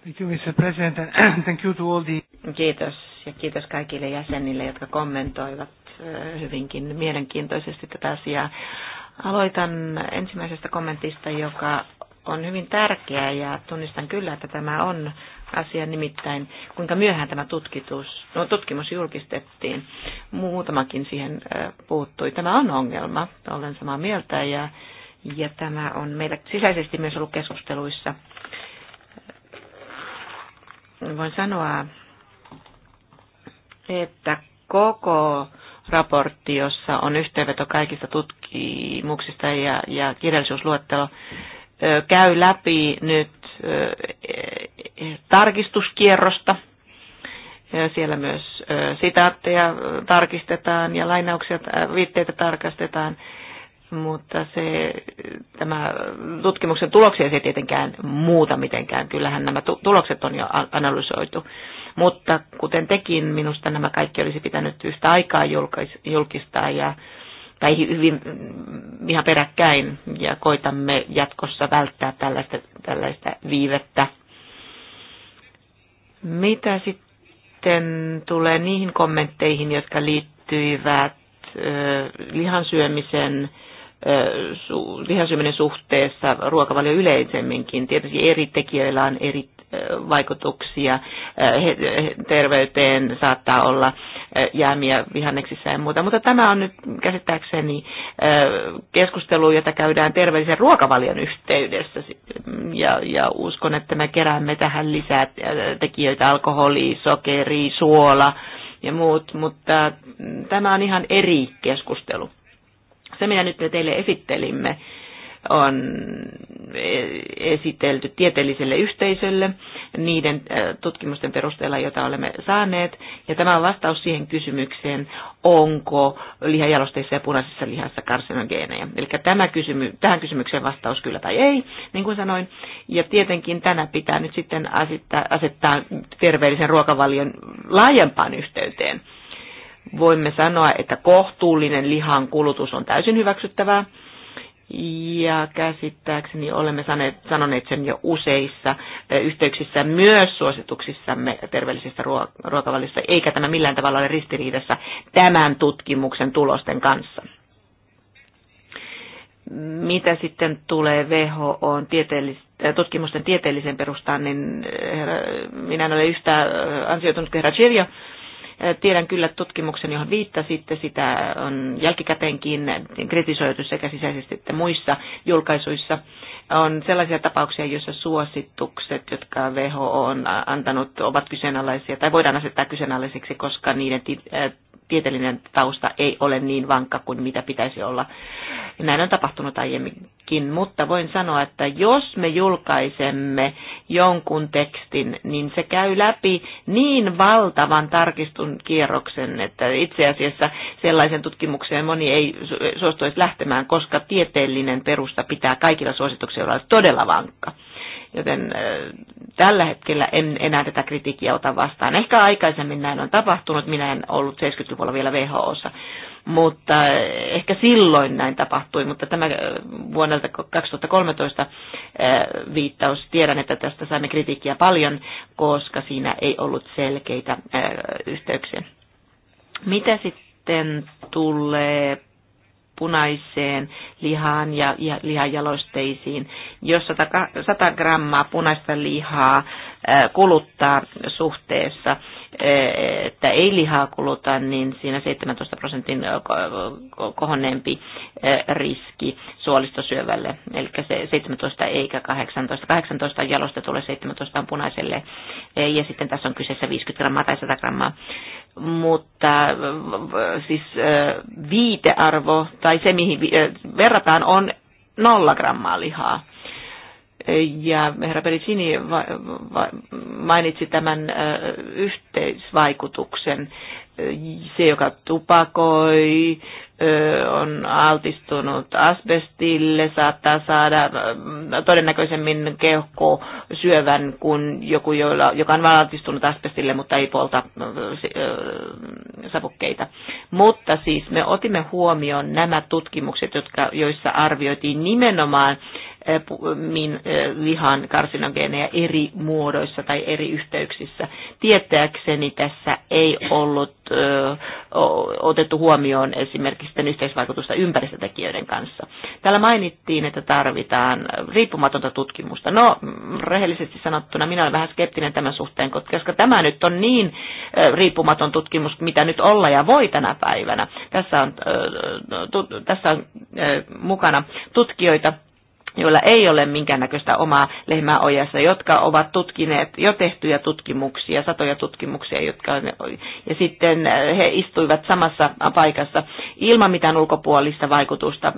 Thank you, Mr. President, thank you to all the... Kiitos, ja kiitos kaikille jäsenille, jotka kommentoivat hyvinkin mielenkiintoisesti tätä asiaa. Aloitan ensimmäisestä kommentista, joka on hyvin tärkeä ja tunnistan kyllä, että tämä on asia nimittäin, kuinka myöhään tämä tutkitus, no, tutkimus julkistettiin. Muutamakin siihen puuttui. Tämä on ongelma, olen samaa mieltä ja, ja tämä on meillä sisäisesti myös ollut keskusteluissa. Voin sanoa, että koko raportti, jossa on yhteenveto kaikista tutkimuksista ja, ja kirjallisuusluettelo käy läpi nyt tarkistuskierrosta. Siellä myös sitaatteja tarkistetaan ja lainauksia, viitteitä tarkastetaan, mutta se, tämä tutkimuksen tuloksia se ei tietenkään muuta mitenkään. Kyllähän nämä tulokset on jo analysoitu. Mutta kuten tekin, minusta nämä kaikki olisi pitänyt yhtä aikaa julkistaa ja tai hyvin mm, ihan peräkkäin ja koitamme jatkossa välttää tällaista, tällaista viivettä. Mitä sitten tulee niihin kommentteihin, jotka liittyivät lihansyömisen lihansyöminen suhteessa ruokavalio yleisemminkin. Tietysti eri tekijöillä on eri vaikutuksia terveyteen, saattaa olla jäämiä vihanneksissa ja muuta. Mutta tämä on nyt käsittääkseni keskustelu, jota käydään terveellisen ruokavalion yhteydessä. Ja, ja uskon, että me keräämme tähän lisää tekijöitä, alkoholi, sokeri, suola ja muut, mutta tämä on ihan eri keskustelu. Se, mitä nyt me teille esittelimme, on e-, esitelty tieteelliselle yhteisölle niiden e, tutkimusten perusteella, joita olemme saaneet. Ja tämä on vastaus siihen kysymykseen, onko lihajalosteissa ja punaisessa lihassa karsinogeeneja. Eli tämä kysymy, tähän kysymykseen vastaus kyllä tai ei, niin kuin sanoin. Ja tietenkin tänä pitää nyt sitten asettaa, asettaa terveellisen ruokavalion laajempaan yhteyteen. Voimme sanoa, että kohtuullinen lihan kulutus on täysin hyväksyttävää ja käsittääkseni olemme sanoneet sen jo useissa yhteyksissä myös suosituksissamme terveellisestä ruokavaliosta, eikä tämä millään tavalla ole ristiriidassa tämän tutkimuksen tulosten kanssa. Mitä sitten tulee WHOn tieteellis- tutkimusten tieteelliseen perustaan, niin minä en ole yhtä ansioitunut kuin herra Chirio, Tiedän kyllä tutkimuksen, johon viittasitte, sitä on jälkikäteenkin kritisoitu sekä sisäisesti että muissa julkaisuissa on sellaisia tapauksia, joissa suositukset, jotka WHO on antanut, ovat kyseenalaisia tai voidaan asettaa kyseenalaisiksi, koska niiden tieteellinen tausta ei ole niin vankka kuin mitä pitäisi olla. Ja näin on tapahtunut aiemminkin, mutta voin sanoa, että jos me julkaisemme jonkun tekstin, niin se käy läpi niin valtavan tarkistun kierroksen, että itse asiassa sellaisen tutkimukseen moni ei suostuisi lähtemään, koska tieteellinen perusta pitää kaikilla suosituksilla se olla todella vankka. Joten tällä hetkellä en enää tätä kritiikkiä ota vastaan. Ehkä aikaisemmin näin on tapahtunut, minä en ollut 70-luvulla vielä WHOssa, mutta ehkä silloin näin tapahtui, mutta tämä vuodelta 2013 viittaus, tiedän, että tästä saimme kritiikkiä paljon, koska siinä ei ollut selkeitä yhteyksiä. Mitä sitten tulee punaiseen lihaan ja, ja lihajalosteisiin. Jos 100, 100 grammaa punaista lihaa kuluttaa suhteessa, että ei lihaa kuluta, niin siinä 17 prosentin kohonneempi riski suolistosyövälle. Eli se 17 eikä 18. 18 jalostetulle, 17 on punaiselle. Ja sitten tässä on kyseessä 50 grammaa tai 100 grammaa mutta äh, siis äh, viitearvo tai se, mihin äh, verrataan, on nolla grammaa lihaa. Ja herra Pericini mainitsi tämän yhteisvaikutuksen. Se, joka tupakoi, on altistunut asbestille, saattaa saada todennäköisemmin syövän kuin joku, jolla, joka on vain altistunut asbestille, mutta ei polta savukkeita. Mutta siis me otimme huomioon nämä tutkimukset, jotka, joissa arvioitiin nimenomaan min, lihan karsinogeeneja eri muodoissa tai eri yhteyksissä. Tietääkseni tässä ei ollut otettu huomioon esimerkiksi yhteisvaikutusta ympäristötekijöiden kanssa. Täällä mainittiin, että tarvitaan riippumatonta tutkimusta. No, rehellisesti sanottuna minä olen vähän skeptinen tämän suhteen, koska tämä nyt on niin riippumaton tutkimus, mitä nyt olla ja voi tänä päivänä. Tässä on, no, tässä on mukana tutkijoita, joilla ei ole minkäännäköistä omaa lehmää ojassa, jotka ovat tutkineet jo tehtyjä tutkimuksia, satoja tutkimuksia, jotka, ja sitten äh, he istuivat samassa paikassa ilman mitään ulkopuolista vaikutusta äh,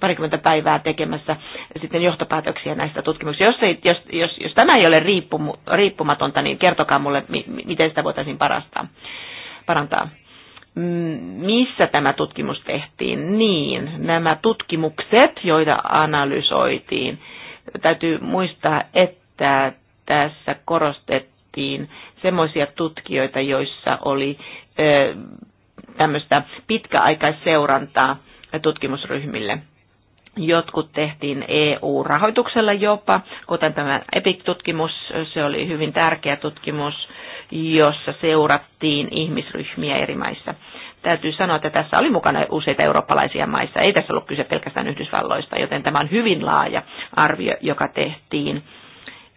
parikymmentä päivää tekemässä sitten johtopäätöksiä näistä tutkimuksista. Jos, ei, jos, jos, jos tämä ei ole riippumatonta, niin kertokaa mulle, miten sitä voitaisiin parastaa, parantaa. Mm, missä tämä tutkimus tehtiin, niin nämä tutkimukset, joita analysoitiin, täytyy muistaa, että tässä korostettiin semmoisia tutkijoita, joissa oli ö, tämmöistä pitkäaikaisseurantaa tutkimusryhmille. Jotkut tehtiin EU-rahoituksella jopa, kuten tämä EPIC-tutkimus, se oli hyvin tärkeä tutkimus jossa seurattiin ihmisryhmiä eri maissa. Täytyy sanoa, että tässä oli mukana useita eurooppalaisia maissa. Ei tässä ollut kyse pelkästään Yhdysvalloista, joten tämä on hyvin laaja arvio, joka tehtiin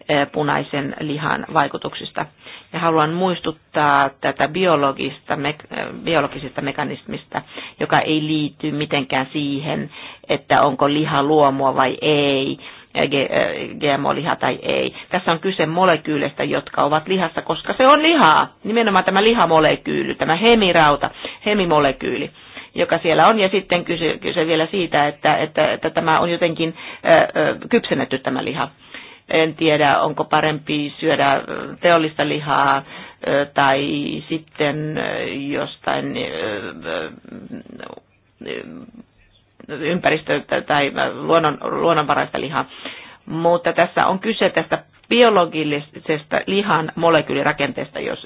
eh, punaisen lihan vaikutuksista. Ja haluan muistuttaa tätä biologista, me, eh, biologisista mekanismista, joka ei liity mitenkään siihen, että onko liha luomua vai ei, Äh, GMO-liha tai ei. Tässä on kyse molekyyleistä, jotka ovat lihassa, koska se on lihaa. Nimenomaan tämä lihamolekyyli, tämä hemirauta, hemimolekyyli joka siellä on, ja sitten kyse, kyse vielä siitä, että, että, että tämä on jotenkin ö, äh, äh, kypsennetty tämä liha. En tiedä, onko parempi syödä teollista lihaa ö, tai sitten jostain ö, ympäristö- tai luonnon, luonnonvaraista lihaa. Mutta tässä on kyse tästä biologisesta lihan molekyylirakenteesta, jos,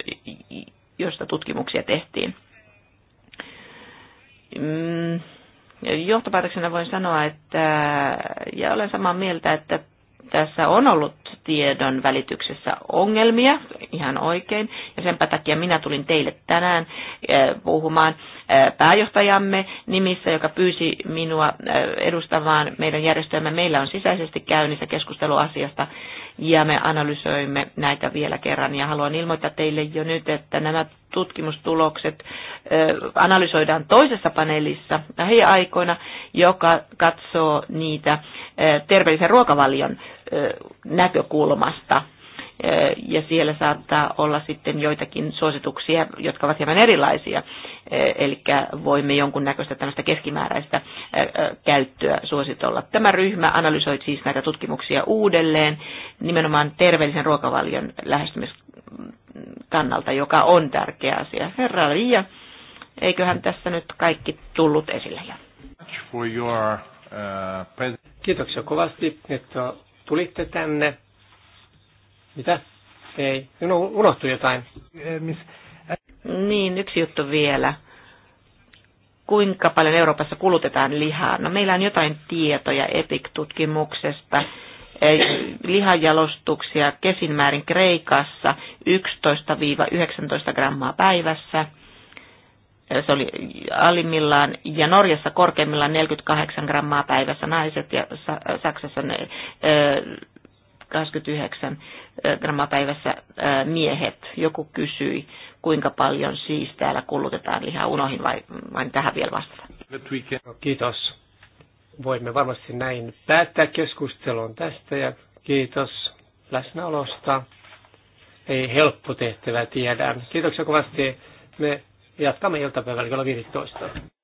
josta tutkimuksia tehtiin. Mm, johtopäätöksenä voin sanoa, että ja olen samaa mieltä, että tässä on ollut tiedon välityksessä ongelmia, ihan oikein, ja senpä takia minä tulin teille tänään eh, puhumaan eh, pääjohtajamme nimissä, joka pyysi minua eh, edustamaan meidän järjestelmä. Meillä on sisäisesti käynnissä keskustelu asiasta ja me analysoimme näitä vielä kerran. Ja haluan ilmoittaa teille jo nyt, että nämä tutkimustulokset analysoidaan toisessa paneelissa lähiaikoina, joka katsoo niitä terveellisen ruokavalion näkökulmasta – ja siellä saattaa olla sitten joitakin suosituksia, jotka ovat hieman erilaisia. Eli voimme jonkunnäköistä tämmöistä keskimääräistä käyttöä suositolla. Tämä ryhmä analysoi siis näitä tutkimuksia uudelleen nimenomaan terveellisen ruokavalion lähestymiskannalta, joka on tärkeä asia. Herra Liia, eiköhän tässä nyt kaikki tullut esille jo. Uh, Kiitoksia kovasti, että tulitte tänne mitä? Ei. Minun unohtui jotain. Niin, yksi juttu vielä. Kuinka paljon Euroopassa kulutetaan lihaa? No meillä on jotain tietoja EPIC-tutkimuksesta. Lihajalostuksia kesinmäärin Kreikassa 11-19 grammaa päivässä. Se oli alimmillaan ja Norjassa korkeimmillaan 48 grammaa päivässä naiset ja Saksassa 29 grammaa päivässä miehet. Joku kysyi, kuinka paljon siis täällä kulutetaan lihaa unohin vai vain tähän vielä vastata. No, kiitos. Voimme varmasti näin päättää keskustelun tästä ja kiitos läsnäolosta. Ei helppo tehtävä tiedä. Kiitoksia kovasti. Me jatkamme iltapäivällä kello 15.